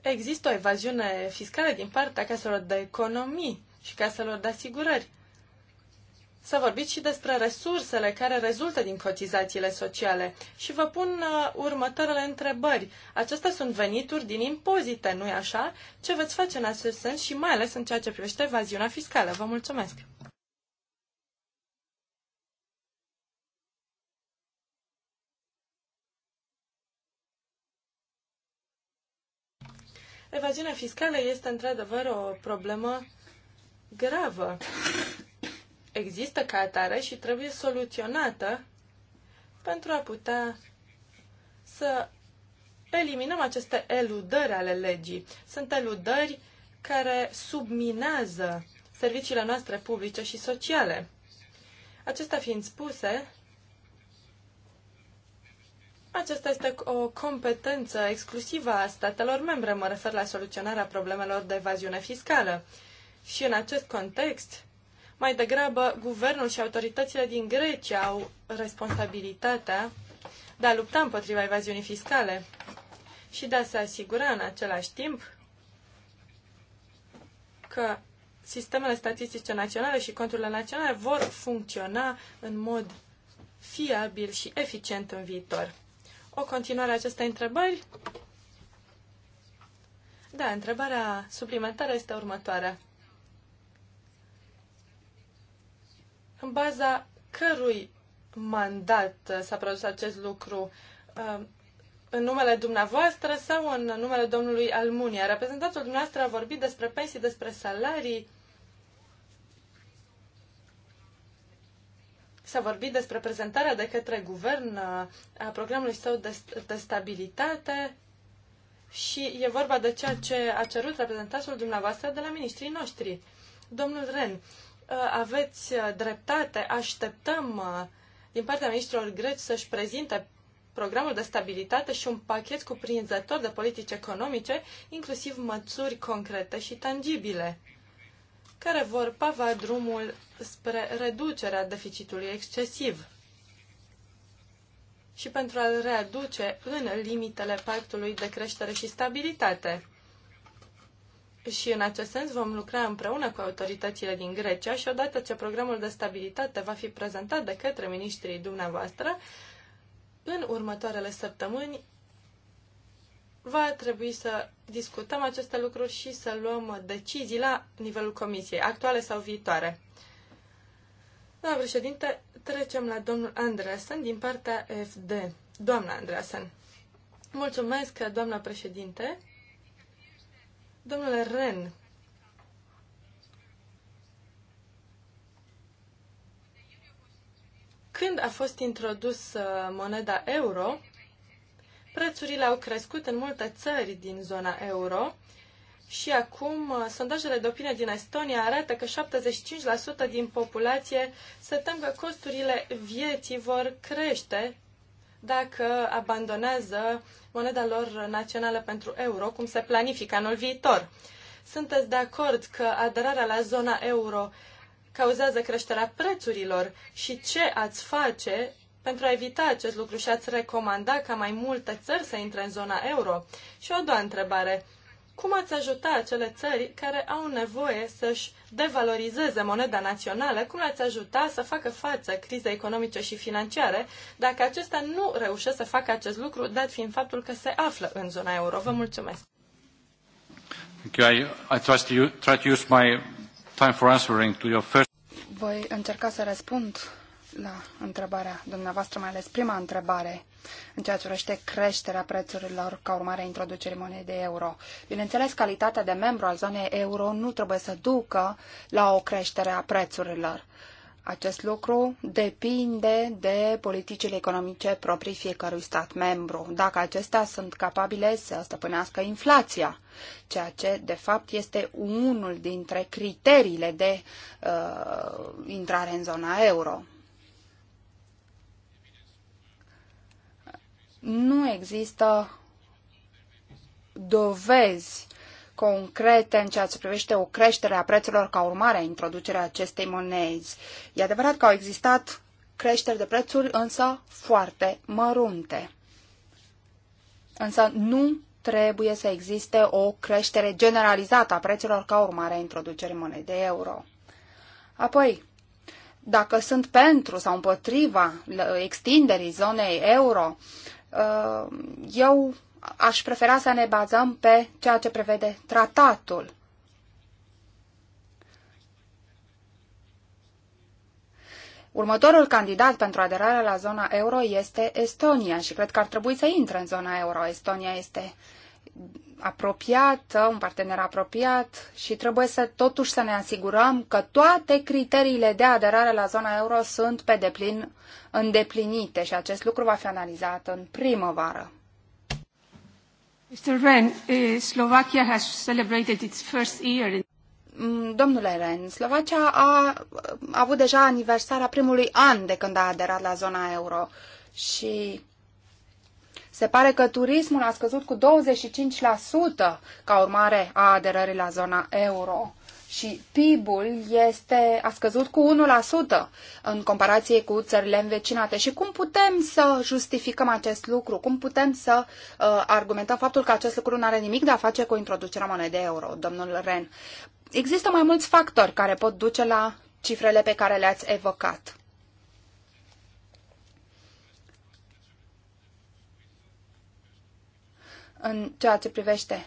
Există o evaziune fiscală din partea caselor de economii și caselor de asigurări să vorbiți și despre resursele care rezultă din cotizațiile sociale. Și vă pun uh, următoarele întrebări. Acestea sunt venituri din impozite, nu-i așa? Ce veți face în acest sens și mai ales în ceea ce privește evaziunea fiscală? Vă mulțumesc! Evaziunea fiscală este într-adevăr o problemă gravă există ca atare și trebuie soluționată pentru a putea să eliminăm aceste eludări ale legii. Sunt eludări care subminează serviciile noastre publice și sociale. Acestea fiind spuse, aceasta este o competență exclusivă a statelor membre, mă refer la soluționarea problemelor de evaziune fiscală. Și în acest context, mai degrabă, guvernul și autoritățile din Grecia au responsabilitatea de a lupta împotriva evaziunii fiscale și de a se asigura în același timp că sistemele statistice naționale și conturile naționale vor funcționa în mod fiabil și eficient în viitor. O continuare a acestei întrebări? Da, întrebarea suplimentară este următoarea. în baza cărui mandat s-a produs acest lucru uh, în numele dumneavoastră sau în numele domnului Almunia. Reprezentantul dumneavoastră a vorbit despre pensii, despre salarii, s-a vorbit despre prezentarea de către guvern uh, a programului său de, de stabilitate și e vorba de ceea ce a cerut reprezentantul dumneavoastră de la ministrii noștri. Domnul Ren, Uh, aveți uh, dreptate, așteptăm uh, din partea ministrilor greci să-și prezinte programul de stabilitate și un pachet cuprinzător de politici economice, inclusiv măsuri concrete și tangibile, care vor pava drumul spre reducerea deficitului excesiv și pentru a-l readuce în limitele pactului de creștere și stabilitate. Și în acest sens vom lucra împreună cu autoritățile din Grecia și odată ce programul de stabilitate va fi prezentat de către ministrii dumneavoastră, în următoarele săptămâni va trebui să discutăm aceste lucruri și să luăm decizii la nivelul comisiei, actuale sau viitoare. Doamna președinte, trecem la domnul Andreasen din partea FD. Doamna Andreasen. Mulțumesc, doamna președinte. Domnule Ren, când a fost introdus uh, moneda euro, prețurile au crescut în multe țări din zona euro și acum uh, sondajele de opinie din Estonia arată că 75% din populație se tem că costurile vieții vor crește dacă abandonează moneda lor națională pentru euro, cum se planifică anul viitor. Sunteți de acord că aderarea la zona euro cauzează creșterea prețurilor și ce ați face pentru a evita acest lucru și ați recomanda ca mai multe țări să intre în zona euro? Și o doua întrebare. Cum ați ajuta acele țări care au nevoie să-și devalorizeze moneda națională? Cum le-ați ajuta să facă față crizei economice și financiare dacă acestea nu reușesc să facă acest lucru, dat fiind faptul că se află în zona euro? Vă mulțumesc! Voi încerca să răspund la întrebarea dumneavoastră, mai ales prima întrebare în ceea ce urăște creșterea prețurilor ca urmare a introducerii monedei euro. Bineînțeles, calitatea de membru al zonei euro nu trebuie să ducă la o creștere a prețurilor. Acest lucru depinde de politicile economice proprii fiecărui stat membru, dacă acestea sunt capabile să stăpânească inflația, ceea ce, de fapt, este unul dintre criteriile de uh, intrare în zona euro. nu există dovezi concrete în ceea ce privește o creștere a prețurilor ca urmare a introducerea acestei monezi. E adevărat că au existat creșteri de prețuri, însă foarte mărunte. Însă nu trebuie să existe o creștere generalizată a prețurilor ca urmare a introducerii monedei euro. Apoi, dacă sunt pentru sau împotriva extinderii zonei euro, Uh, eu aș prefera să ne bazăm pe ceea ce prevede tratatul. Următorul candidat pentru aderarea la zona euro este Estonia și cred că ar trebui să intre în zona euro. Estonia este apropiată, un partener apropiat și trebuie să totuși să ne asigurăm că toate criteriile de aderare la zona euro sunt pe deplin îndeplinite și acest lucru va fi analizat în primăvară. Mr. Ren, eh, Slovakia has celebrated its first year in mm, Domnule Ren, Slovacia a avut deja aniversarea primului an de când a aderat la zona euro și se pare că turismul a scăzut cu 25% ca urmare a aderării la zona euro și PIB-ul este, a scăzut cu 1% în comparație cu țările învecinate. Și cum putem să justificăm acest lucru? Cum putem să uh, argumentăm faptul că acest lucru nu are nimic de a face cu introducerea monedei euro, domnul Ren? Există mai mulți factori care pot duce la cifrele pe care le-ați evocat. în ceea ce privește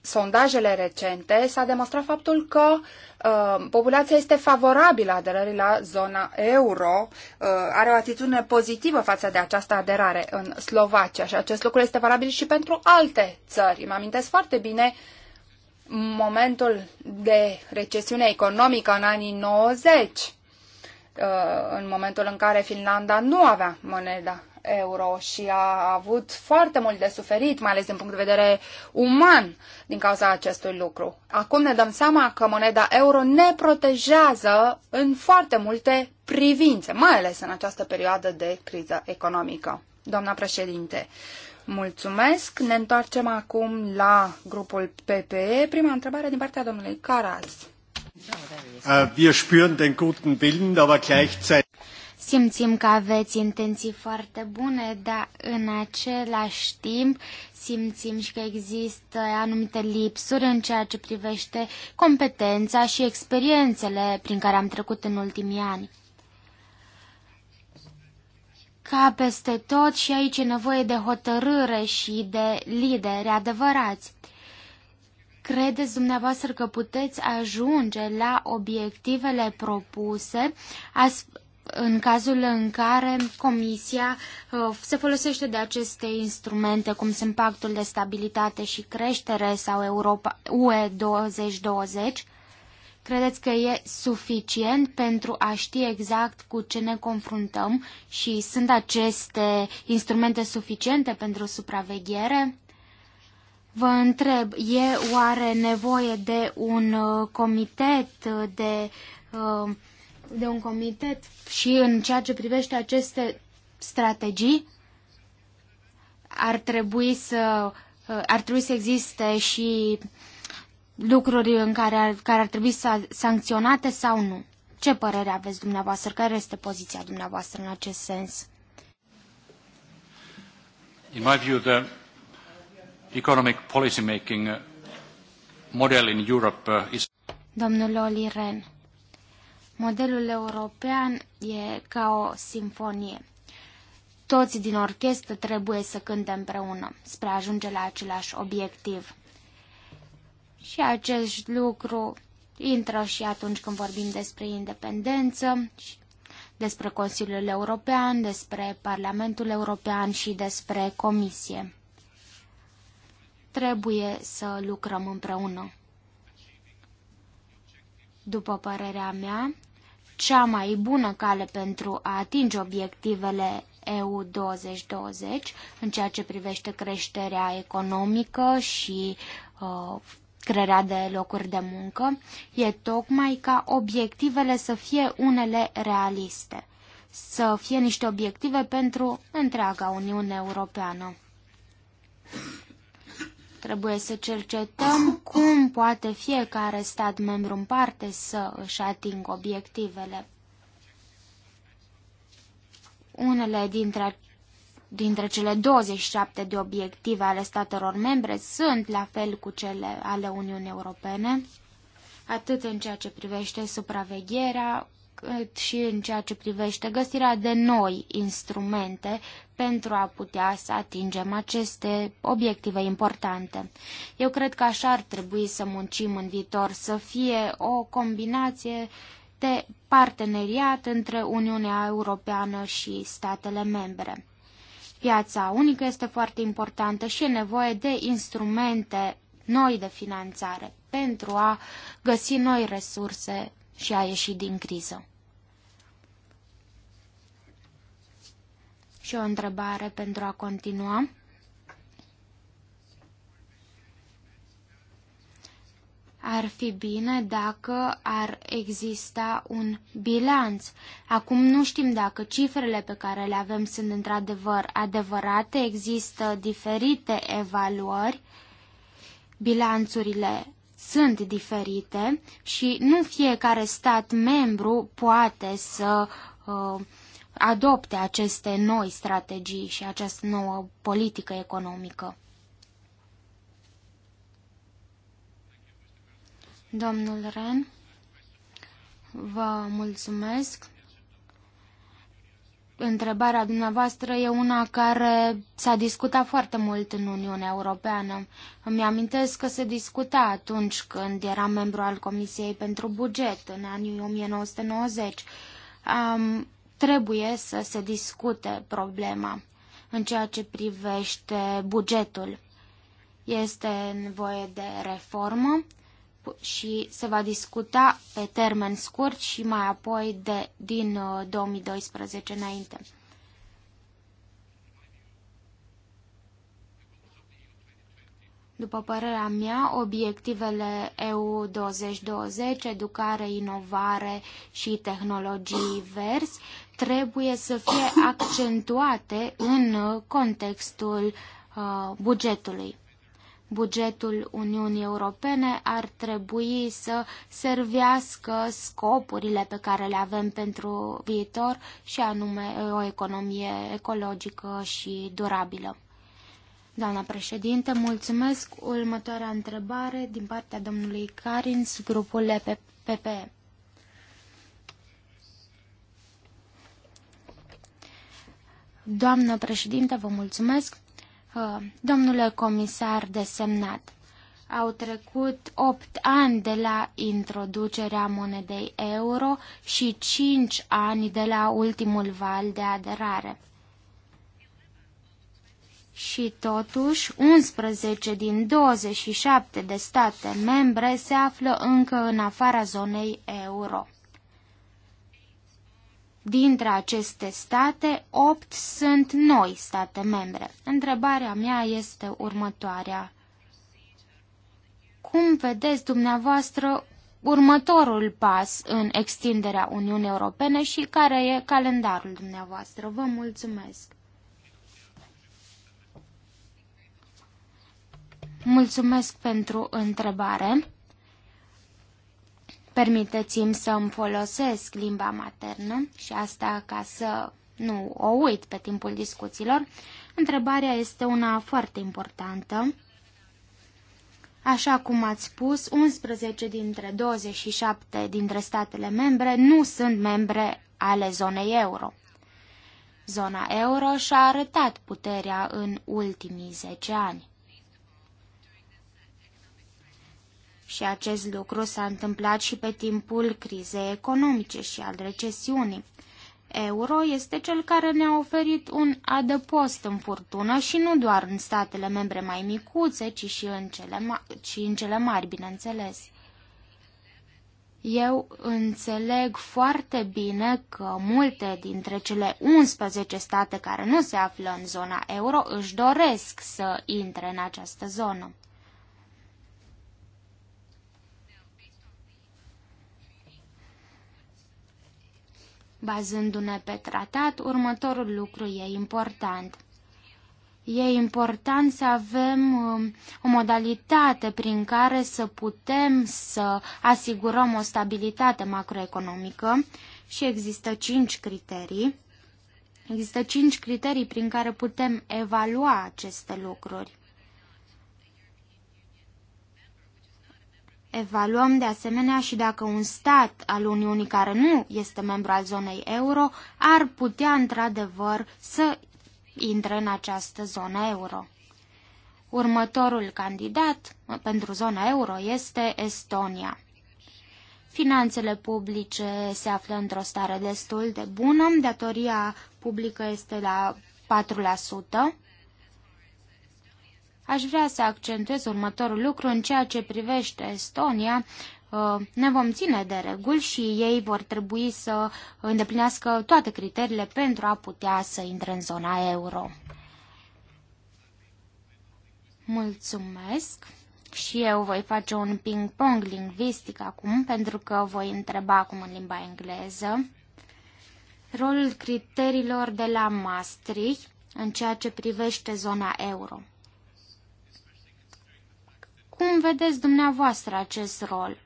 sondajele recente, s-a demonstrat faptul că uh, populația este favorabilă aderării la zona euro, uh, are o atitudine pozitivă față de această aderare în Slovacia și acest lucru este valabil și pentru alte țări. Îmi amintesc foarte bine momentul de recesiune economică în anii 90, uh, în momentul în care Finlanda nu avea moneda euro și a avut foarte mult de suferit, mai ales din punct de vedere uman, din cauza acestui lucru. Acum ne dăm seama că moneda euro ne protejează în foarte multe privințe, mai ales în această perioadă de criză economică. Doamna președinte, mulțumesc. Ne întoarcem acum la grupul PPE. Prima întrebare din partea domnului Caraz. Äh, wir spüren den guten Willen, aber gleichzeitig Simțim că aveți intenții foarte bune, dar în același timp simțim și că există anumite lipsuri în ceea ce privește competența și experiențele prin care am trecut în ultimii ani. Ca peste tot și aici e nevoie de hotărâre și de lideri adevărați. Credeți dumneavoastră că puteți ajunge la obiectivele propuse în cazul în care Comisia uh, se folosește de aceste instrumente, cum sunt Pactul de Stabilitate și Creștere sau Europa, UE 2020, credeți că e suficient pentru a ști exact cu ce ne confruntăm și sunt aceste instrumente suficiente pentru supraveghere? Vă întreb, e oare nevoie de un uh, comitet de uh, de un comitet și în ceea ce privește aceste strategii ar trebui să ar trebui să existe și lucruri în care ar, care ar trebui să sancționate sau nu. Ce părere aveți dumneavoastră? Care este poziția dumneavoastră în acest sens? In my view, the economic policy making model in Europe uh, is Domnul Oli Ren. Modelul european e ca o simfonie. Toți din orchestră trebuie să cânte împreună spre a ajunge la același obiectiv. Și acest lucru intră și atunci când vorbim despre independență, despre Consiliul European, despre Parlamentul European și despre Comisie. Trebuie să lucrăm împreună. După părerea mea, cea mai bună cale pentru a atinge obiectivele EU 2020 în ceea ce privește creșterea economică și uh, crearea de locuri de muncă, e tocmai ca obiectivele să fie unele realiste, să fie niște obiective pentru întreaga Uniune Europeană. Trebuie să cercetăm cum poate fiecare stat membru în parte să își atingă obiectivele. Unele dintre, dintre cele 27 de obiective ale statelor membre sunt la fel cu cele ale Uniunii Europene, atât în ceea ce privește supravegherea, cât și în ceea ce privește găsirea de noi instrumente pentru a putea să atingem aceste obiective importante. Eu cred că așa ar trebui să muncim în viitor, să fie o combinație de parteneriat între Uniunea Europeană și statele membre. Piața unică este foarte importantă și e nevoie de instrumente noi de finanțare pentru a găsi noi resurse și a ieșit din criză. Și o întrebare pentru a continua. Ar fi bine dacă ar exista un bilanț. Acum nu știm dacă cifrele pe care le avem sunt într-adevăr adevărate, există diferite evaluări, bilanțurile sunt diferite și nu fiecare stat membru poate să uh, adopte aceste noi strategii și această nouă politică economică. Domnul Ren, vă mulțumesc întrebarea dumneavoastră e una care s-a discutat foarte mult în Uniunea Europeană. Îmi amintesc că se discuta atunci când era membru al Comisiei pentru Buget, în anii 1990. Um, trebuie să se discute problema în ceea ce privește bugetul. Este nevoie de reformă și se va discuta pe termen scurt și mai apoi de, din 2012 uh, înainte. După părerea mea, obiectivele EU 2020, educare, inovare și tehnologii verzi, trebuie să fie accentuate în uh, contextul uh, bugetului bugetul Uniunii Europene ar trebui să servească scopurile pe care le avem pentru viitor și anume o economie ecologică și durabilă. Doamna președinte, mulțumesc. Următoarea întrebare din partea domnului Carins, grupul PPE. Doamnă președinte, vă mulțumesc. Ă, domnule comisar desemnat, au trecut opt ani de la introducerea monedei euro și cinci ani de la ultimul val de aderare. Și totuși, 11 din 27 de state membre se află încă în afara zonei euro. Dintre aceste state, opt sunt noi state membre. Întrebarea mea este următoarea. Cum vedeți dumneavoastră următorul pas în extinderea Uniunii Europene și care e calendarul dumneavoastră? Vă mulțumesc! Mulțumesc pentru întrebare. Permiteți-mi să îmi folosesc limba maternă și asta ca să nu o uit pe timpul discuțiilor. Întrebarea este una foarte importantă. Așa cum ați spus, 11 dintre 27 dintre statele membre nu sunt membre ale zonei euro. Zona euro și-a arătat puterea în ultimii 10 ani. Și acest lucru s-a întâmplat și pe timpul crizei economice și al recesiunii. Euro este cel care ne-a oferit un adăpost în furtună și nu doar în statele membre mai micuțe, ci și în cele, ma- ci în cele mari, bineînțeles. Eu înțeleg foarte bine că multe dintre cele 11 state care nu se află în zona euro își doresc să intre în această zonă. Bazându-ne pe tratat, următorul lucru e important. E important să avem um, o modalitate prin care să putem să asigurăm o stabilitate macroeconomică și există cinci criterii. Există cinci criterii prin care putem evalua aceste lucruri. Evaluăm de asemenea și dacă un stat al Uniunii care nu este membru al zonei euro ar putea într-adevăr să intre în această zonă euro. Următorul candidat pentru zona euro este Estonia. Finanțele publice se află într-o stare destul de bună, datoria publică este la 4%. Aș vrea să accentuez următorul lucru în ceea ce privește Estonia. Uh, ne vom ține de reguli și ei vor trebui să îndeplinească toate criteriile pentru a putea să intre în zona euro. Mulțumesc! Și eu voi face un ping-pong lingvistic acum, pentru că voi întreba acum în limba engleză. Rolul criteriilor de la Maastricht în ceea ce privește zona euro. Cum vedeți dumneavoastră acest rol?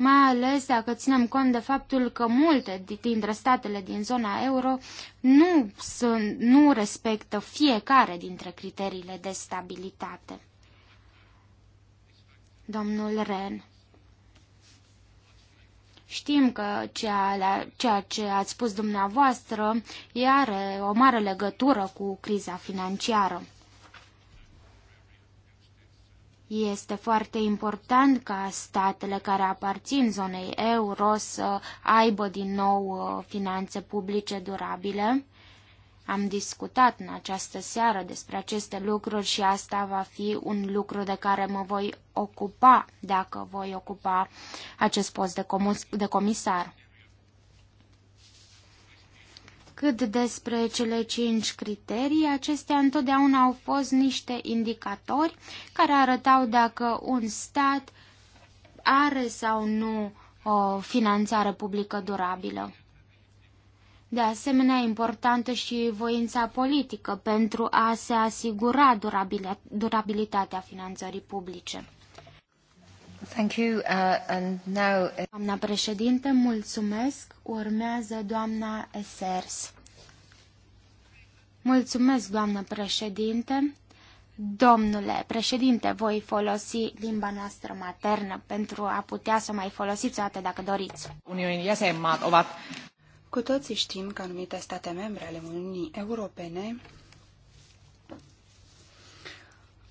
mai ales dacă ținem cont de faptul că multe dintre statele din zona euro nu, sunt, nu respectă fiecare dintre criteriile de stabilitate. Domnul Ren. Știm că ceea, ce ați spus dumneavoastră are o mare legătură cu criza financiară. Este foarte important ca statele care aparțin zonei euro să aibă din nou uh, finanțe publice durabile. Am discutat în această seară despre aceste lucruri și asta va fi un lucru de care mă voi ocupa dacă voi ocupa acest post de, de comisar. Cât despre cele cinci criterii, acestea întotdeauna au fost niște indicatori care arătau dacă un stat are sau nu o finanțare publică durabilă. De asemenea, importantă și voința politică pentru a se asigura durabilitatea finanțării publice. Thank you, uh, uh, Doamna președinte, mulțumesc. Urmează doamna Esers. Mulțumesc, doamnă președinte. Domnule președinte, voi folosi limba noastră maternă pentru a putea să mai folosiți o dată dacă doriți. Cu toții știm că anumite state membre ale Uniunii Europene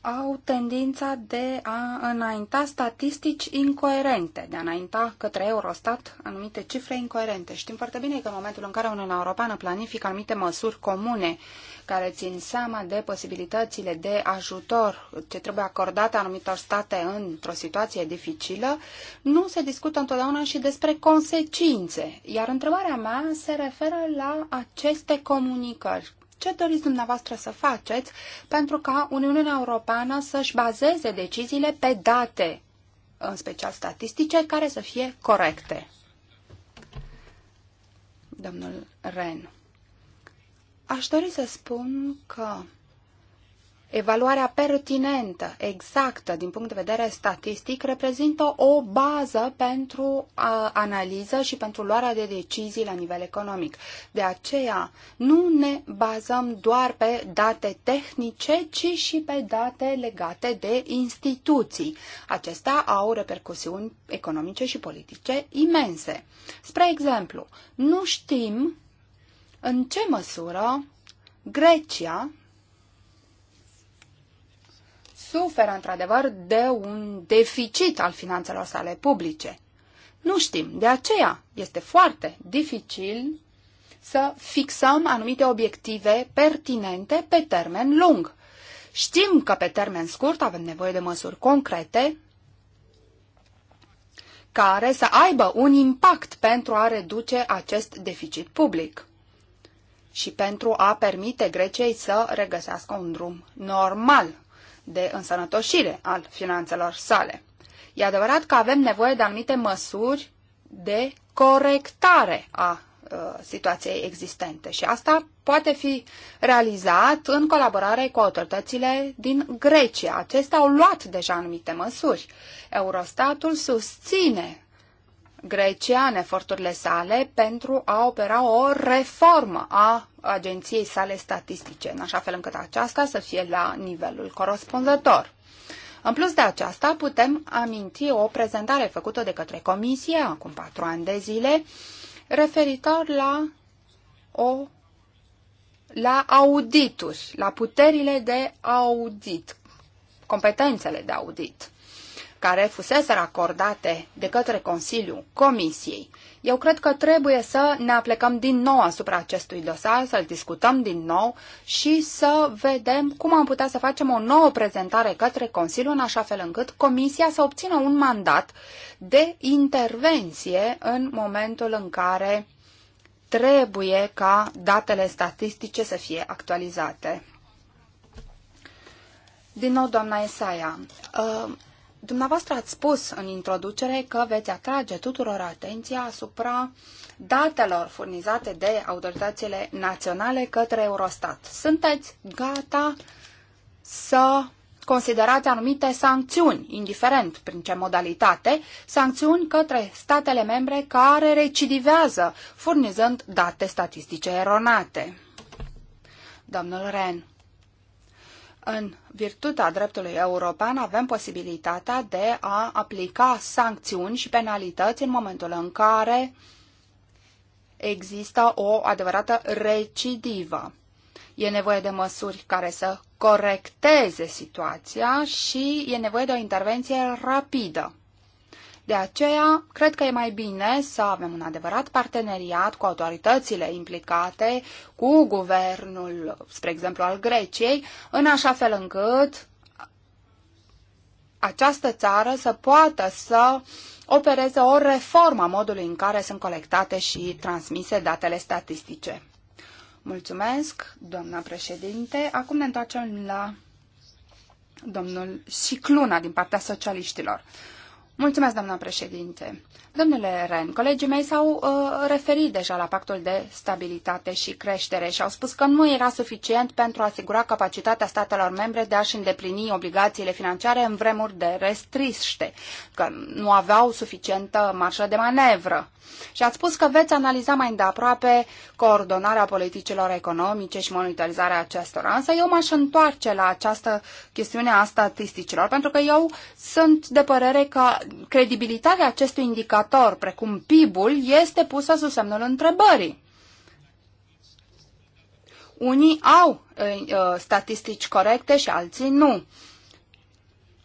au tendința de a înainta statistici incoerente, de a înainta către Eurostat anumite cifre incoerente. Știm foarte bine că în momentul în care Uniunea Europeană planifică anumite măsuri comune care țin seama de posibilitățile de ajutor ce trebuie acordate anumitor state într-o situație dificilă, nu se discută întotdeauna și despre consecințe. Iar întrebarea mea se referă la aceste comunicări ce doriți dumneavoastră să faceți pentru ca Uniunea Europeană să-și bazeze deciziile pe date, în special statistice, care să fie corecte? Domnul Ren. Aș dori să spun că Evaluarea pertinentă, exactă, din punct de vedere statistic, reprezintă o bază pentru uh, analiză și pentru luarea de decizii la nivel economic. De aceea, nu ne bazăm doar pe date tehnice, ci și pe date legate de instituții. Acestea au repercusiuni economice și politice imense. Spre exemplu, nu știm în ce măsură Grecia suferă într-adevăr de un deficit al finanțelor sale publice. Nu știm. De aceea este foarte dificil să fixăm anumite obiective pertinente pe termen lung. Știm că pe termen scurt avem nevoie de măsuri concrete care să aibă un impact pentru a reduce acest deficit public și pentru a permite Greciei să regăsească un drum normal de însănătoșire al finanțelor sale. E adevărat că avem nevoie de anumite măsuri de corectare a uh, situației existente și asta poate fi realizat în colaborare cu autoritățile din Grecia. Acestea au luat deja anumite măsuri. Eurostatul susține Grecia în eforturile sale pentru a opera o reformă a agenției sale statistice, în așa fel încât aceasta să fie la nivelul corespunzător. În plus de aceasta, putem aminti o prezentare făcută de către Comisie acum patru ani de zile referitor la o la audituri, la puterile de audit, competențele de audit care fusese acordate de către Consiliu Comisiei, eu cred că trebuie să ne aplecăm din nou asupra acestui dosar, să-l discutăm din nou și să vedem cum am putea să facem o nouă prezentare către Consiliu în așa fel încât Comisia să obțină un mandat de intervenție în momentul în care trebuie ca datele statistice să fie actualizate. Din nou, doamna Esaia, uh, Dumneavoastră ați spus în introducere că veți atrage tuturor atenția asupra datelor furnizate de autoritățile naționale către Eurostat. Sunteți gata să considerați anumite sancțiuni, indiferent prin ce modalitate, sancțiuni către statele membre care recidivează, furnizând date statistice eronate. Domnul Ren în virtutea dreptului european, avem posibilitatea de a aplica sancțiuni și penalități în momentul în care există o adevărată recidivă. E nevoie de măsuri care să corecteze situația și e nevoie de o intervenție rapidă. De aceea, cred că e mai bine să avem un adevărat parteneriat cu autoritățile implicate, cu guvernul, spre exemplu, al Greciei, în așa fel încât această țară să poată să opereze o reformă a modului în care sunt colectate și transmise datele statistice. Mulțumesc, doamna președinte. Acum ne întoarcem la domnul Sicluna din partea socialiștilor. Mulțumesc, doamna președinte. Domnule Ren, colegii mei s-au uh, referit deja la pactul de stabilitate și creștere și au spus că nu era suficient pentru a asigura capacitatea statelor membre de a-și îndeplini obligațiile financiare în vremuri de restriște, că nu aveau suficientă marșă de manevră. Și ați spus că veți analiza mai îndeaproape coordonarea politicilor economice și monitorizarea acestora. Însă eu m-aș întoarce la această chestiune a statisticilor, pentru că eu sunt de părere că credibilitatea acestui indicator, precum PIB-ul, este pusă sub semnul întrebării. Unii au uh, statistici corecte și alții nu.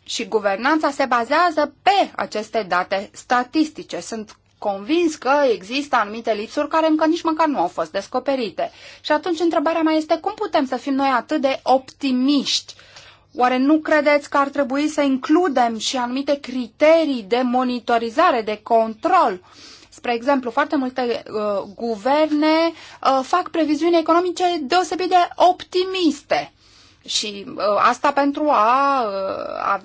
Și guvernanța se bazează pe aceste date statistice. Sunt convins că există anumite lipsuri care încă nici măcar nu au fost descoperite. Și atunci întrebarea mea este cum putem să fim noi atât de optimiști uh, Oare nu credeți că ar trebui să includem și anumite criterii de monitorizare, de control? Spre exemplu, foarte multe uh, guverne uh, fac previziuni economice deosebit de optimiste. Și uh, asta pentru a, uh, a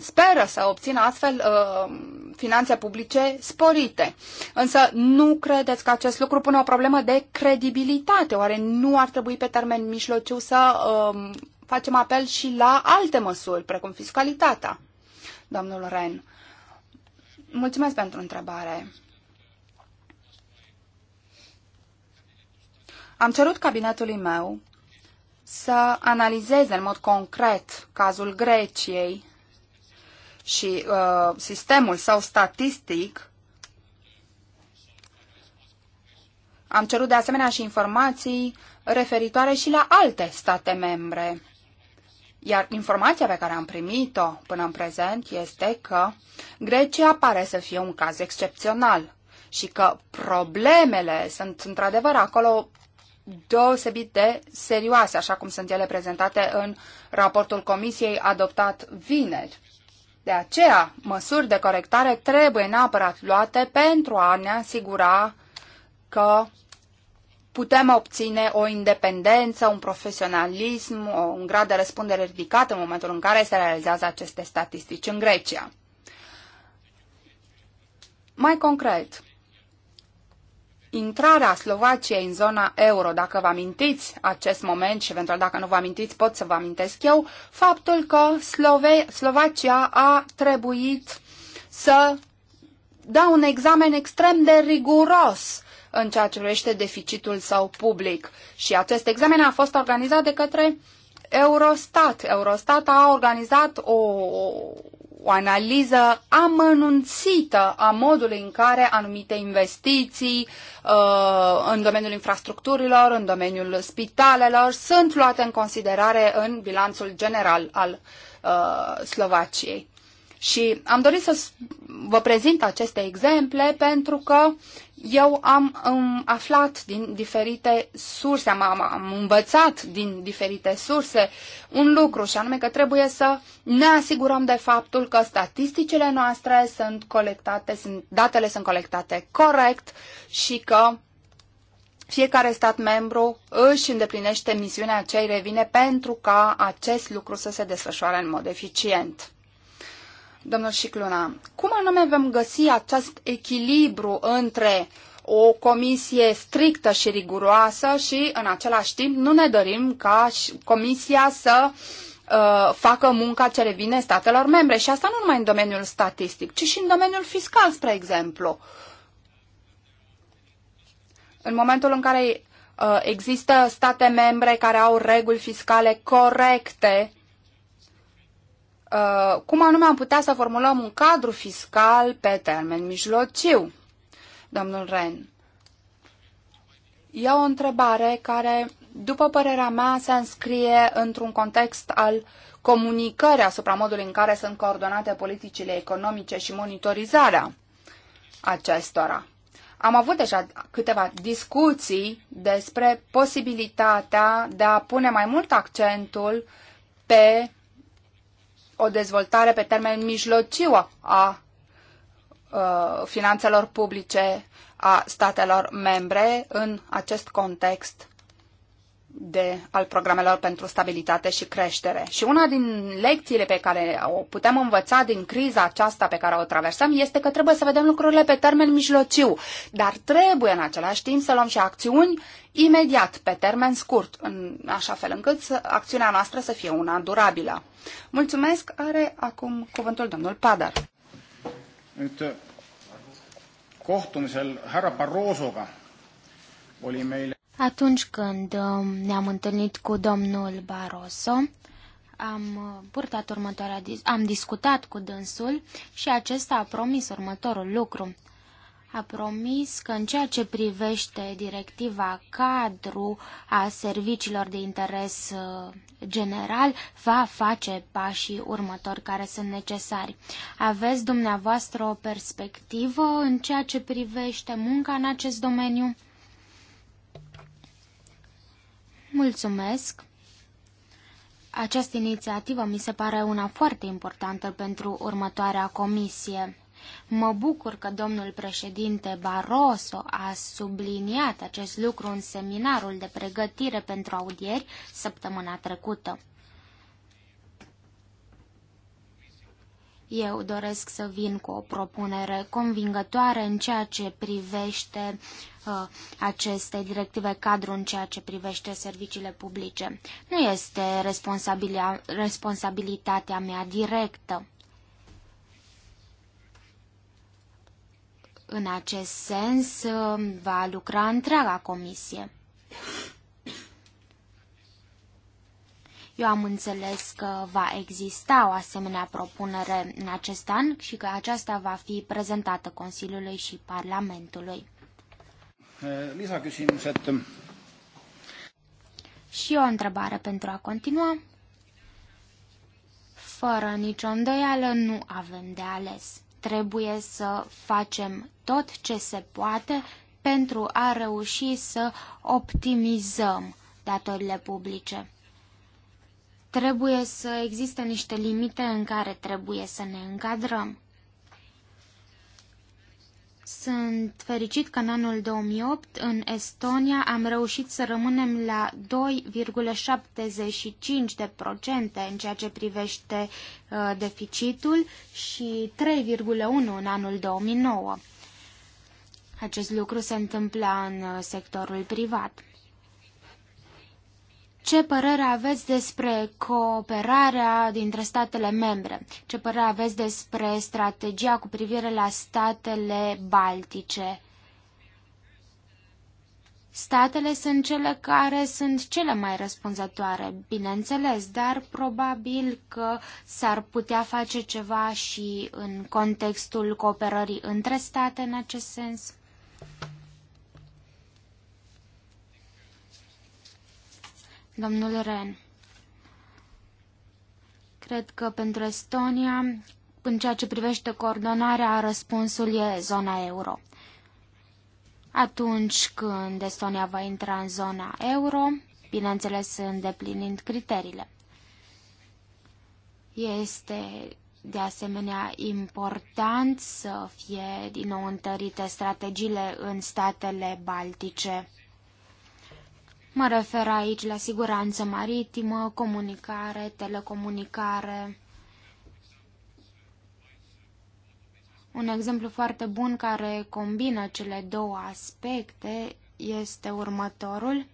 speră să obțină astfel uh, finanțe publice sporite. Însă nu credeți că acest lucru pune o problemă de credibilitate? Oare nu ar trebui pe termen mijlociu să uh, facem apel și la alte măsuri, precum fiscalitatea. Domnul Ren, mulțumesc pentru întrebare. Am cerut cabinetului meu să analizeze în mod concret cazul Greciei și uh, sistemul său statistic. Am cerut de asemenea și informații referitoare și la alte state membre iar informația pe care am primit-o până în prezent este că Grecia pare să fie un caz excepțional și că problemele sunt într-adevăr acolo deosebit de serioase, așa cum sunt ele prezentate în raportul Comisiei adoptat vineri. De aceea, măsuri de corectare trebuie neapărat luate pentru a ne asigura că putem obține o independență, un profesionalism, un grad de răspundere ridicat în momentul în care se realizează aceste statistici în Grecia. Mai concret, intrarea Slovaciei în zona euro, dacă vă amintiți acest moment și eventual dacă nu vă amintiți pot să vă amintesc eu, faptul că Slove- Slovacia a trebuit să dă un examen extrem de riguros în ceea ce privește deficitul sau public. Și acest examen a fost organizat de către Eurostat. Eurostat a organizat o, o analiză amănunțită a modului în care anumite investiții uh, în domeniul infrastructurilor, în domeniul spitalelor, sunt luate în considerare în bilanțul general al uh, Slovaciei. Și am dorit să vă prezint aceste exemple pentru că eu am, am aflat din diferite surse, am, am, am învățat din diferite surse un lucru și anume că trebuie să ne asigurăm de faptul că statisticile noastre sunt colectate, sunt, datele sunt colectate corect și că fiecare stat membru își îndeplinește misiunea ce îi revine pentru ca acest lucru să se desfășoare în mod eficient domnul Șicluna, cum anume vom găsi acest echilibru între o comisie strictă și riguroasă și, în același timp, nu ne dorim ca comisia să uh, facă munca ce revine statelor membre. Și asta nu numai în domeniul statistic, ci și în domeniul fiscal, spre exemplu. În momentul în care uh, există state membre care au reguli fiscale corecte, Uh, cum anume am putea să formulăm un cadru fiscal pe termen mijlociu, domnul Ren. E o întrebare care, după părerea mea, se înscrie într-un context al comunicării asupra modului în care sunt coordonate politicile economice și monitorizarea acestora. Am avut deja câteva discuții despre posibilitatea de a pune mai mult accentul pe o dezvoltare pe termen mijlociu a uh, finanțelor publice a statelor membre în acest context de, al programelor pentru stabilitate și creștere. Și una din lecțiile pe care o putem învăța din criza aceasta pe care o traversăm este că trebuie să vedem lucrurile pe termen mijlociu, dar trebuie în același timp să luăm și acțiuni imediat, pe termen scurt, în așa fel încât să, acțiunea noastră să fie una durabilă. Mulțumesc, are acum cuvântul domnul Padar. Uite, äh, kohtumisel härra Barrosoga oli meile atunci când um, ne-am întâlnit cu domnul Barroso, am uh, purtat următoarea, am discutat cu dânsul și acesta a promis următorul lucru. A promis că în ceea ce privește directiva cadru a serviciilor de interes uh, general, va face pașii următori care sunt necesari. Aveți dumneavoastră o perspectivă în ceea ce privește munca în acest domeniu? Mulțumesc! Această inițiativă mi se pare una foarte importantă pentru următoarea comisie. Mă bucur că domnul președinte Barroso a subliniat acest lucru în seminarul de pregătire pentru audieri săptămâna trecută. Eu doresc să vin cu o propunere convingătoare în ceea ce privește uh, aceste directive cadru în ceea ce privește serviciile publice. Nu este responsabilitatea mea directă. În acest sens, uh, va lucra întreaga comisie. Eu am înțeles că va exista o asemenea propunere în acest an și că aceasta va fi prezentată Consiliului și Parlamentului. Eh, și o întrebare pentru a continua. Fără nicio îndoială, nu avem de ales. Trebuie să facem tot ce se poate pentru a reuși să optimizăm datorile publice. Trebuie să existe niște limite în care trebuie să ne încadrăm. Sunt fericit că în anul 2008, în Estonia, am reușit să rămânem la 2,75% în ceea ce privește uh, deficitul și 3,1% în anul 2009. Acest lucru se întâmpla în uh, sectorul privat. Ce părere aveți despre cooperarea dintre statele membre? Ce părere aveți despre strategia cu privire la statele baltice? Statele sunt cele care sunt cele mai răspunzătoare, bineînțeles, dar probabil că s-ar putea face ceva și în contextul cooperării între state în acest sens. Domnul Ren, cred că pentru Estonia, în ceea ce privește coordonarea, răspunsul e zona euro. Atunci când Estonia va intra în zona euro, bineînțeles îndeplinind criteriile. Este de asemenea important să fie din nou întărite strategiile în statele baltice. Mă refer aici la siguranță maritimă, comunicare, telecomunicare. Un exemplu foarte bun care combină cele două aspecte este următorul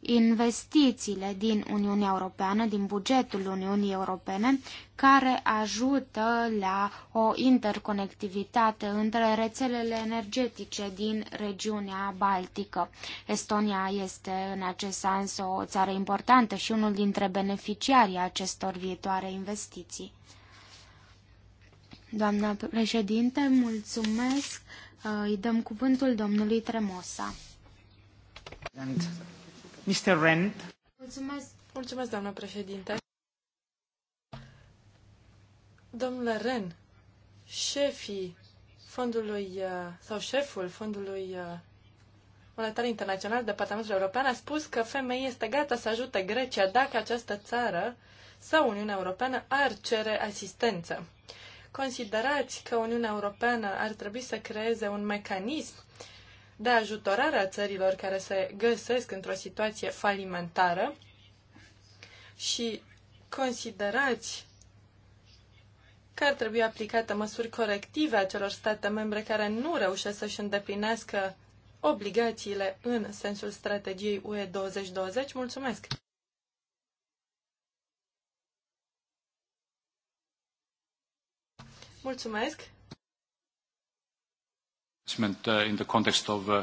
investițiile din Uniunea Europeană, din bugetul Uniunii Europene, care ajută la o interconectivitate între rețelele energetice din regiunea Baltică. Estonia este în acest sens o țară importantă și unul dintre beneficiarii acestor viitoare investiții. Doamna președinte, mulțumesc. Îi dăm cuvântul domnului Tremosa. And Mr. Rand. Mulțumesc, mulțumesc, doamnă președinte. Domnule Ren, șefii fondului uh, sau șeful fondului uh, monetar internațional, Departamentul European, a spus că FMI este gata să ajute Grecia dacă această țară sau Uniunea Europeană ar cere asistență. Considerați că Uniunea Europeană ar trebui să creeze un mecanism de ajutorare a țărilor care se găsesc într-o situație falimentară și considerați că ar trebui aplicate măsuri corective a celor state membre care nu reușesc să-și îndeplinească obligațiile în sensul strategiei UE 2020? Mulțumesc! Mulțumesc! Uh, uh,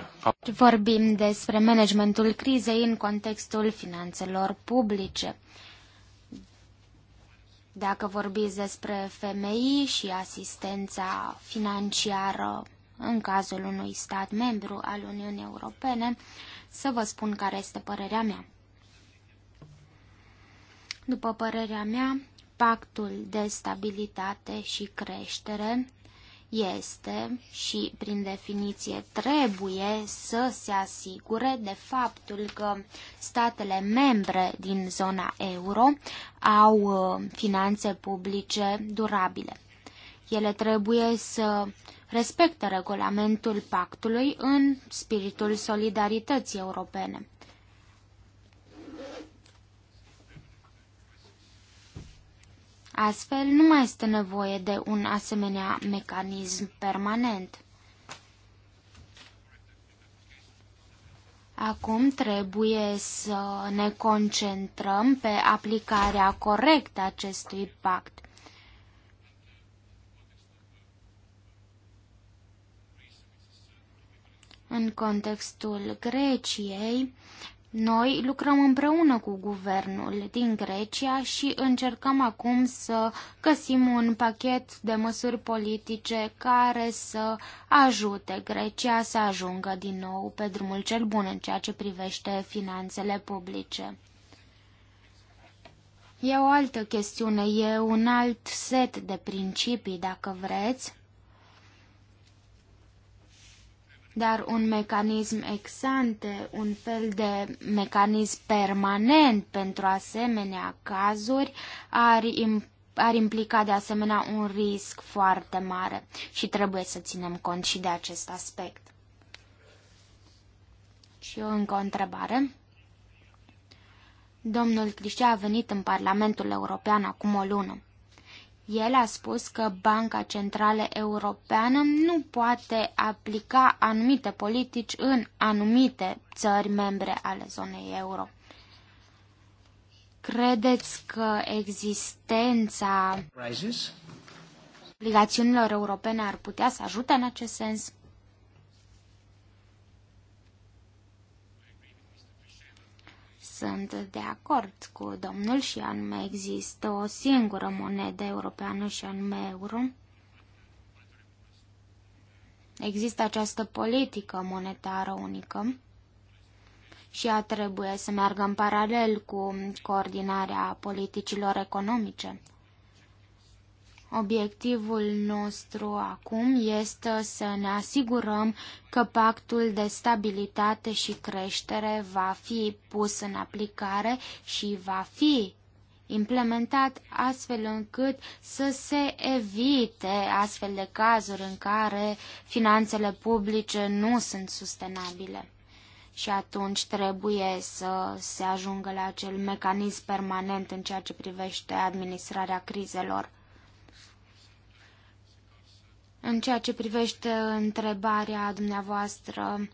Vorbim despre managementul crizei în contextul finanțelor publice. Dacă vorbiți despre FMI și asistența financiară în cazul unui stat membru al Uniunii Europene, să vă spun care este părerea mea. După părerea mea, pactul de stabilitate și creștere este și, prin definiție, trebuie să se asigure de faptul că statele membre din zona euro au uh, finanțe publice durabile. Ele trebuie să respecte regulamentul pactului în spiritul solidarității europene. Astfel, nu mai este nevoie de un asemenea mecanism permanent. Acum trebuie să ne concentrăm pe aplicarea corectă acestui pact. În contextul Greciei, noi lucrăm împreună cu guvernul din Grecia și încercăm acum să găsim un pachet de măsuri politice care să ajute Grecia să ajungă din nou pe drumul cel bun în ceea ce privește finanțele publice. E o altă chestiune, e un alt set de principii, dacă vreți, dar un mecanism exante, un fel de mecanism permanent pentru asemenea cazuri ar, ar implica de asemenea un risc foarte mare și trebuie să ținem cont și de acest aspect. Și încă o întrebare. Domnul Criștea a venit în Parlamentul European acum o lună. El a spus că Banca Centrală Europeană nu poate aplica anumite politici în anumite țări membre ale zonei euro. Credeți că existența obligațiunilor europene ar putea să ajute în acest sens? sunt de acord cu domnul și anume există o singură monedă europeană și anume euro. Există această politică monetară unică și ea trebuie să meargă în paralel cu coordinarea politicilor economice Obiectivul nostru acum este să ne asigurăm că pactul de stabilitate și creștere va fi pus în aplicare și va fi implementat astfel încât să se evite astfel de cazuri în care finanțele publice nu sunt sustenabile. Și atunci trebuie să se ajungă la acel mecanism permanent în ceea ce privește administrarea crizelor. În ceea ce privește întrebarea dumneavoastră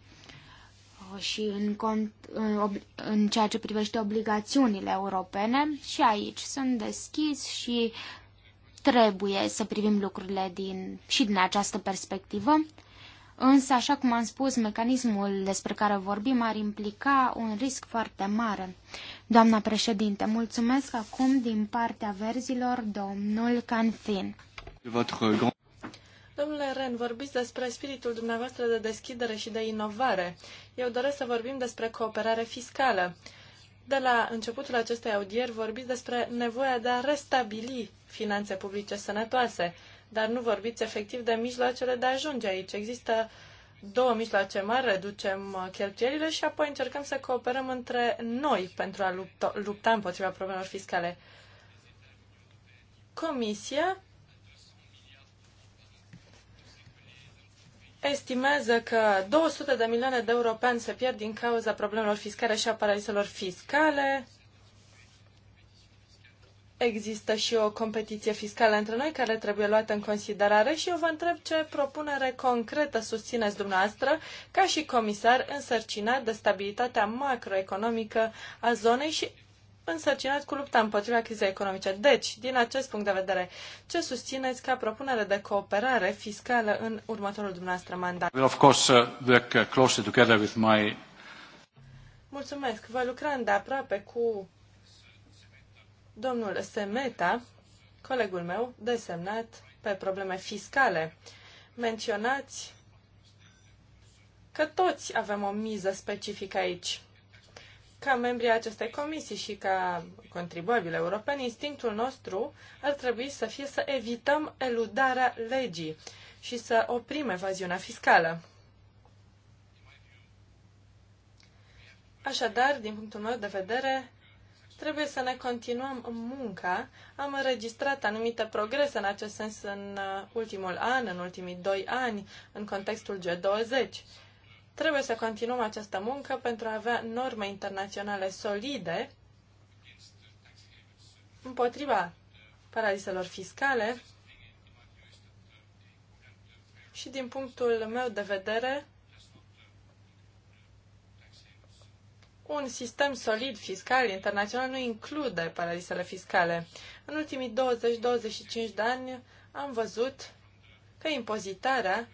uh, și în, cont, în, în ceea ce privește obligațiunile europene, și aici sunt deschis și trebuie să privim lucrurile din, și din această perspectivă. Însă, așa cum am spus, mecanismul despre care vorbim ar implica un risc foarte mare. Doamna președinte, mulțumesc acum din partea verzilor domnul Canfin. Domnule Ren, vorbiți despre spiritul dumneavoastră de deschidere și de inovare. Eu doresc să vorbim despre cooperare fiscală. De la începutul acestei audieri vorbiți despre nevoia de a restabili finanțe publice sănătoase, dar nu vorbiți efectiv de mijloacele de a ajunge aici. Există două mijloace mari, reducem cheltuielile și apoi încercăm să cooperăm între noi pentru a lupta, lupta împotriva problemelor fiscale. Comisia estimează că 200 de milioane de europeni se pierd din cauza problemelor fiscale și a paradiselor fiscale. Există și o competiție fiscală între noi care trebuie luată în considerare și eu vă întreb ce propunere concretă susțineți dumneavoastră ca și comisar însărcinat de stabilitatea macroeconomică a zonei și însărcinați cu lupta împotriva crizei economice. Deci, din acest punct de vedere, ce susțineți ca propunere de cooperare fiscală în următorul dumneavoastră mandat? Well, of course uh, work uh, closely together with my Mulțumesc. Voi lucra aproape cu domnul Semeta, colegul meu, desemnat pe probleme fiscale. Menționați că toți avem o miză specifică aici. Ca membri ai acestei comisii și ca contribuabili europeni, instinctul nostru ar trebui să fie să evităm eludarea legii și să oprim evaziunea fiscală. Așadar, din punctul meu de vedere, trebuie să ne continuăm munca. Am înregistrat anumite progrese în acest sens în uh, ultimul an, în ultimii doi ani, în contextul G20. Trebuie să continuăm această muncă pentru a avea norme internaționale solide împotriva paradiselor fiscale și din punctul meu de vedere, un sistem solid fiscal internațional nu include paradisele fiscale. În ultimii 20-25 de ani am văzut că impozitarea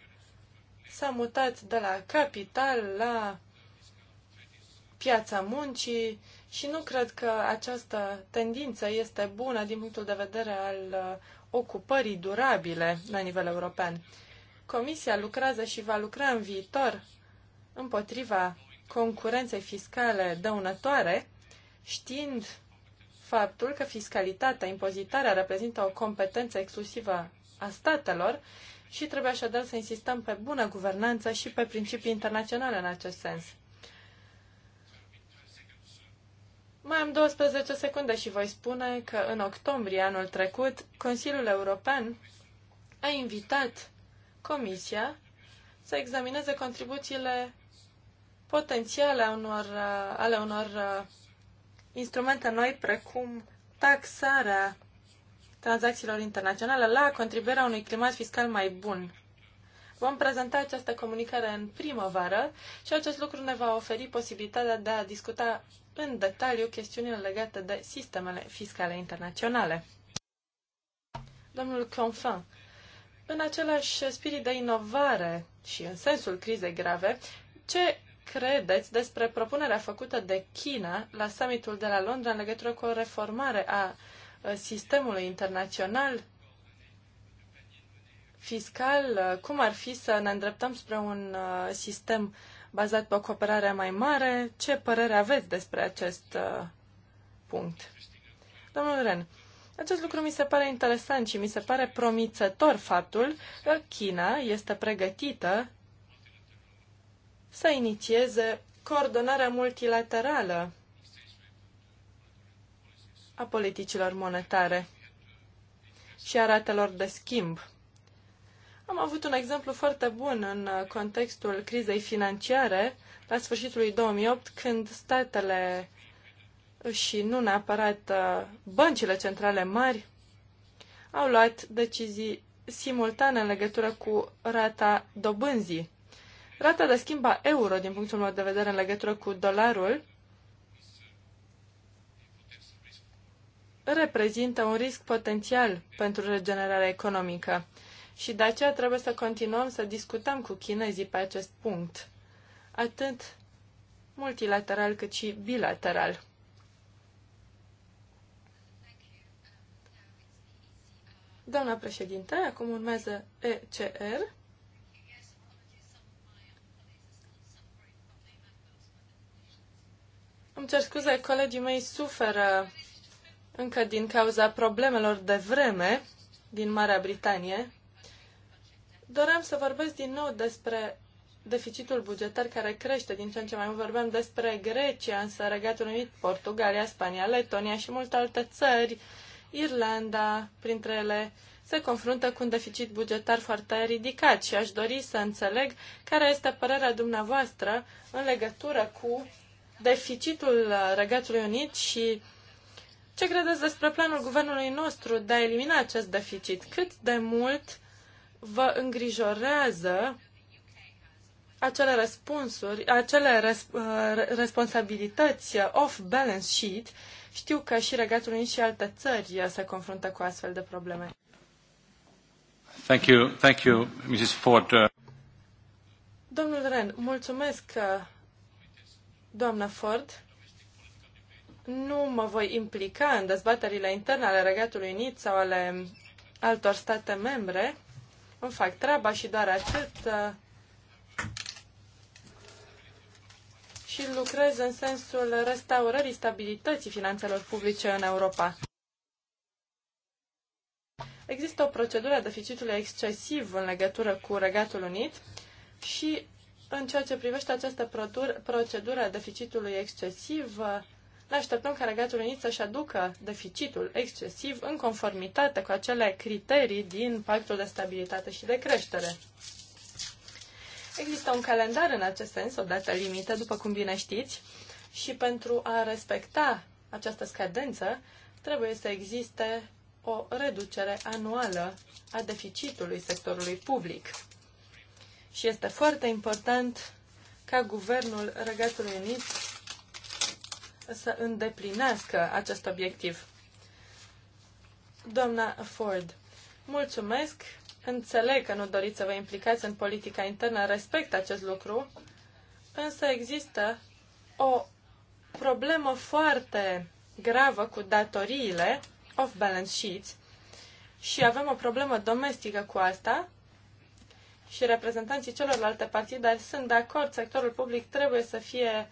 s-a mutat de la capital la piața muncii și nu cred că această tendință este bună din punctul de vedere al uh, ocupării durabile la nivel european. Comisia lucrează și va lucra în viitor împotriva concurenței fiscale dăunătoare, știind faptul că fiscalitatea, impozitarea reprezintă o competență exclusivă a statelor și trebuie așadar să insistăm pe bună guvernanță și pe principii internaționale în acest sens. Mai am 12 secunde și voi spune că în octombrie anul trecut Consiliul European a invitat Comisia să examineze contribuțiile potențiale unor, ale unor uh, instrumente noi, precum taxarea tranzacțiilor internaționale la contribuirea unui climat fiscal mai bun. Vom prezenta această comunicare în primăvară și acest lucru ne va oferi posibilitatea de a discuta în detaliu chestiunile legate de sistemele fiscale internaționale. Domnul Confin, în același spirit de inovare și în sensul crizei grave, ce credeți despre propunerea făcută de China la summitul de la Londra în legătură cu o reformare a Uh, sistemului internațional fiscal, uh, cum ar fi să ne îndreptăm spre un uh, sistem bazat pe o cooperare mai mare? Ce părere aveți despre acest punct? Domnul Ren, acest lucru mi se pare interesant și mi se pare promițător faptul că China este pregătită să inițieze coordonarea multilaterală a politicilor monetare și a ratelor de schimb. Am avut un exemplu foarte bun în contextul crizei financiare la sfârșitul lui 2008, când statele și nu neapărat uh, băncile centrale mari au luat decizii simultane în legătură cu rata dobânzii. Rata de schimb a euro, din punctul meu de vedere, în legătură cu dolarul, reprezintă un risc potențial pentru regenerarea economică și de aceea trebuie să continuăm să discutăm cu chinezii pe acest punct, atât multilateral cât și bilateral. Doamna președinte, acum urmează ECR. Îmi cer scuze, colegii mei suferă încă din cauza problemelor de vreme din Marea Britanie, doream să vorbesc din nou despre deficitul bugetar care crește din ce în ce mai mult. Vorbim despre Grecia, însă Regatul Unit, Portugalia, Spania, Letonia și multe alte țări, Irlanda, printre ele, se confruntă cu un deficit bugetar foarte ridicat și aș dori să înțeleg care este părerea dumneavoastră în legătură cu deficitul Regatului Unit și ce credeți despre planul guvernului nostru de a elimina acest deficit? Cât de mult vă îngrijorează acele răspunsuri, acele res, uh, responsabilități off-balance sheet? Știu că și Regatul unii și alte țări se confruntă cu astfel de probleme. Thank you, thank you, Mrs. Ford. Uh, Domnul Ren, mulțumesc, uh, doamna Ford nu mă voi implica în dezbaterile interne ale Regatului Unit sau ale altor state membre. Îmi fac treaba și doar atât. Uh, și lucrez în sensul restaurării stabilității finanțelor publice în Europa. Există o procedură a deficitului excesiv în legătură cu Regatul Unit și în ceea ce privește această procedură a deficitului excesiv, uh, ne așteptăm ca Regatul Unit să-și aducă deficitul excesiv în conformitate cu acele criterii din Pactul de Stabilitate și de Creștere. Există un calendar în acest sens, o dată limită, după cum bine știți, și pentru a respecta această scadență, trebuie să existe o reducere anuală a deficitului sectorului public. Și este foarte important ca guvernul Regatului Unit să îndeplinească acest obiectiv. Doamna Ford, mulțumesc. Înțeleg că nu doriți să vă implicați în politica internă, respect acest lucru, însă există o problemă foarte gravă cu datoriile off-balance sheets și avem o problemă domestică cu asta și reprezentanții celorlalte partide sunt de acord, sectorul public trebuie să fie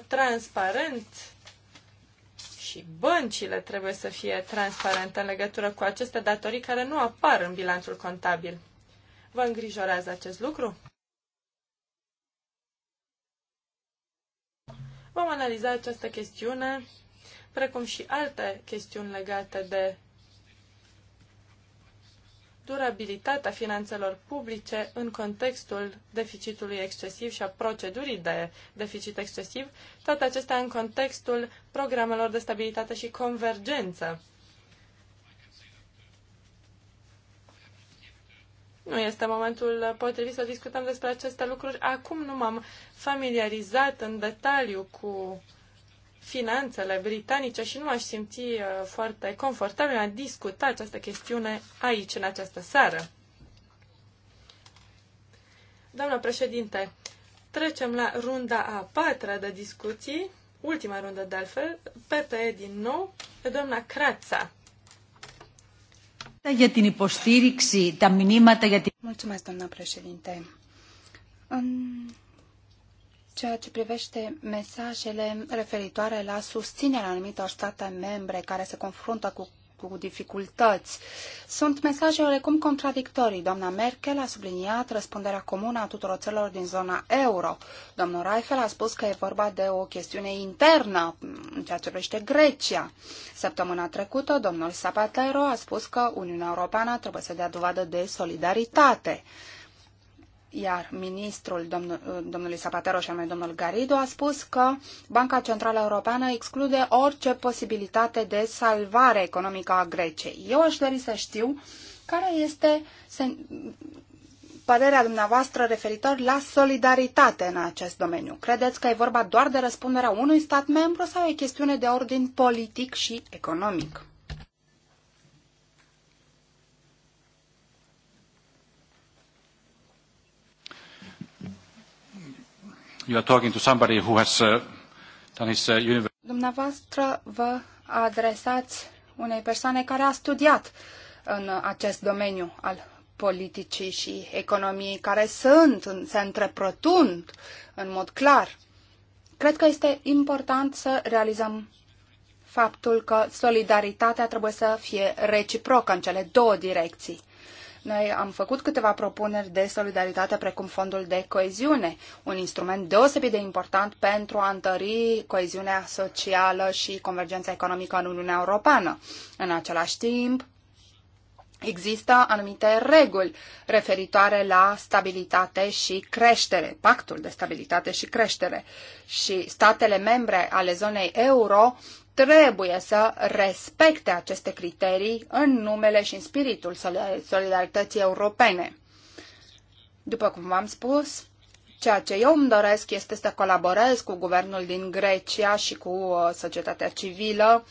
transparent și băncile trebuie să fie transparente în legătură cu aceste datorii care nu apar în bilanțul contabil. Vă îngrijorează acest lucru? Vom analiza această chestiune, precum și alte chestiuni legate de durabilitatea finanțelor publice în contextul deficitului excesiv și a procedurii de deficit excesiv, toate acestea în contextul programelor de stabilitate și convergență. Nu este momentul potrivit să discutăm despre aceste lucruri. Acum nu m-am familiarizat în detaliu cu finanțele britanice și nu aș simți uh, foarte confortabil a discuta această chestiune aici, în această seară. Doamna președinte, trecem la runda a patra de discuții, ultima rundă de altfel, PPE din nou, pe doamna Crața. Mulțumesc, doamna președinte. În ceea ce privește mesajele referitoare la susținerea anumitor state membre care se confruntă cu cu dificultăți. Sunt mesaje oarecum contradictorii. Doamna Merkel a subliniat răspunderea comună a tuturor țărilor din zona euro. Domnul Reifel a spus că e vorba de o chestiune internă în ceea ce privește Grecia. Săptămâna trecută, domnul Zapatero a spus că Uniunea Europeană trebuie să dea dovadă de solidaritate iar ministrul domnul, domnului Zapatero și anume domnul Garido a spus că Banca Centrală Europeană exclude orice posibilitate de salvare economică a Greciei. Eu aș dori să știu care este părerea dumneavoastră referitor la solidaritate în acest domeniu. Credeți că e vorba doar de răspunderea unui stat membru sau e chestiune de ordin politic și economic? you are talking to somebody who has uh, done his uh, university. Dumneavoastră vă adresați unei persoane care a studiat în acest domeniu al politicii și economiei care sunt, se întreprătund în mod clar. Cred că este important să realizăm faptul că solidaritatea trebuie să fie reciprocă în cele două direcții. Noi am făcut câteva propuneri de solidaritate, precum fondul de coeziune, un instrument deosebit de important pentru a întări coeziunea socială și convergența economică în Uniunea Europeană. În același timp, Există anumite reguli referitoare la stabilitate și creștere, pactul de stabilitate și creștere. Și statele membre ale zonei euro trebuie să respecte aceste criterii în numele și în spiritul solidarității europene. După cum v-am spus, ceea ce eu îmi doresc este să colaborez cu guvernul din Grecia și cu uh, societatea civilă,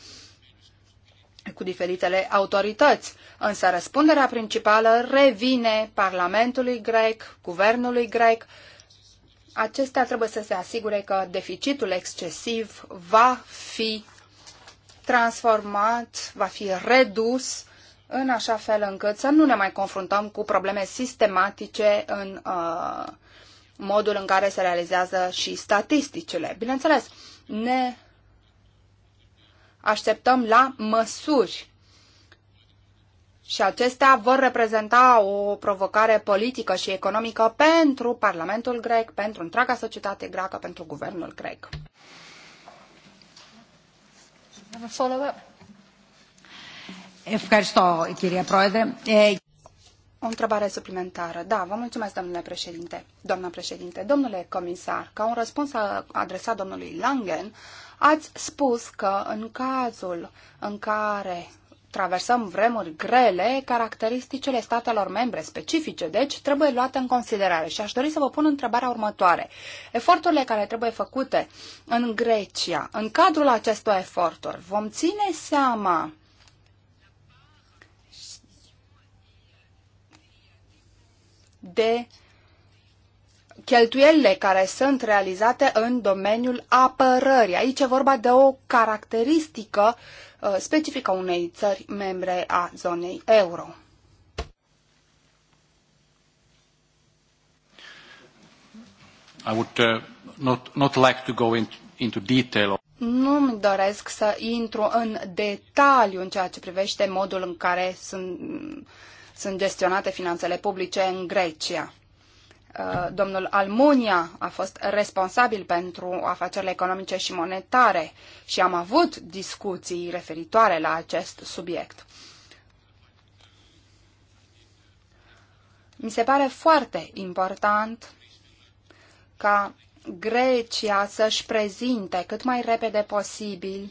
cu diferitele autorități. Însă răspunderea principală revine Parlamentului grec, guvernului grec. Acestea trebuie să se asigure că deficitul excesiv va fi transformat, va fi redus în așa fel încât să nu ne mai confruntăm cu probleme sistematice în uh, modul în care se realizează și statisticile. Bineînțeles, ne așteptăm la măsuri și acestea vor reprezenta o provocare politică și economică pentru Parlamentul grec, pentru întreaga societate greacă, pentru guvernul grec have a follow-up. O întrebare suplimentară. Da, vă mulțumesc, domnule președinte. Doamna președinte, domnule comisar, ca un răspuns adresat domnului Langen, ați spus că în cazul în care traversăm vremuri grele, caracteristicile statelor membre specifice, deci, trebuie luate în considerare. Și aș dori să vă pun întrebarea următoare. Eforturile care trebuie făcute în Grecia, în cadrul acestor eforturi, vom ține seama de cheltuielile care sunt realizate în domeniul apărării. Aici e vorba de o caracteristică uh, Uh, specifică unei țări membre a zonei euro. I would uh, not, not like to go in, into detail. Nu-mi doresc să intru în detaliu în ceea ce privește modul în care sunt, sunt gestionate finanțele publice în Grecia. Uh, domnul Almunia a fost responsabil pentru afacerile economice și monetare și am avut discuții referitoare la acest subiect. Mi se pare foarte important ca Grecia să-și prezinte cât mai repede posibil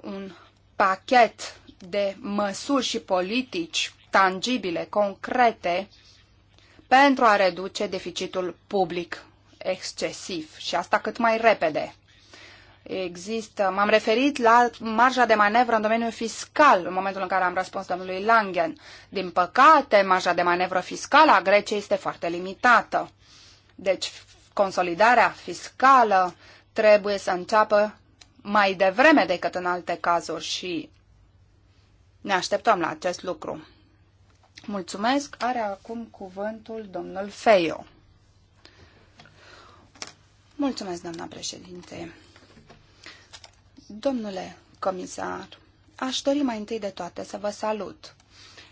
un pachet de măsuri și politici tangibile, concrete, pentru a reduce deficitul public excesiv și asta cât mai repede. Există, m-am referit la marja de manevră în domeniul fiscal în momentul în care am răspuns domnului Langen. Din păcate, marja de manevră fiscală a Greciei este foarte limitată. Deci, consolidarea fiscală trebuie să înceapă mai devreme decât în alte cazuri și ne așteptăm la acest lucru. Mulțumesc. Are acum cuvântul domnul Feio. Mulțumesc, doamna președinte. Domnule comisar, aș dori mai întâi de toate să vă salut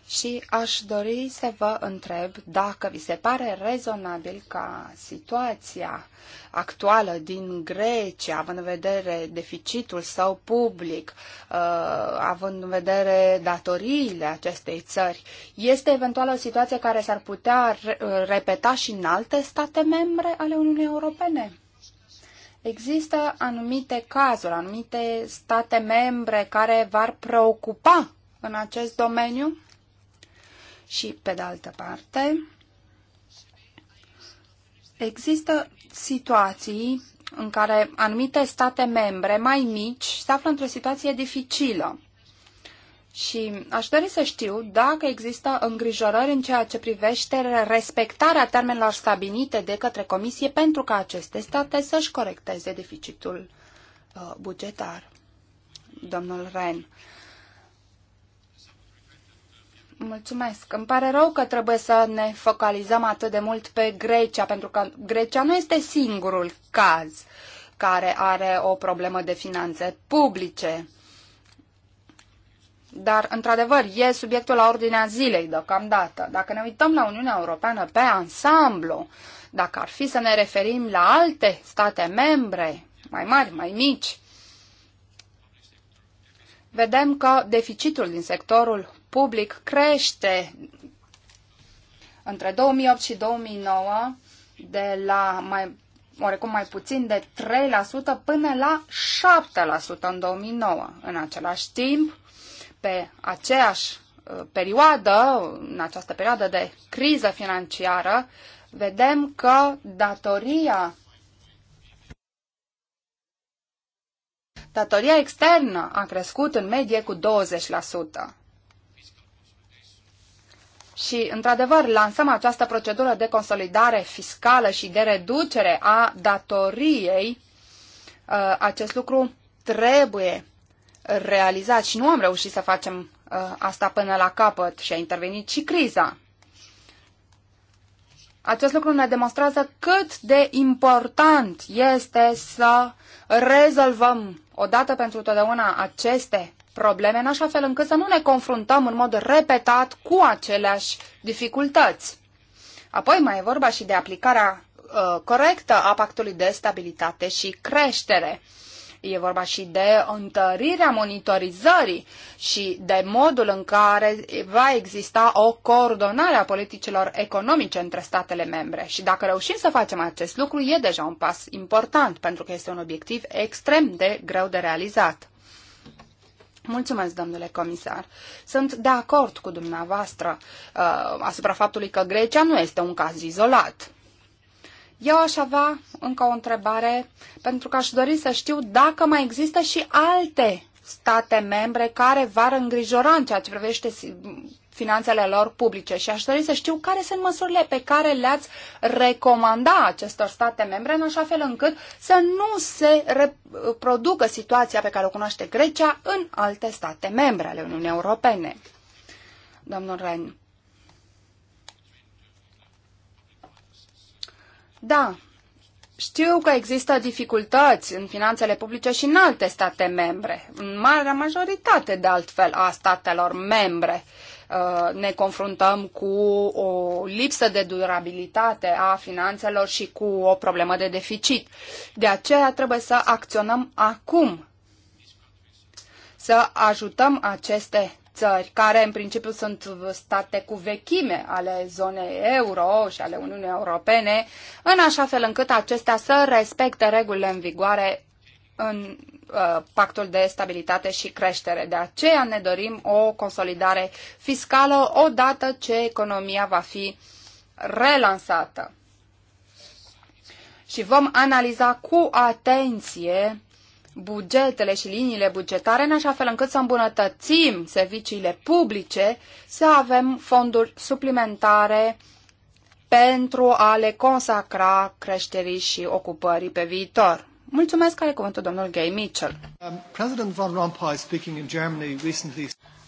și aș dori să vă întreb dacă vi se pare rezonabil ca situația actuală din Grecia, având în vedere deficitul său public, uh, având în vedere datoriile acestei țări, este eventual o situație care s-ar putea uh, repeta și în alte state membre ale Uniunii Europene? Există anumite cazuri, anumite state membre care v-ar preocupa în acest domeniu? Și, pe de altă parte, există situații în care anumite state membre mai mici se află într-o situație dificilă. Și aș dori să știu dacă există îngrijorări în ceea ce privește respectarea termenelor stabilite de către Comisie pentru ca aceste state să-și corecteze deficitul uh, bugetar. Domnul Ren. Mulțumesc. Îmi pare rău că trebuie să ne focalizăm atât de mult pe Grecia, pentru că Grecia nu este singurul caz care are o problemă de finanțe publice. Dar, într-adevăr, e subiectul la ordinea zilei deocamdată. Dacă ne uităm la Uniunea Europeană pe ansamblu, dacă ar fi să ne referim la alte state membre, mai mari, mai mici, vedem că deficitul din sectorul public crește între 2008 și 2009 de la mai, oarecum mai puțin de 3% până la 7% în 2009. În același timp, pe aceeași uh, perioadă, în această perioadă de criză financiară, vedem că datoria datoria externă a crescut în medie cu 20% și, într-adevăr, lansăm această procedură de consolidare fiscală și de reducere a datoriei, uh, acest lucru trebuie realizat și nu am reușit să facem uh, asta până la capăt și a intervenit și criza. Acest lucru ne demonstrează cât de important este să rezolvăm odată pentru totdeauna aceste probleme în așa fel încât să nu ne confruntăm în mod repetat cu aceleași dificultăți. Apoi mai e vorba și de aplicarea uh, corectă a pactului de stabilitate și creștere. E vorba și de întărirea monitorizării și de modul în care va exista o coordonare a politicilor economice între statele membre. Și dacă reușim să facem acest lucru, e deja un pas important, pentru că este un obiectiv extrem de greu de realizat. Mulțumesc, domnule comisar. Sunt de acord cu dumneavoastră uh, asupra faptului că Grecia nu este un caz izolat. Eu aș avea încă o întrebare, pentru că aș dori să știu dacă mai există și alte state membre care v-ar îngrijora în ceea ce privește finanțele lor publice și aș dori să știu care sunt măsurile pe care le-ați recomanda acestor state membre în așa fel încât să nu se reproducă situația pe care o cunoaște Grecia în alte state membre ale Uniunii Europene. Domnul Ren. Da, știu că există dificultăți în finanțele publice și în alte state membre, în marea majoritate de altfel a statelor membre. Uh, Uh, ne confruntăm cu o lipsă de durabilitate a finanțelor și cu o problemă de deficit. De aceea trebuie să acționăm acum, să ajutăm aceste țări, care în principiu sunt state cu vechime ale zonei euro și ale Uniunii Europene, în așa fel încât acestea să respecte regulile în vigoare în uh, pactul de stabilitate și creștere. De aceea ne dorim o consolidare fiscală odată ce economia va fi relansată. Și vom analiza cu atenție bugetele și liniile bugetare în așa fel încât să îmbunătățim serviciile publice, să avem fonduri suplimentare pentru a le consacra creșterii și ocupării pe viitor. Mulțumesc, care cuvântul domnul Gay Mitchell. Um, Van Rompuy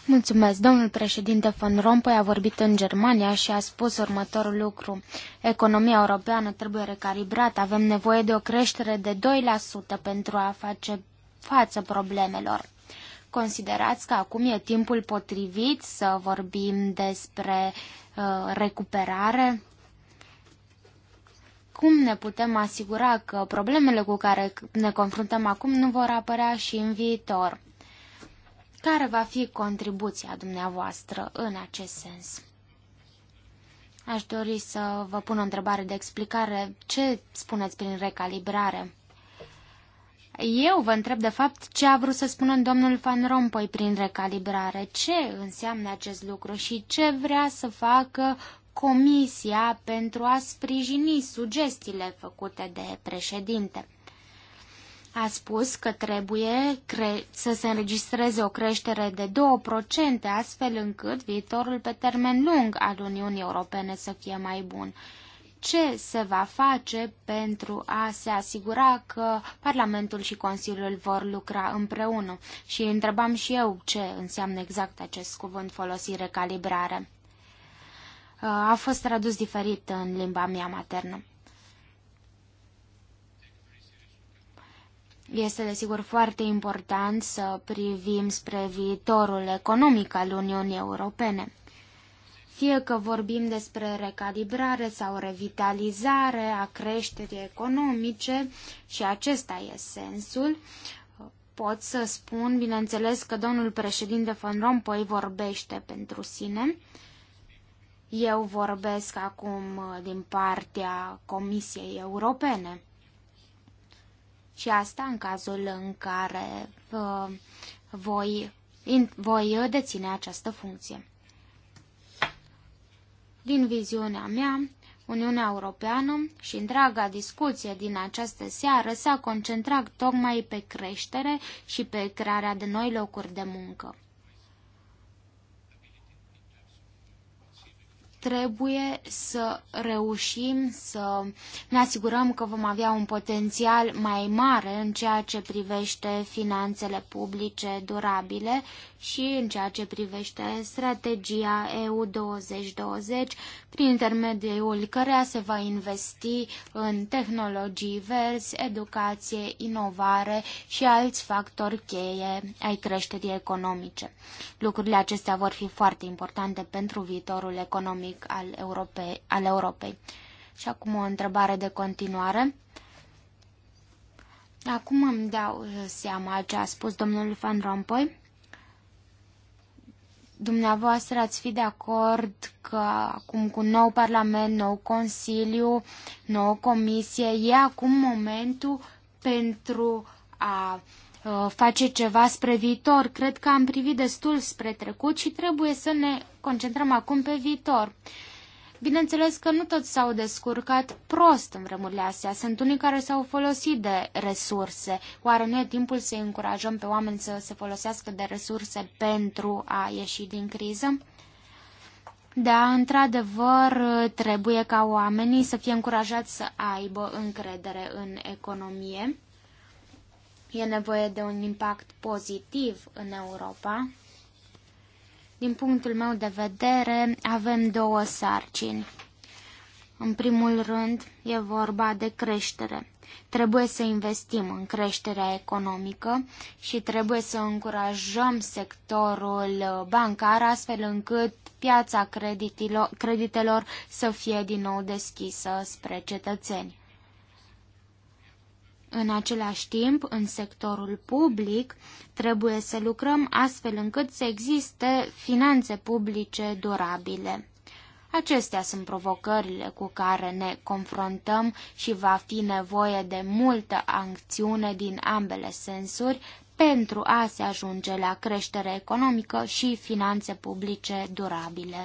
Mulțumesc. Domnul președinte von Rompuy a vorbit în Germania și a spus următorul lucru. Economia europeană trebuie recalibrată, avem nevoie de o creștere de 2% pentru a face față problemelor. Considerați că acum e timpul potrivit să vorbim despre uh, recuperare? cum ne putem asigura că problemele cu care ne confruntăm acum nu vor apărea și în viitor? Care va fi contribuția dumneavoastră în acest sens? Aș dori să vă pun o întrebare de explicare. Ce spuneți prin recalibrare? Eu vă întreb, de fapt, ce a vrut să spună domnul Van Rompuy prin recalibrare, ce înseamnă acest lucru și ce vrea să facă Comisia pentru a sprijini sugestiile făcute de președinte. A spus că trebuie să se înregistreze o creștere de 2%, astfel încât viitorul pe termen lung al Uniunii Europene să fie mai bun. Ce se va face pentru a se asigura că Parlamentul și Consiliul vor lucra împreună? Și întrebam și eu ce înseamnă exact acest cuvânt folosire calibrare a fost tradus diferit în limba mea maternă. Este desigur foarte important să privim spre viitorul economic al Uniunii Europene. Fie că vorbim despre recalibrare sau revitalizare a creșterii economice, și acesta e sensul, pot să spun, bineînțeles, că domnul președinte Van Rompuy vorbește pentru sine, eu vorbesc acum uh, din partea Comisiei Europene. Și asta în cazul în care uh, voi, voi uh, deține această funcție. Din viziunea mea, Uniunea Europeană și întreaga discuție din această seară s-a concentrat tocmai pe creștere și pe crearea de noi locuri de muncă. trebuie să reușim să ne asigurăm că vom avea un potențial mai mare în ceea ce privește finanțele publice durabile și în ceea ce privește strategia EU 2020, prin intermediul căreia se va investi în tehnologii verzi, educație, inovare și alți factori cheie ai creșterii economice. Lucrurile acestea vor fi foarte importante pentru viitorul economic al Europei. Al Europei. Și acum o întrebare de continuare. Acum îmi dau seama ce a spus domnul Van Rompuy dumneavoastră ați fi de acord că acum cu nou Parlament, nou Consiliu, nouă Comisie, e acum momentul pentru a ă, face ceva spre viitor. Cred că am privit destul spre trecut și trebuie să ne concentrăm acum pe viitor. Bineînțeles că nu toți s-au descurcat prost în vremurile astea. Sunt unii care s-au folosit de resurse. Oare nu e timpul să încurajăm pe oameni să se folosească de resurse pentru a ieși din criză? Da, într-adevăr, trebuie ca oamenii să fie încurajați să aibă încredere în economie. E nevoie de un impact pozitiv în Europa, din punctul meu de vedere, avem două sarcini. În primul rând, e vorba de creștere. Trebuie să investim în creșterea economică și trebuie să încurajăm sectorul bancar astfel încât piața creditelor să fie din nou deschisă spre cetățeni. În același timp, în sectorul public, trebuie să lucrăm astfel încât să existe finanțe publice durabile. Acestea sunt provocările cu care ne confruntăm și va fi nevoie de multă acțiune din ambele sensuri pentru a se ajunge la creștere economică și finanțe publice durabile.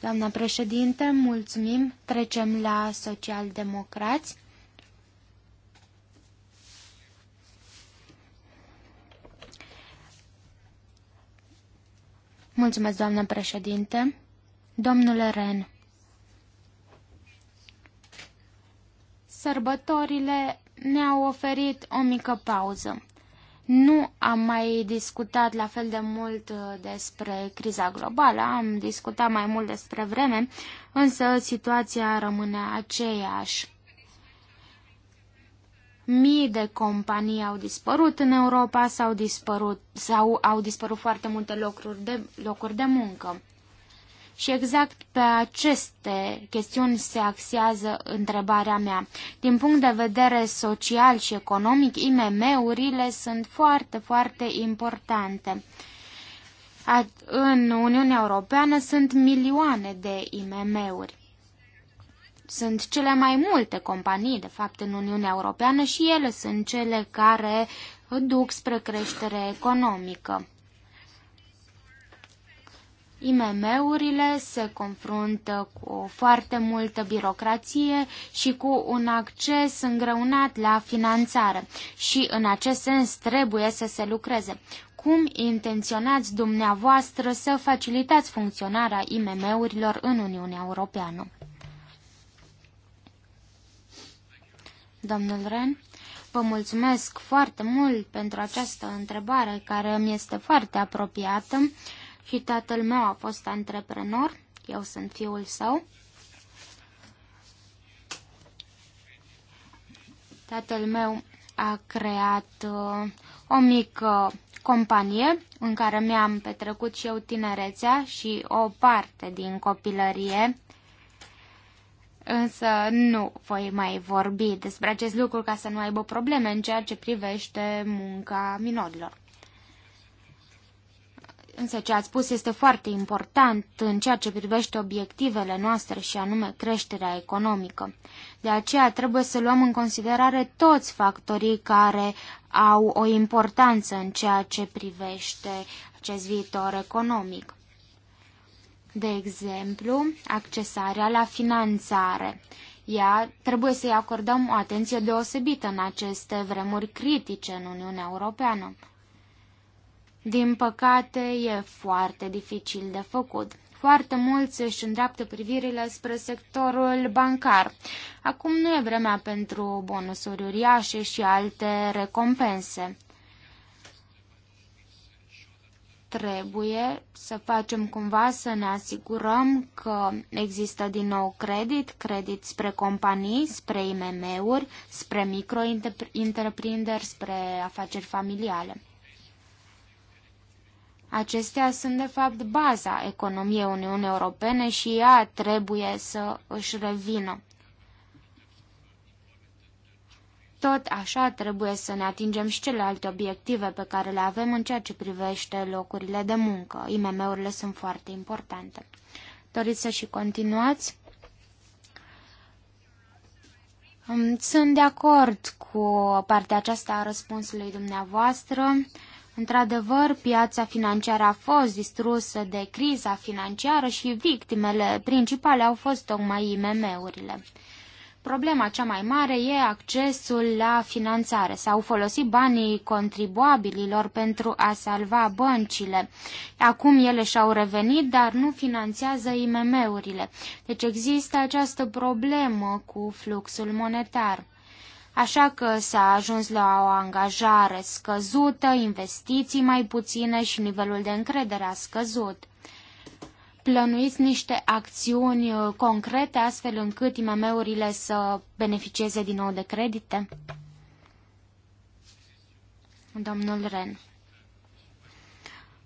Doamna președinte, mulțumim. Trecem la socialdemocrați. Mulțumesc, doamnă președinte. Domnule Ren, sărbătorile ne-au oferit o mică pauză. Nu am mai discutat la fel de mult uh, despre criza globală, am discutat mai mult despre vreme, însă situația rămâne aceeași. Mii de companii au dispărut în Europa sau, dispărut, sau au dispărut foarte multe locuri de, locuri de muncă. Și exact pe aceste chestiuni se axează întrebarea mea. Din punct de vedere social și economic, IMM-urile sunt foarte, foarte importante. În Uniunea Europeană sunt milioane de IMM-uri sunt cele mai multe companii, de fapt, în Uniunea Europeană și ele sunt cele care duc spre creștere economică. IMM-urile se confruntă cu foarte multă birocrație și cu un acces îngreunat la finanțare și în acest sens trebuie să se lucreze. Cum intenționați dumneavoastră să facilitați funcționarea IMM-urilor în Uniunea Europeană? Domnul Ren, vă mulțumesc foarte mult pentru această întrebare care îmi este foarte apropiată și tatăl meu a fost antreprenor, eu sunt fiul său. Tatăl meu a creat uh, o mică companie în care mi-am petrecut și eu tinerețea și o parte din copilărie Însă nu voi mai vorbi despre acest lucru ca să nu aibă probleme în ceea ce privește munca minorilor. Însă ce ați spus este foarte important în ceea ce privește obiectivele noastre și anume creșterea economică. De aceea trebuie să luăm în considerare toți factorii care au o importanță în ceea ce privește acest viitor economic. De exemplu, accesarea la finanțare. Ea trebuie să-i acordăm o atenție deosebită în aceste vremuri critice în Uniunea Europeană. Din păcate, e foarte dificil de făcut. Foarte mulți își îndreaptă privirile spre sectorul bancar. Acum nu e vremea pentru bonusuri uriașe și alte recompense trebuie să facem cumva să ne asigurăm că există din nou credit, credit spre companii, spre IMM-uri, spre micro spre afaceri familiale. Acestea sunt, de fapt, baza economiei Uniunii Europene și ea trebuie să își revină. Tot așa trebuie să ne atingem și celelalte obiective pe care le avem în ceea ce privește locurile de muncă. IMM-urile sunt foarte importante. Doriți să și continuați? Sunt de acord cu partea aceasta a răspunsului dumneavoastră. Într-adevăr, piața financiară a fost distrusă de criza financiară și victimele principale au fost tocmai IMM-urile problema cea mai mare e accesul la finanțare. S-au folosit banii contribuabililor pentru a salva băncile. Acum ele și-au revenit, dar nu finanțează IMM-urile. Deci există această problemă cu fluxul monetar. Așa că s-a ajuns la o angajare scăzută, investiții mai puține și nivelul de încredere a scăzut plănuiți niște acțiuni uh, concrete astfel încât IMM-urile să beneficieze din nou de credite? Domnul Ren.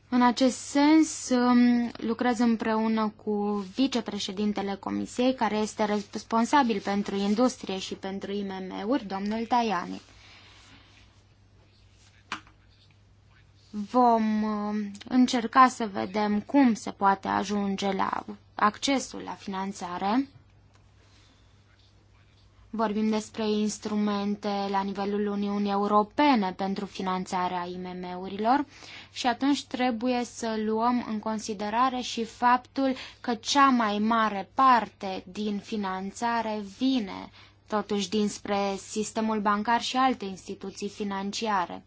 În acest sens, um, lucrez împreună cu vicepreședintele Comisiei, care este responsabil pentru industrie și pentru IMM-uri, domnul Tajani. vom uh, încerca să vedem cum se poate ajunge la accesul la finanțare. Vorbim despre instrumente la nivelul Uniunii Europene pentru finanțarea IMM-urilor și atunci trebuie să luăm în considerare și faptul că cea mai mare parte din finanțare vine totuși dinspre sistemul bancar și alte instituții financiare.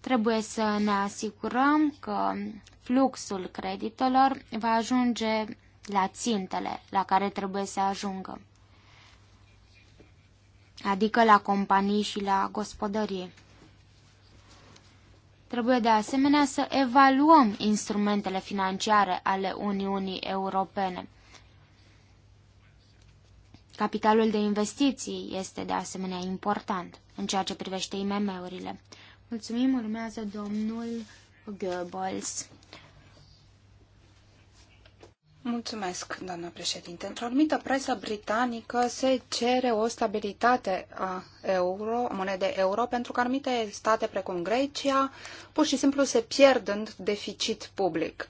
Trebuie să ne asigurăm că fluxul creditelor va ajunge la țintele la care trebuie să ajungă, adică la companii și la gospodărie. Trebuie de asemenea să evaluăm instrumentele financiare ale Uniunii Europene. Capitalul de investiții este de asemenea important în ceea ce privește IMM-urile. Mulțumim, urmează domnul Goebbels. Mulțumesc, doamnă președinte. Într-o anumită presă britanică se cere o stabilitate a euro, monede euro, pentru că anumite state precum Grecia pur și simplu se pierd în deficit public.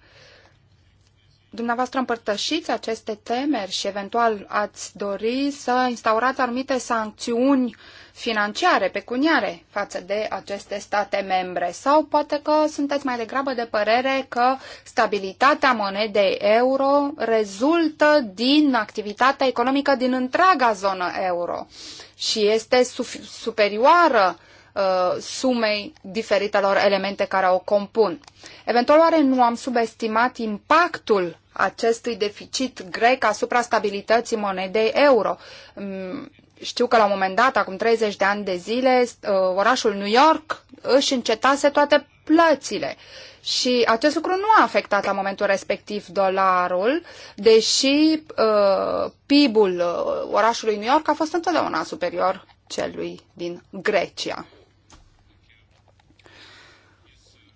Dumneavoastră împărtășiți aceste temeri și eventual ați dori să instaurați anumite sancțiuni financiare, pecuniare față de aceste state membre sau poate că sunteți mai degrabă de părere că stabilitatea monedei euro rezultă din activitatea economică din întreaga zonă euro și este superioară Uh, sumei diferitelor elemente care o compun. Eventual oare nu am subestimat impactul acestui deficit grec asupra stabilității monedei euro? Mm, știu că la un moment dat, acum 30 de ani de zile, uh, orașul New York își încetase toate plățile. Și acest lucru nu a afectat la momentul respectiv dolarul, deși uh, PIB-ul uh, orașului New York a fost întotdeauna superior celui din Grecia.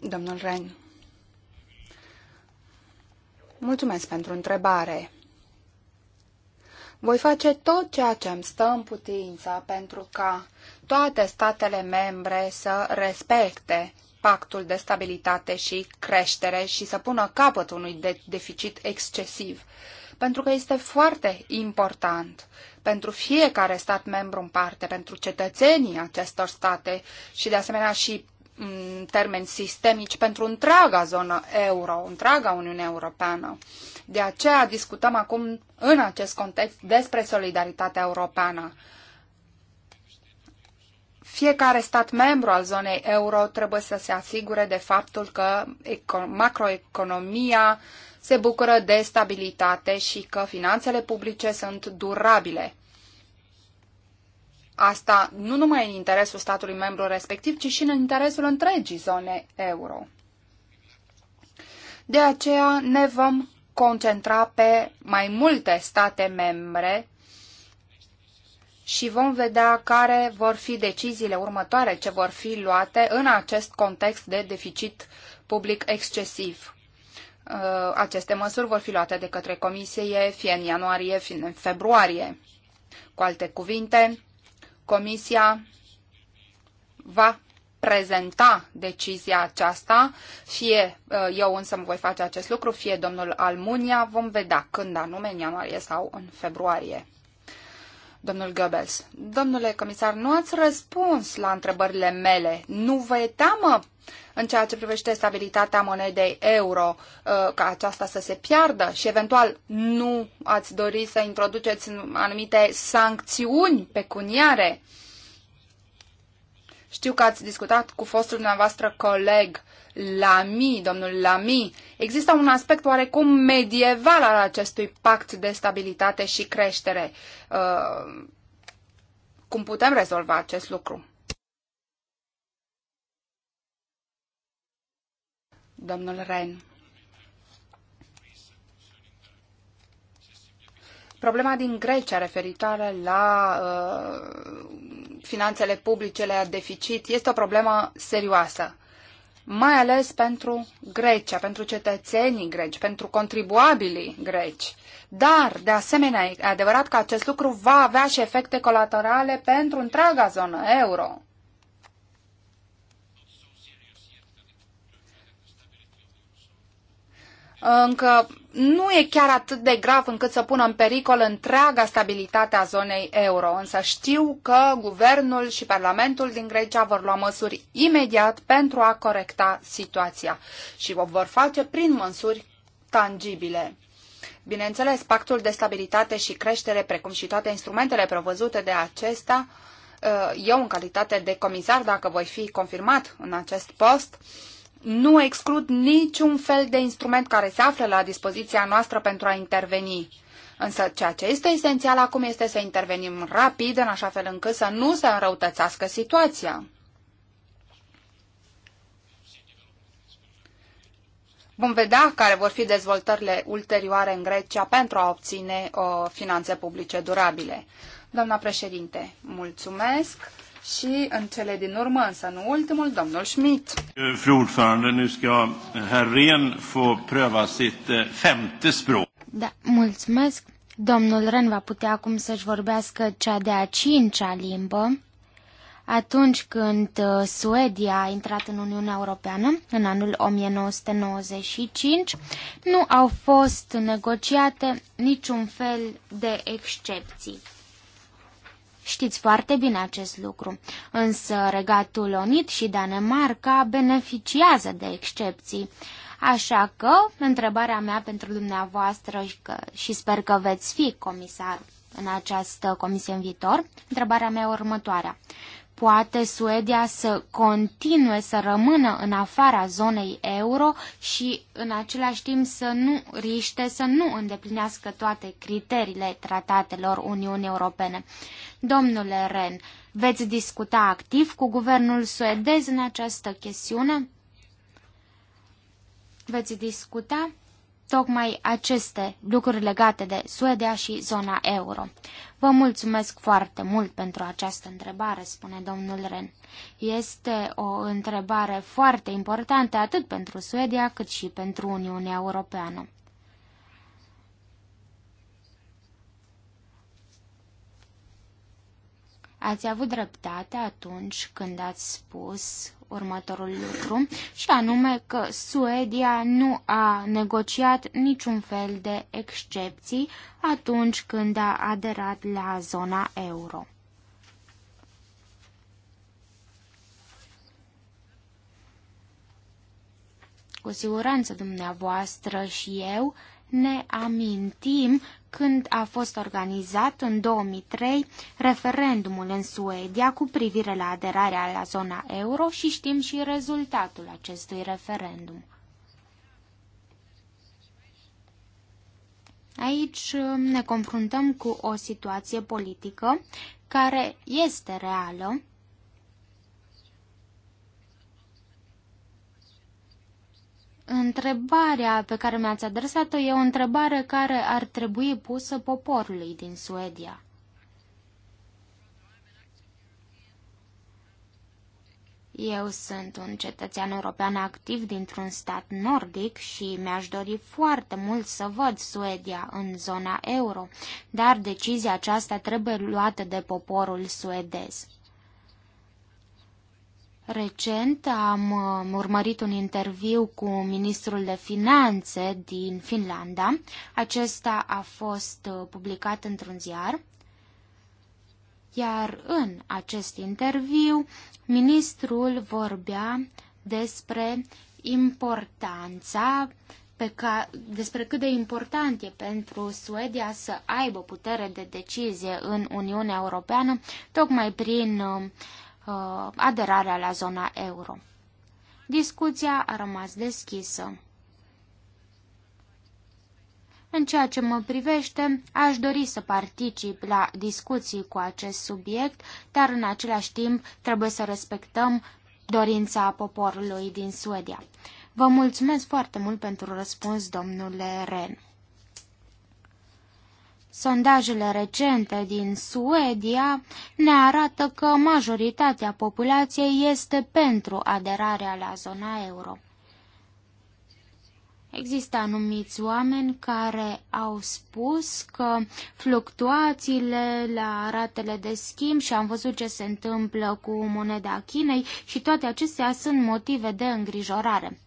Domnul Ren. Mulțumesc pentru întrebare. Voi face tot ceea ce îmi stă în putință pentru ca toate statele membre să respecte pactul de stabilitate și creștere și să pună capăt unui de deficit excesiv. Pentru că este foarte important pentru fiecare stat membru în parte, pentru cetățenii acestor state și de asemenea și în termeni sistemici pentru întreaga zonă euro, întreaga Uniune Europeană. De aceea discutăm acum în acest context despre solidaritatea europeană. Fiecare stat membru al zonei euro trebuie să se asigure de faptul că macroeconomia se bucură de stabilitate și că finanțele publice sunt durabile. Asta nu numai în interesul statului membru respectiv, ci și în interesul întregii zone euro. De aceea ne vom concentra pe mai multe state membre și vom vedea care vor fi deciziile următoare ce vor fi luate în acest context de deficit public excesiv. Uh, aceste măsuri vor fi luate de către Comisie fie în ianuarie, fie în februarie. Cu alte cuvinte, Comisia va prezenta decizia aceasta, fie uh, eu însă voi face acest lucru, fie domnul Almunia, vom vedea când anume, în ianuarie sau în februarie domnul Goebbels. Domnule comisar, nu ați răspuns la întrebările mele. Nu vă e teamă în ceea ce privește stabilitatea monedei euro, uh, ca aceasta să se piardă și eventual nu ați dori să introduceți anumite sancțiuni pecuniare? Știu că ați discutat cu fostul dumneavoastră coleg Lami, domnul Lami, Există un aspect oarecum medieval al acestui pact de stabilitate și creștere. Uh, cum putem rezolva acest lucru? Domnul Ren. Problema din Grecia referitoare la uh, finanțele publice, la deficit, este o problemă serioasă mai ales pentru Grecia, pentru cetățenii greci, pentru contribuabilii greci. Dar, de asemenea, e adevărat că acest lucru va avea și efecte colaterale pentru întreaga zonă euro. încă nu e chiar atât de grav încât să pună în pericol întreaga stabilitate a zonei euro, însă știu că guvernul și Parlamentul din Grecia vor lua măsuri imediat pentru a corecta situația și o vor face prin măsuri tangibile. Bineînțeles, pactul de stabilitate și creștere, precum și toate instrumentele prevăzute de acesta, uh, eu în calitate de comisar, dacă voi fi confirmat în acest post, nu exclud niciun fel de instrument care se află la dispoziția noastră pentru a interveni. Însă ceea ce este esențial acum este să intervenim rapid, în așa fel încât să nu se înrăutățească situația. Vom vedea care vor fi dezvoltările ulterioare în Grecia pentru a obține o uh, finanțe publice durabile. Doamna președinte, mulțumesc. Și în cele din urmă, însă nu ultimul, domnul Schmidt. Eh, fru nu ska eh, få pröva sitt eh, femte språk. Da, mulțumesc. Domnul Ren va putea acum să-și vorbească cea de-a cincea limbă. Atunci când Suedia a intrat în Uniunea Europeană, în anul 1995, nu au fost negociate niciun fel de excepții. Știți foarte bine acest lucru, însă Regatul Unit și Danemarca beneficiază de excepții. Așa că, întrebarea mea pentru dumneavoastră și, că, și sper că veți fi comisar în această comisie în viitor, întrebarea mea e următoarea. Poate Suedia să continue să rămână în afara zonei euro și în același timp să nu riște, să nu îndeplinească toate criteriile tratatelor Uniunii Europene. Domnule Ren, veți discuta activ cu guvernul suedez în această chestiune? Veți discuta tocmai aceste lucruri legate de Suedia și zona euro. Vă mulțumesc foarte mult pentru această întrebare, spune domnul Ren. Este o întrebare foarte importantă atât pentru Suedia cât și pentru Uniunea Europeană. Ați avut dreptate atunci când ați spus următorul lucru, și anume că Suedia nu a negociat niciun fel de excepții atunci când a aderat la zona euro. Cu siguranță dumneavoastră și eu ne amintim când a fost organizat în 2003 referendumul în Suedia cu privire la aderarea la zona euro și știm și rezultatul acestui referendum. Aici um, ne confruntăm cu o situație politică care este reală, Întrebarea pe care mi-ați adresat-o e o întrebare care ar trebui pusă poporului din Suedia. Eu sunt un cetățean european activ dintr-un stat nordic și mi-aș dori foarte mult să văd Suedia în zona euro, dar decizia aceasta trebuie luată de poporul suedez. Recent am um, urmărit un interviu cu ministrul de finanțe din Finlanda. Acesta a fost uh, publicat într-un ziar. Iar în acest interviu, ministrul vorbea despre importanța pe ca, despre cât de important e pentru Suedia să aibă putere de decizie în Uniunea Europeană, tocmai prin uh, uh, aderarea la zona euro. Discuția a rămas deschisă. În ceea ce mă privește, aș dori să particip la discuții cu acest subiect, dar în același timp trebuie să respectăm dorința poporului din Suedia. Vă mulțumesc foarte mult pentru răspuns, domnule Ren. Sondajele recente din Suedia ne arată că majoritatea populației este pentru aderarea la zona euro. Există anumiți oameni care au spus că fluctuațiile la ratele de schimb și am văzut ce se întâmplă cu moneda Chinei și toate acestea sunt motive de îngrijorare.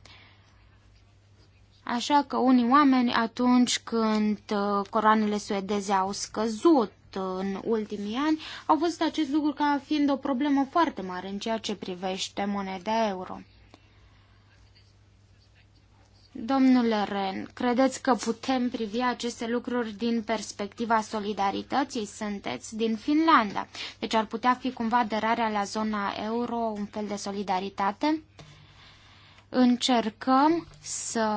Așa că unii oameni atunci când uh, coroanele suedeze au scăzut uh, în ultimii ani, au văzut acest lucru ca fiind o problemă foarte mare în ceea ce privește moneda euro. Domnule Ren, credeți că putem privi aceste lucruri din perspectiva solidarității? Sunteți din Finlanda, deci ar putea fi cumva aderarea la zona euro un fel de solidaritate? încercăm să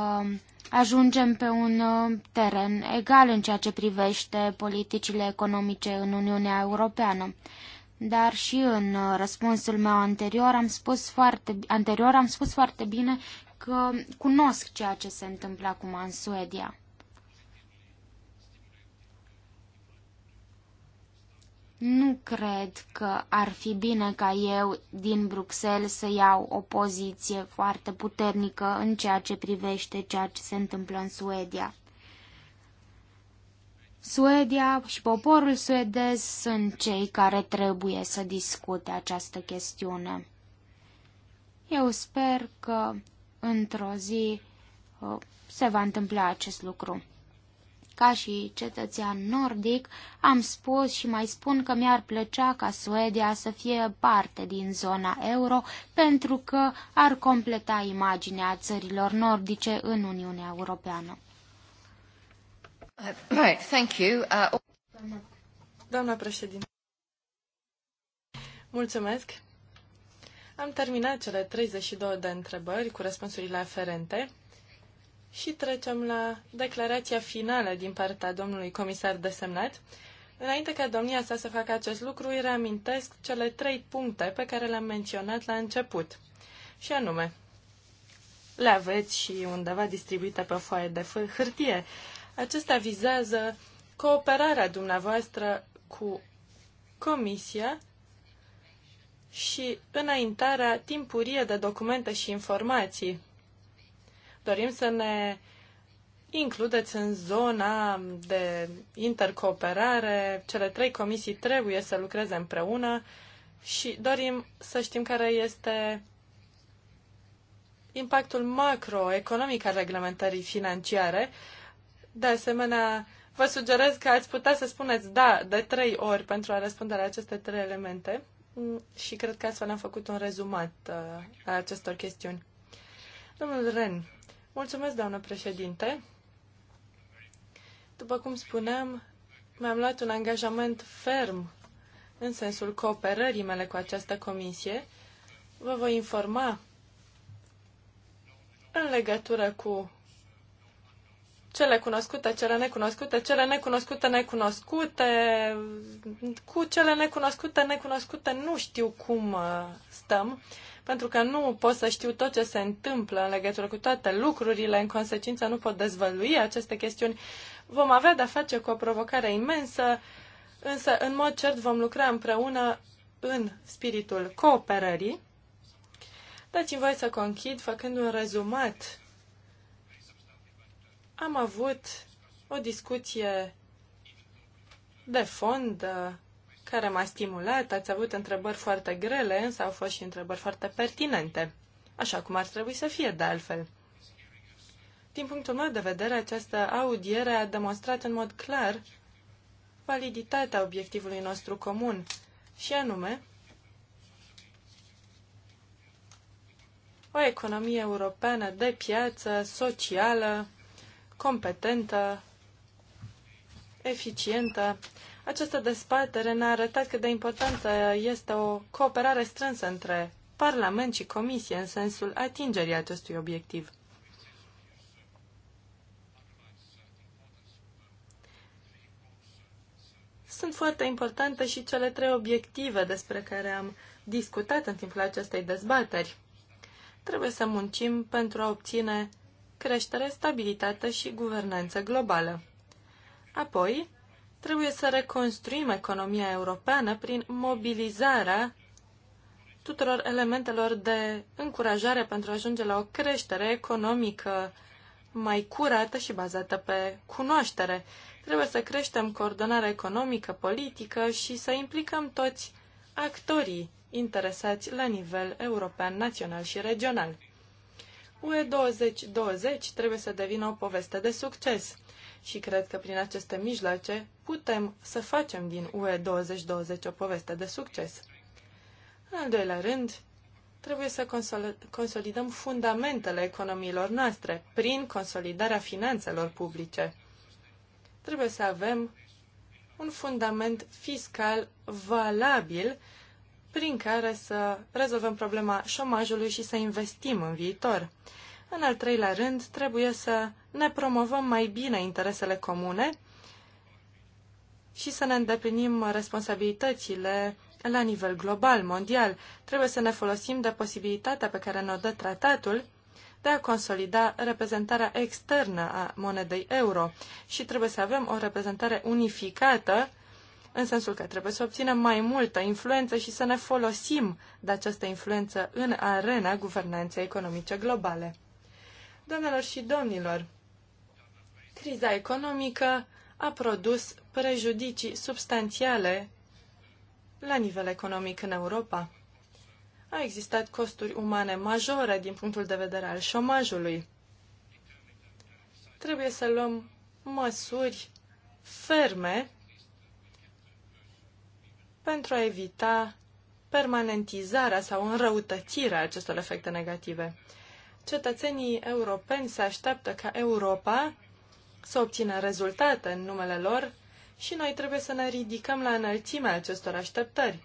ajungem pe un uh, teren egal în ceea ce privește politicile economice în Uniunea Europeană. Dar și în uh, răspunsul meu anterior am spus foarte, anterior am spus foarte bine că cunosc ceea ce se întâmplă acum în Suedia. Nu cred că ar fi bine ca eu din Bruxelles să iau o poziție foarte puternică în ceea ce privește ceea ce se întâmplă în Suedia. Suedia și poporul suedez sunt cei care trebuie să discute această chestiune. Eu sper că într-o zi uh, se va întâmpla acest lucru ca și cetățean nordic, am spus și mai spun că mi-ar plăcea ca Suedia să fie parte din zona euro, pentru că ar completa imaginea țărilor nordice în Uniunea Europeană. Right, thank you. Uh... Doamna, președinte, mulțumesc. Am terminat cele 32 de întrebări cu răspunsurile aferente. Și trecem la declarația finală din partea domnului comisar desemnat. Înainte ca domnia sa să facă acest lucru, îi reamintesc cele trei puncte pe care le-am menționat la început. Și anume, le aveți și undeva distribuite pe foaie de hârtie. Acesta vizează cooperarea dumneavoastră cu Comisia și înaintarea timpurie de documente și informații dorim să ne includeți în zona de intercooperare. Cele trei comisii trebuie să lucreze împreună și dorim să știm care este impactul macroeconomic al reglementării financiare. De asemenea, vă sugerez că ați putea să spuneți da de trei ori pentru a răspunde la aceste trei elemente mm, și cred că astfel am făcut un rezumat uh, a acestor chestiuni. Domnul Ren, Mulțumesc, doamnă președinte. După cum spuneam, mi-am luat un angajament ferm în sensul cooperării mele cu această comisie. Vă voi informa în legătură cu cele cunoscute, cele necunoscute, cele necunoscute, necunoscute, cu cele necunoscute, necunoscute, nu știu cum uh, stăm pentru că nu pot să știu tot ce se întâmplă în legătură cu toate lucrurile, în consecință nu pot dezvălui aceste chestiuni. Vom avea de-a face cu o provocare imensă, însă în mod cert vom lucra împreună în spiritul cooperării. Dați-mi voi să conchid făcând un rezumat. Am avut o discuție de fond care m-a stimulat. Ați avut întrebări foarte grele, însă au fost și întrebări foarte pertinente, așa cum ar trebui să fie de altfel. Din punctul meu de vedere, această audiere a demonstrat în mod clar validitatea obiectivului nostru comun, și anume o economie europeană de piață, socială, competentă, eficientă, această dezbatere ne-a arătat cât de importantă este o cooperare strânsă între Parlament și Comisie în sensul atingerii acestui obiectiv. Sunt foarte importante și cele trei obiective despre care am discutat în timpul acestei dezbateri. Trebuie să muncim pentru a obține creștere, stabilitate și guvernanță globală. Apoi, Trebuie să reconstruim economia europeană prin mobilizarea tuturor elementelor de încurajare pentru a ajunge la o creștere economică mai curată și bazată pe cunoaștere. Trebuie să creștem coordonarea economică, politică și să implicăm toți actorii interesați la nivel european, național și regional. UE 2020 trebuie să devină o poveste de succes și cred că prin aceste mijloace putem să facem din UE 2020 o poveste de succes. În al doilea rând, trebuie să consolidăm fundamentele economiilor noastre prin consolidarea finanțelor publice. Trebuie să avem un fundament fiscal valabil prin care să rezolvăm problema șomajului și să investim în viitor. În al treilea rând, trebuie să ne promovăm mai bine interesele comune și să ne îndeplinim responsabilitățile la nivel global, mondial. Trebuie să ne folosim de posibilitatea pe care ne-o dă tratatul de a consolida reprezentarea externă a monedei euro și trebuie să avem o reprezentare unificată în sensul că trebuie să obținem mai multă influență și să ne folosim de această influență în arena guvernanței economice globale. Doamnelor și domnilor, criza economică a produs prejudicii substanțiale la nivel economic în Europa. A existat costuri umane majore din punctul de vedere al șomajului. Trebuie să luăm măsuri ferme pentru a evita permanentizarea sau înrăutățirea acestor efecte negative. Cetățenii europeni se așteaptă ca Europa să obțină rezultate în numele lor și noi trebuie să ne ridicăm la înălțimea acestor așteptări.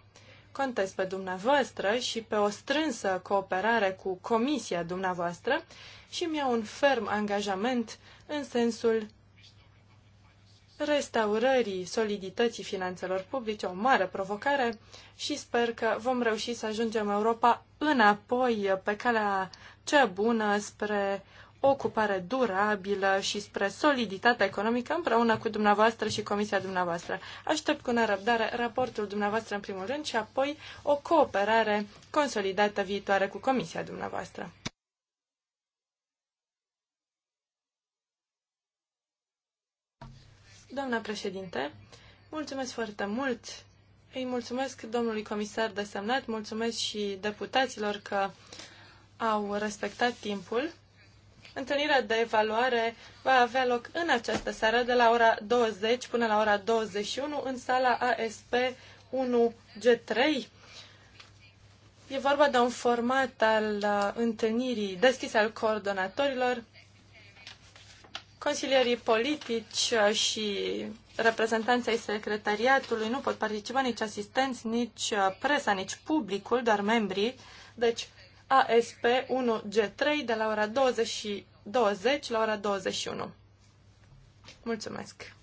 Contez pe dumneavoastră și pe o strânsă cooperare cu comisia dumneavoastră și mi-au un ferm angajament în sensul restaurării solidității finanțelor publice, o mare provocare și sper că vom reuși să ajungem Europa înapoi pe calea cea bună spre ocupare durabilă și spre soliditatea economică împreună cu dumneavoastră și comisia dumneavoastră. Aștept cu nerăbdare raportul dumneavoastră în primul rând și apoi o cooperare consolidată viitoare cu comisia dumneavoastră. Doamna președinte, mulțumesc foarte mult. Îi mulțumesc domnului comisar semnat, mulțumesc și deputaților că au respectat timpul. Întâlnirea de evaluare va avea loc în această seară de la ora 20 până la ora 21 în sala ASP 1G3. E vorba de un format al uh, întâlnirii deschis al coordonatorilor Consilierii politici și reprezentanții secretariatului nu pot participa nici asistenți, nici presa, nici publicul, doar membrii. Deci ASP 1G3 de la ora 20, 20 la ora 21. Mulțumesc!